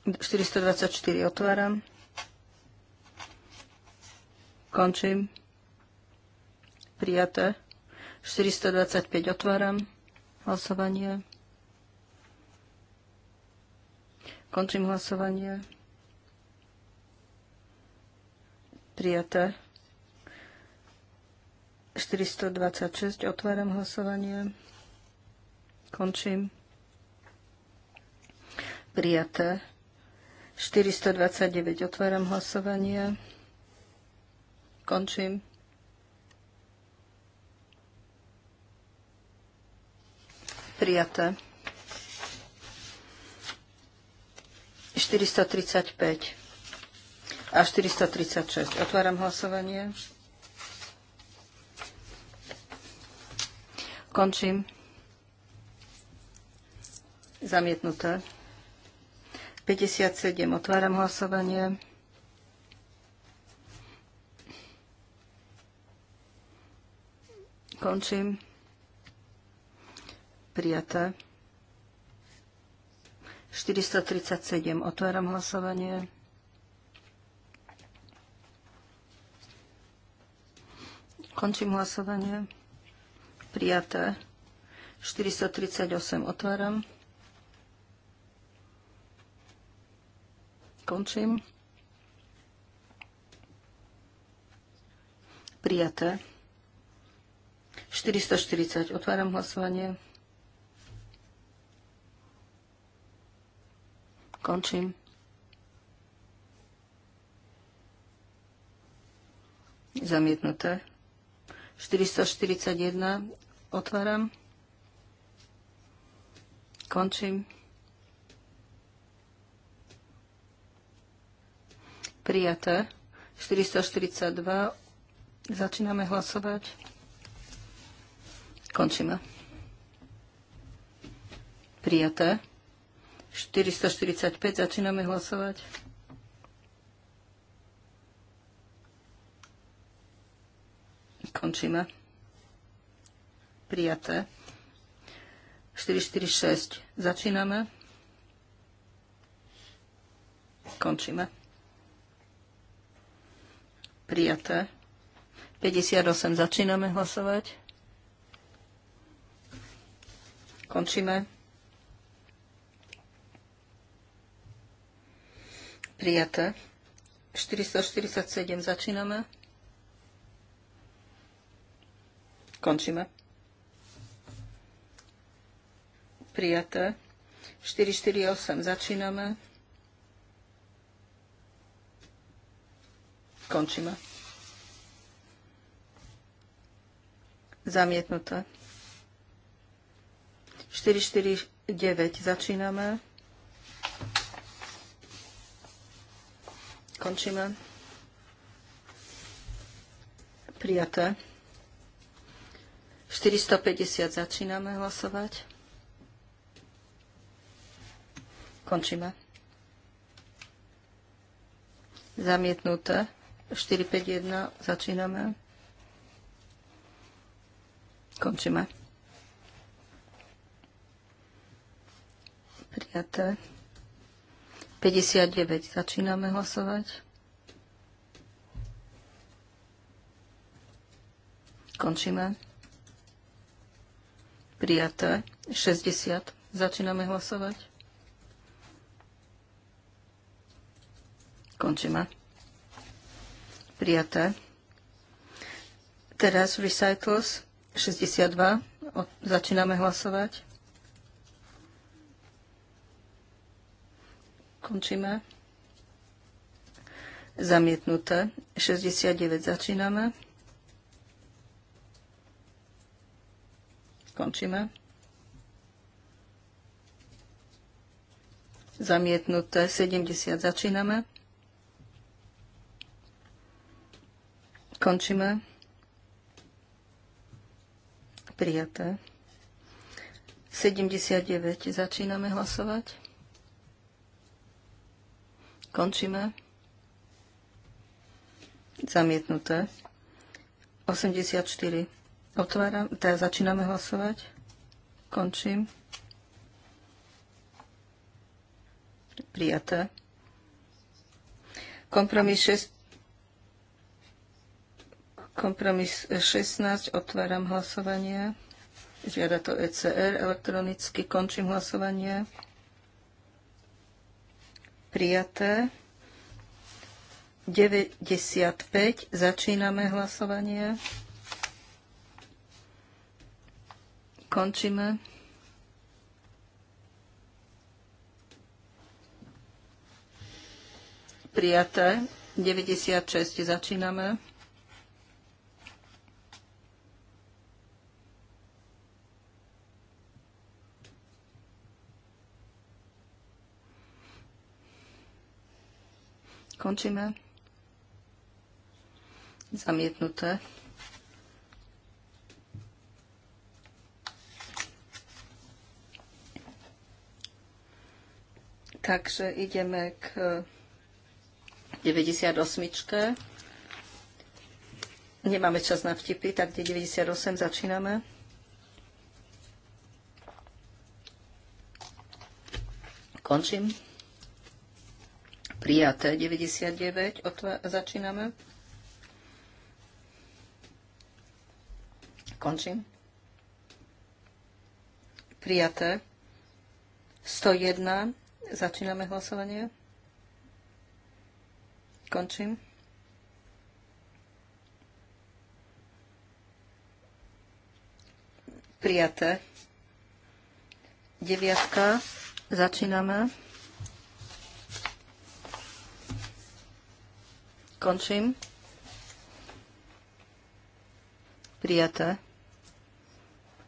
424. Otváram. Končím prijaté. 425 otváram hlasovanie. Končím hlasovanie. Prijaté. 426 otváram hlasovanie. Končím. Prijaté. 429 otváram hlasovanie. Končím. prijaté. 435 a 436. Otváram hlasovanie. Končím. Zamietnuté. 57. Otváram hlasovanie. Končím. Prijaté. 437. Otváram hlasovanie. Končím hlasovanie. Prijaté. 438. Otváram. Končím. Prijaté. 440. Otváram hlasovanie. Končím. Zamietnuté. 441 otváram. Končím. Prijaté. 442. Začíname hlasovať. Končíme. Prijaté. 445 začíname hlasovať. Končíme. Prijaté. 446 začíname. Končíme. Prijaté. 58 začíname hlasovať. Končíme Prijaté. 447 začíname. Končíme. Prijaté. 448 začíname. Končíme. Zamietnuté. 449 začíname. Končíme. Prijaté. 450 začíname hlasovať. Končíme. Zamietnuté. 451 začíname. Končíme. Prijaté. 59. Začíname hlasovať. Končíme. Prijaté. 60. Začíname hlasovať. Končíme. Prijaté. Teraz Recycles 62. Začíname hlasovať. Končíme. Zamietnuté. 69 začíname. Končíme. Zamietnuté. 70 začíname. Končíme. Prijaté. 79 začíname hlasovať. Končíme. Zamietnuté. 84. Otváram, teda začíname hlasovať. Končím. Prijaté. Kompromis 6. Kompromis 16. Otváram hlasovanie. Žiada to ECR. Elektronicky končím hlasovanie prijaté. 95. Začíname hlasovanie. Končíme. Prijaté. 96. Začíname. skončíme. Zamietnuté. Takže ideme k 98. Nemáme čas na vtipy, tak kde 98 začíname. Končím. Prijaté 99. Otva- začíname. Končím. Prijaté 101. Začíname hlasovanie. Končím. Prijaté. Deviatka. Začíname. Končím. Prijaté.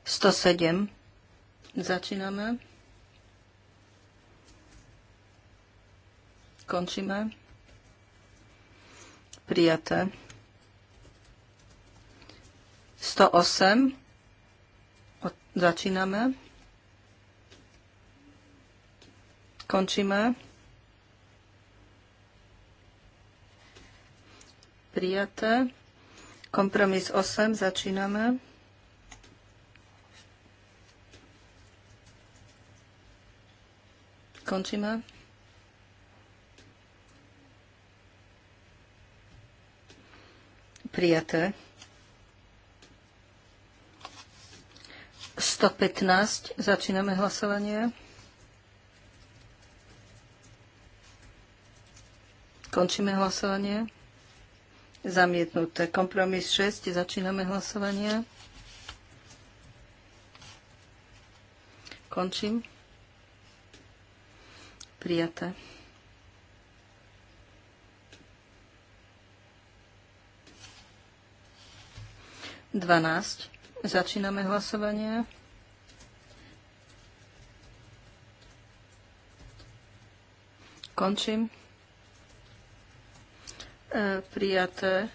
107. Začíname. Končíme. Prijaté. 108. Začíname. Končíme. prijaté. Kompromis 8, začíname. Končíme. Prijaté. 115. Začíname hlasovanie. Končíme hlasovanie. Zamietnuté. Kompromis 6. Začíname hlasovanie. Končím. Prijaté. Dvanásť. Začíname hlasovanie. Končím. E, prijaté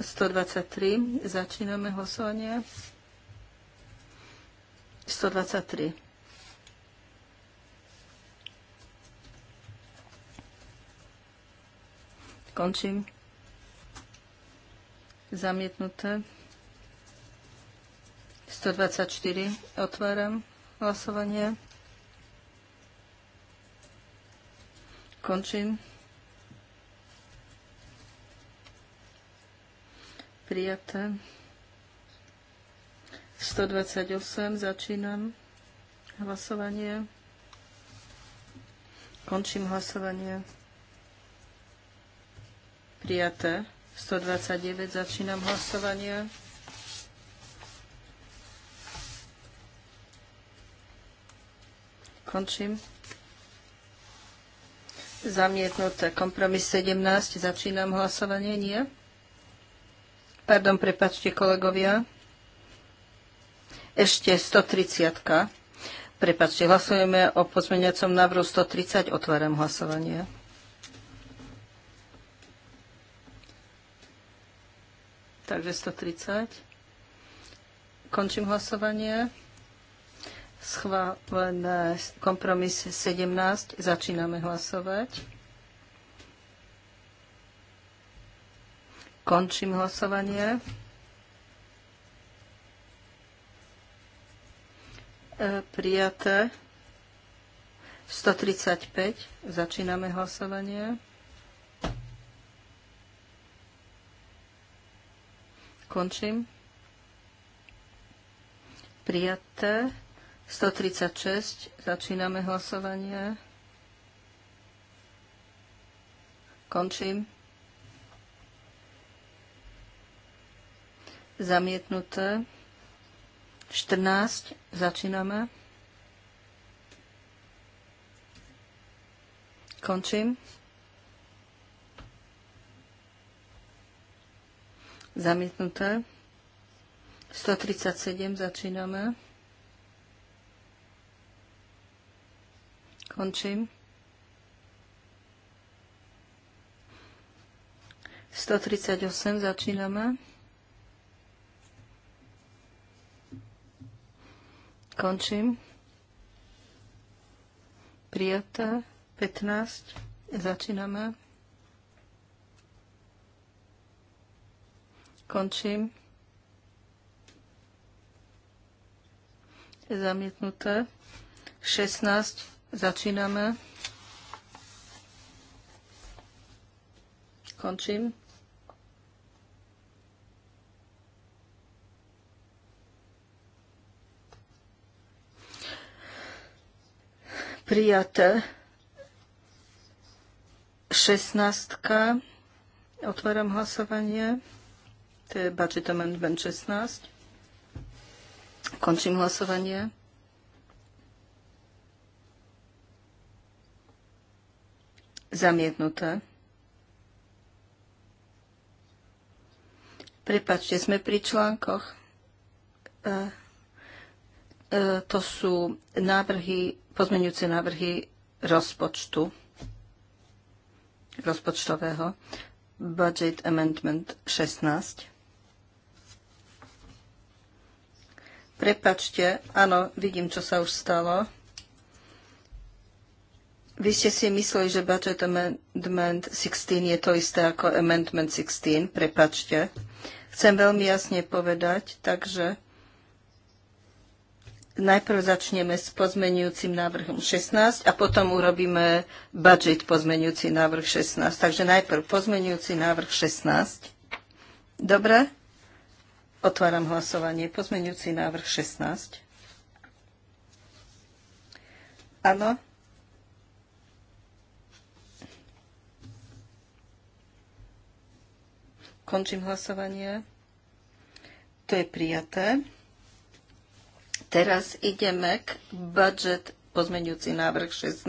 123. Začíname hlasovanie. 123. Končím. Zamietnuté. 124. Otváram hlasovanie. Končím. prijaté. 128 začínam hlasovanie. Končím hlasovanie. Prijaté. 129 začínam hlasovanie. Končím. Zamietnuté. Kompromis 17. Začínam hlasovanie. Nie. Pardon, prepačte kolegovia. Ešte 130. Prepačte, hlasujeme o pozmeniacom návrhu 130. Otváram hlasovanie. Takže 130. Končím hlasovanie. Schválené kompromis 17. Začíname hlasovať. Končím hlasovanie. E, prijaté. 135. Začíname hlasovanie. Končím. Prijaté. 136. Začíname hlasovanie. Končím. zamietnuté. 14 začíname. Končím. Zamietnuté. 137 začíname. Končím. 138 začíname. skončím. Prijatá, 15. Začíname. Končím. Zamietnuté. 16. Začíname. Končím. Prijaté. 16. Otváram hlasovanie. To je budget amendment 16. Končím hlasovanie. Zamietnuté. Prepačte, sme pri článkoch. E, e, to sú návrhy pozmeňujúce návrhy rozpočtu, rozpočtového, Budget Amendment 16. Prepačte, áno, vidím, čo sa už stalo. Vy ste si mysleli, že Budget Amendment 16 je to isté ako Amendment 16. Prepačte. Chcem veľmi jasne povedať, takže Najprv začneme s pozmenujúcim návrhom 16 a potom urobíme budget pozmenujúci návrh 16. Takže najprv pozmenujúci návrh 16. Dobre? Otváram hlasovanie. Pozmenujúci návrh 16. Áno? Končím hlasovanie. To je prijaté. Teraz ideme k budget pozmeňujúci návrh 16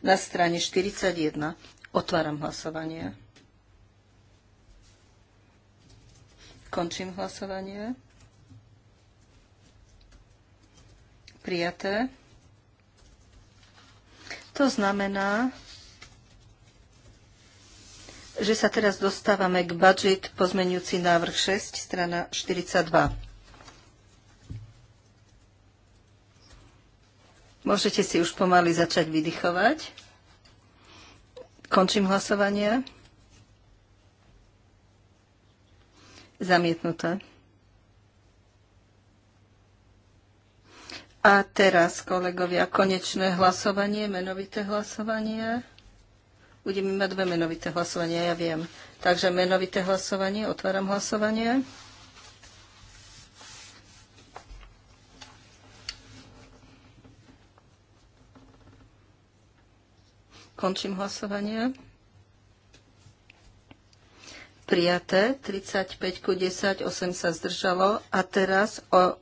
na strane 41. Otváram hlasovanie. Končím hlasovanie. Prijaté. To znamená, že sa teraz dostávame k budget pozmeňujúci návrh 6, strana 42. Môžete si už pomaly začať vydychovať. Končím hlasovanie. Zamietnuté. A teraz, kolegovia, konečné hlasovanie, menovité hlasovanie. Budeme mať dve menovité hlasovania, ja viem. Takže menovité hlasovanie, otváram hlasovanie. Končím hlasovanie. Prijaté 35 ku 10, 8 sa zdržalo. A teraz o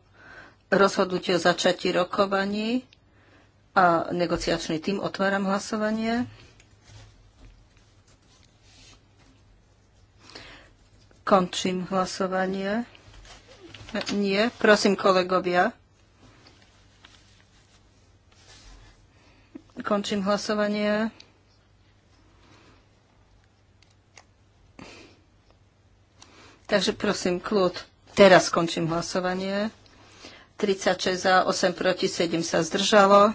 rozhodnutie o začatí rokovaní a negociačný tým otváram hlasovanie. Končím hlasovanie. Nie, prosím kolegovia. Končím hlasovanie. Takže prosím, kľud. Teraz skončím hlasovanie. 36 za, 8 proti, 7 sa zdržalo.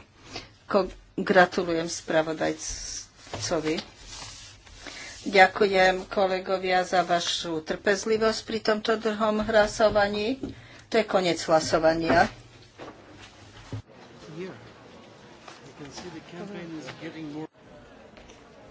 Ko- gratulujem spravodajcovi. Ďakujem kolegovia za vašu trpezlivosť pri tomto druhom hlasovaní. To je koniec hlasovania. Yeah. You can see the campaign is getting more